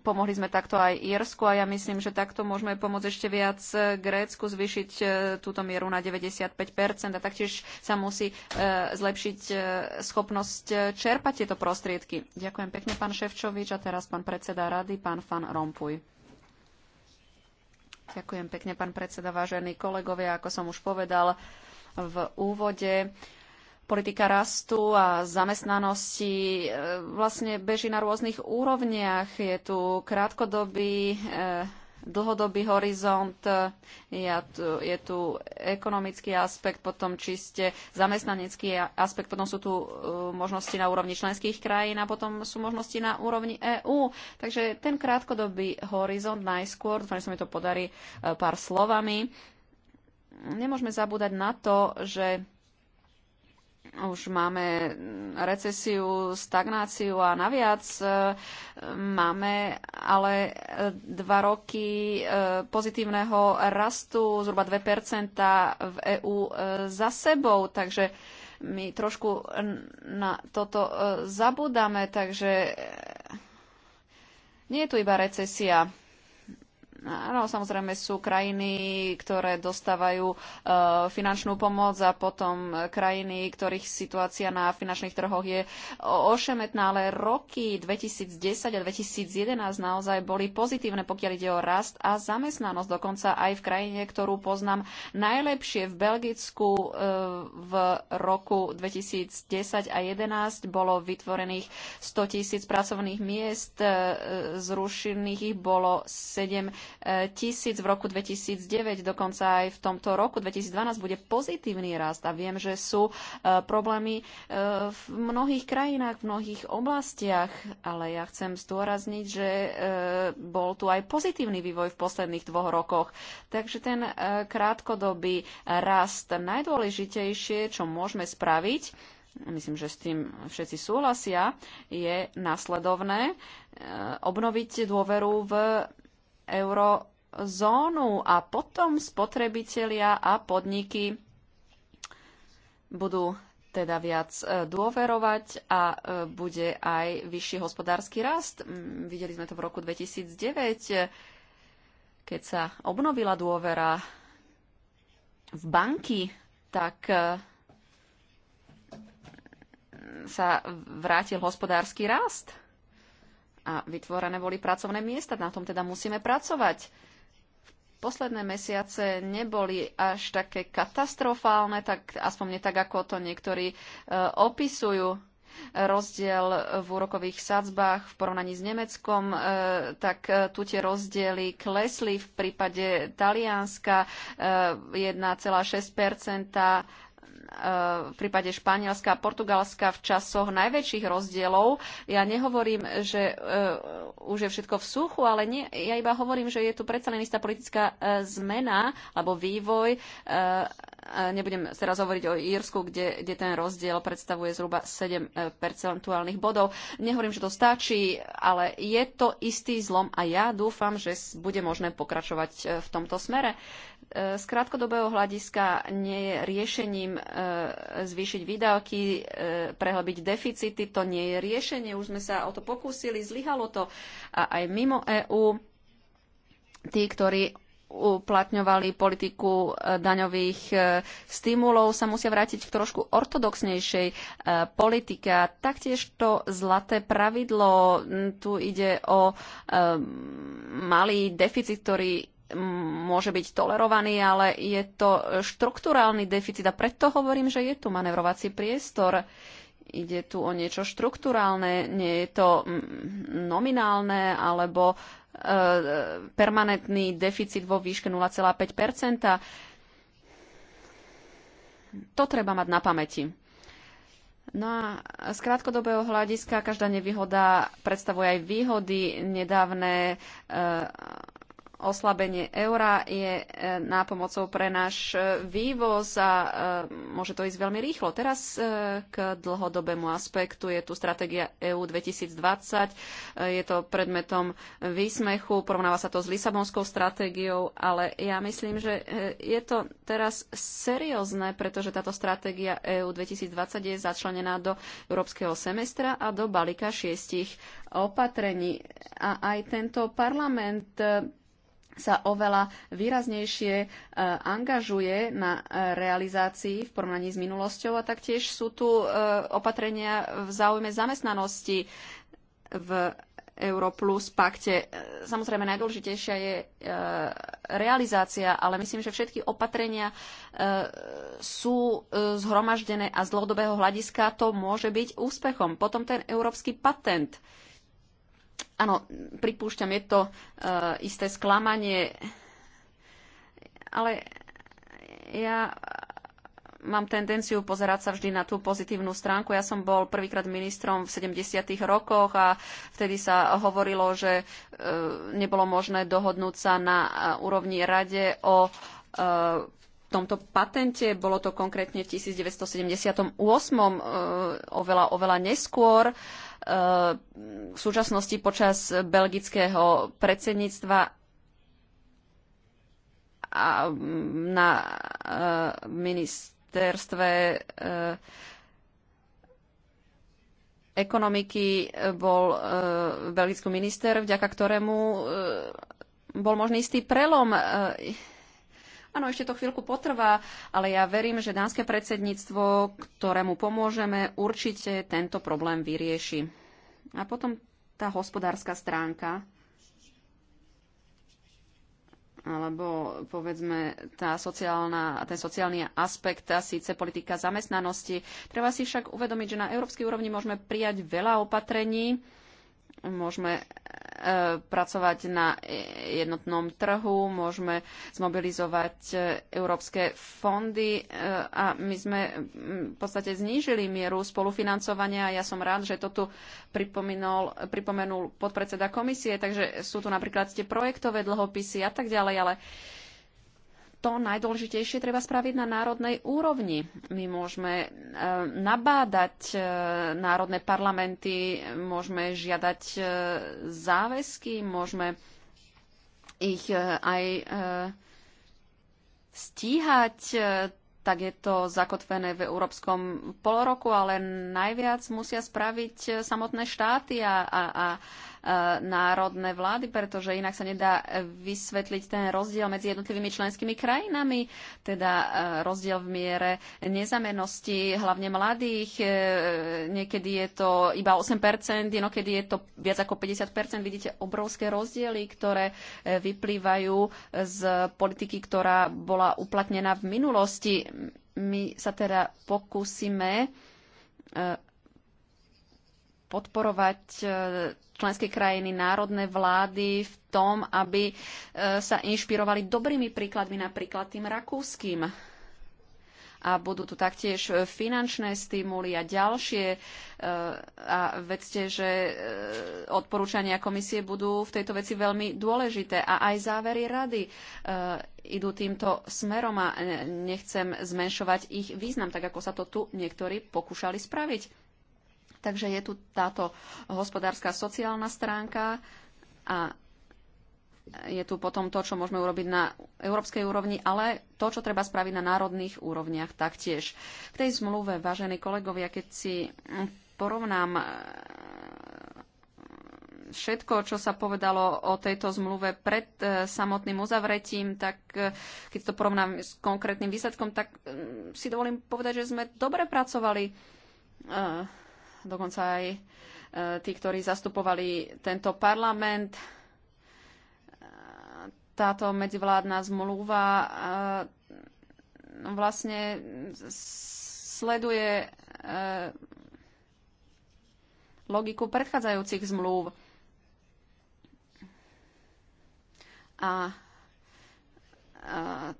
pomohli sme takto aj Írsku a ja myslím, že takto môžeme pomôcť ešte viac eh, Grécku zvýšiť túto mieru na 95 a taktiež sa musí zlepšiť schopnosť čerpať tieto prostriedky. Ďakujem pekne, pán Ševčovič a teraz pán predseda rady, pán Fan Rompuj. Ďakujem pekne, pán predseda, vážení kolegovia, ako som už povedal v úvode politika rastu a zamestnanosti e, vlastne beží na rôznych úrovniach. Je tu krátkodobý, e, dlhodobý horizont, je tu ekonomický aspekt, potom čiste zamestnanecký aspekt, potom sú tu e, možnosti na úrovni členských krajín a potom sú možnosti na úrovni EÚ. Takže ten krátkodobý horizont najskôr, dúfam, že sa mi to podarí pár slovami, nemôžeme zabúdať na to, že už máme recesiu, stagnáciu a naviac e, máme ale dva roky e, pozitívneho rastu, zhruba 2% v EÚ e, za sebou, takže my trošku na toto zabudáme, takže nie je tu iba recesia Áno, samozrejme sú krajiny, ktoré dostávajú e, finančnú pomoc a potom krajiny, ktorých situácia na finančných trhoch je ošemetná, ale roky 2010 a 2011 naozaj boli pozitívne, pokiaľ ide o rast a zamestnanosť. Dokonca aj v krajine, ktorú poznám najlepšie v Belgicku e, v roku 2010 a 2011 bolo vytvorených 100 tisíc pracovných miest, e, e zrušených ich bolo 7 tisíc v roku 2009, dokonca aj v tomto roku 2012 bude pozitívny rast. A viem, že sú e, problémy e, v mnohých krajinách, v mnohých oblastiach, ale ja chcem zdôrazniť, že e, bol tu aj pozitívny vývoj v posledných dvoch rokoch. Takže ten krátkodobý rast najdôležitejšie, čo môžeme spraviť, myslím, že s tým všetci súhlasia, je nasledovné obnoviť dôveru v eurozónu a potom spotrebitelia a podniky budú teda viac e, dôverovať a e, bude aj vyšší hospodársky rast. Videli sme to v roku 2009, e, keď sa obnovila dôvera v banky, tak sa vrátil hospodársky rast a vytvorené boli pracovné miesta. Na tom teda musíme pracovať. Posledné mesiace neboli až také katastrofálne, tak aspoň nie tak, ako to niektorí e, opisujú. Rozdiel v úrokových sadzbách v porovnaní s Nemeckom, e, tak e, tu tie rozdiely klesli v prípade Talianska e, 1,6 v prípade Španielska a Portugalska v časoch najväčších rozdielov. Ja nehovorím, že e, už je všetko v suchu, ale nie, ja iba hovorím, že je tu predsa len istá politická e, zmena alebo vývoj e, Nebudem teraz hovoriť o Írsku, kde, kde ten rozdiel predstavuje zhruba 7 e, percentuálnych bodov. Nehovorím, že to stačí, ale je to istý zlom a ja dúfam, že bude možné pokračovať e, v tomto smere. E, z krátkodobého hľadiska nie je riešením zvýšiť výdavky, prehlbiť deficity, to nie je riešenie. Už sme sa o to pokúsili, zlyhalo to a aj mimo EÚ tí, ktorí uplatňovali politiku e, daňových e, stimulov, sa musia vrátiť k trošku ortodoxnejšej e, politike. A taktiež to zlaté pravidlo, tu ide o malý deficit, ktorý môže byť tolerovaný, ale je to štruktúrálny deficit a preto hovorím, že je tu manevrovací priestor. Ide tu o niečo štruktúrálne, nie je to mm, nominálne alebo e, permanentný deficit vo výške 0,5 To treba mať na pamäti. No a z krátkodobého hľadiska každá nevýhoda predstavuje aj výhody. Nedávne e, oslabenie eura je e, nápomocou pre náš e, vývoz a e, môže to ísť veľmi rýchlo. Teraz k dlhodobému aspektu je tu stratégia EU 2020. Je to predmetom výsmechu, porovnáva sa to s Lisabonskou stratégiou, ale ja myslím, že je to teraz seriózne, pretože táto stratégia EU 2020 je začlenená do európskeho semestra a do balíka šiestich opatrení. A aj tento parlament sa oveľa výraznejšie e, angažuje na e, realizácii v porovnaní s minulosťou a taktiež sú tu e, opatrenia v záujme zamestnanosti v Europlus pakte. Samozrejme, najdôležitejšia je realizácia, ale myslím, že všetky opatrenia sú zhromaždené a z dlhodobého hľadiska to môže byť úspechom. Potom ten európsky patent. Áno, pripúšťam, je to eh, isté sklamanie, ale ja mám tendenciu pozerať sa vždy na tú pozitívnu stránku. Ja som bol prvýkrát ministrom v 70. rokoch a vtedy sa hovorilo, že eh, nebolo možné dohodnúť sa na eh, úrovni rade o tomto patente. Bolo to konkrétne v 1978, oveľa, oveľa neskôr v súčasnosti počas belgického predsedníctva a na eh, ministerstve eh, ekonomiky bol eh, belgický minister, vďaka ktorému bol možný istý prelom. Áno, ešte to chvíľku potrvá, ale ja verím, že dánske predsedníctvo, ktorému pomôžeme, určite tento problém vyrieši. A potom tá hospodárska stránka, alebo povedzme tá sociálna, ten sociálny aspekt a síce politika zamestnanosti. Treba si však uvedomiť, že na európskej úrovni môžeme prijať veľa opatrení, môžeme e, pracovať na jednotnom trhu, môžeme zmobilizovať e, európske fondy e, a my sme v podstate znížili mieru spolufinancovania a ja som rád, že to tu pripomenul podpredseda komisie, takže sú tu napríklad tie projektové dlhopisy a tak ďalej, ale to najdôležitejšie treba spraviť na národnej úrovni. My môžeme e, nabádať e, národné parlamenty, môžeme žiadať e, záväzky, môžeme ich aj stíhať. Tak je to zakotvené v európskom poloroku, ale najviac musia spraviť samotné štáty a, a, a národné vlády, pretože inak sa nedá vysvetliť ten rozdiel medzi jednotlivými členskými krajinami, teda e, rozdiel v miere nezamenosti, hlavne mladých. E, niekedy je to iba 8%, inokedy je to viac ako 50%. Vidíte obrovské rozdiely, ktoré e, vyplývajú z politiky, ktorá bola uplatnená v minulosti. My sa teda pokúsime podporovať e, členské krajiny, národné vlády v tom, aby e, sa inšpirovali dobrými príkladmi, napríklad tým rakúskym. A budú tu taktiež finančné stimuly a ďalšie. E, a vedzte, že odporúčania komisie budú v tejto veci veľmi dôležité. A aj závery rady idú týmto smerom a nechcem zmenšovať ich význam, tak ako sa to tu niektorí pokúšali spraviť Takže je tu táto hospodárska sociálna stránka a je tu potom to, čo môžeme urobiť na európskej úrovni, ale to, čo treba spraviť na národných úrovniach taktiež. K tej zmluve, vážení kolegovia, keď si porovnám e, všetko, čo sa povedalo o tejto zmluve pred e, samotným uzavretím, tak e, keď to porovnám s konkrétnym výsledkom, tak si dovolím povedať, že sme dobre pracovali dokonca aj e, tí, ktorí zastupovali tento parlament. E, táto medzivládna zmluva e, vlastne sleduje logiku predchádzajúcich zmluv. A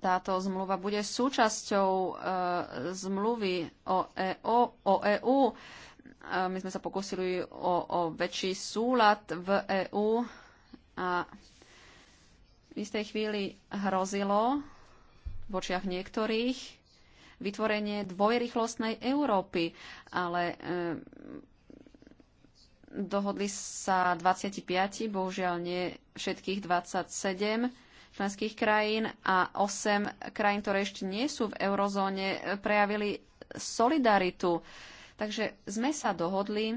táto zmluva bude súčasťou zmluvy o EU. O EU my sme sa pokúsili o, o väčší súlad v EÚ a v istej chvíli hrozilo v očiach niektorých vytvorenie dvojrychlostnej Európy, ale e, dohodli sa 25, bohužiaľ nie všetkých 27 členských krajín a 8 krajín, ktoré ešte nie sú v eurozóne, prejavili solidaritu. E, Takže sme sa dohodli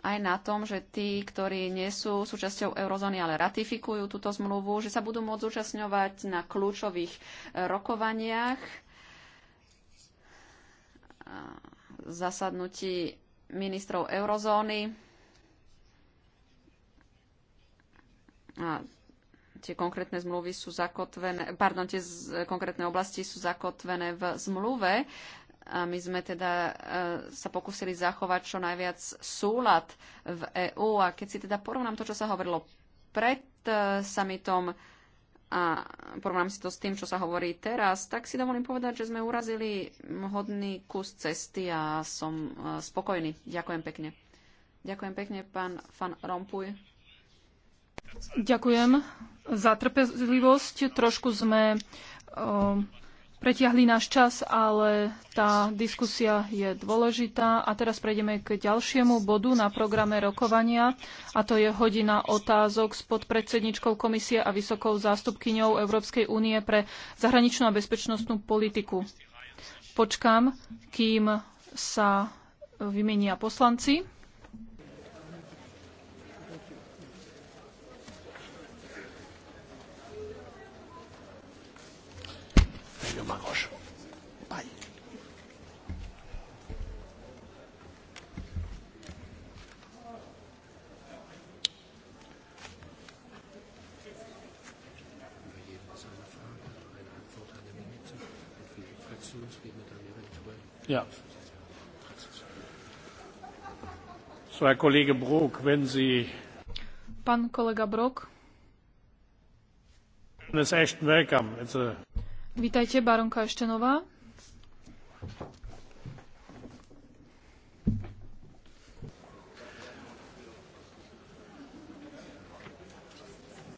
aj na tom, že tí, ktorí nie sú súčasťou eurozóny, ale ratifikujú túto zmluvu, že sa budú môcť zúčastňovať na kľúčových eh, rokovaniach zasadnutí ministrov eurozóny. A tie konkrétne zmluvy sú zakotvené, pardon, tie z, konkrétne oblasti sú zakotvené v zmluve a my sme teda e, sa pokúsili zachovať čo najviac súlad v EÚ. A keď si teda porovnám to, čo sa hovorilo pred e, summitom a porovnám si to s tým, čo sa hovorí teraz, tak si dovolím povedať, že sme urazili hodný kus cesty a som e, spokojný. Ďakujem pekne. Ďakujem pekne, pán Fan Rompuj. Ďakujem za trpezlivosť. Trošku sme pretiahli náš čas, ale tá diskusia je dôležitá. A teraz prejdeme k ďalšiemu bodu na programe rokovania, a to je hodina otázok s podpredsedničkou komisie a vysokou zástupkyňou Európskej únie pre zahraničnú a bezpečnostnú politiku. Počkám, kým sa vymenia poslanci. Ja. So, Herr Kollege Brok, wenn Sie... Pán kolega Brok. Ashton, Vítajte, baronka Eštenová.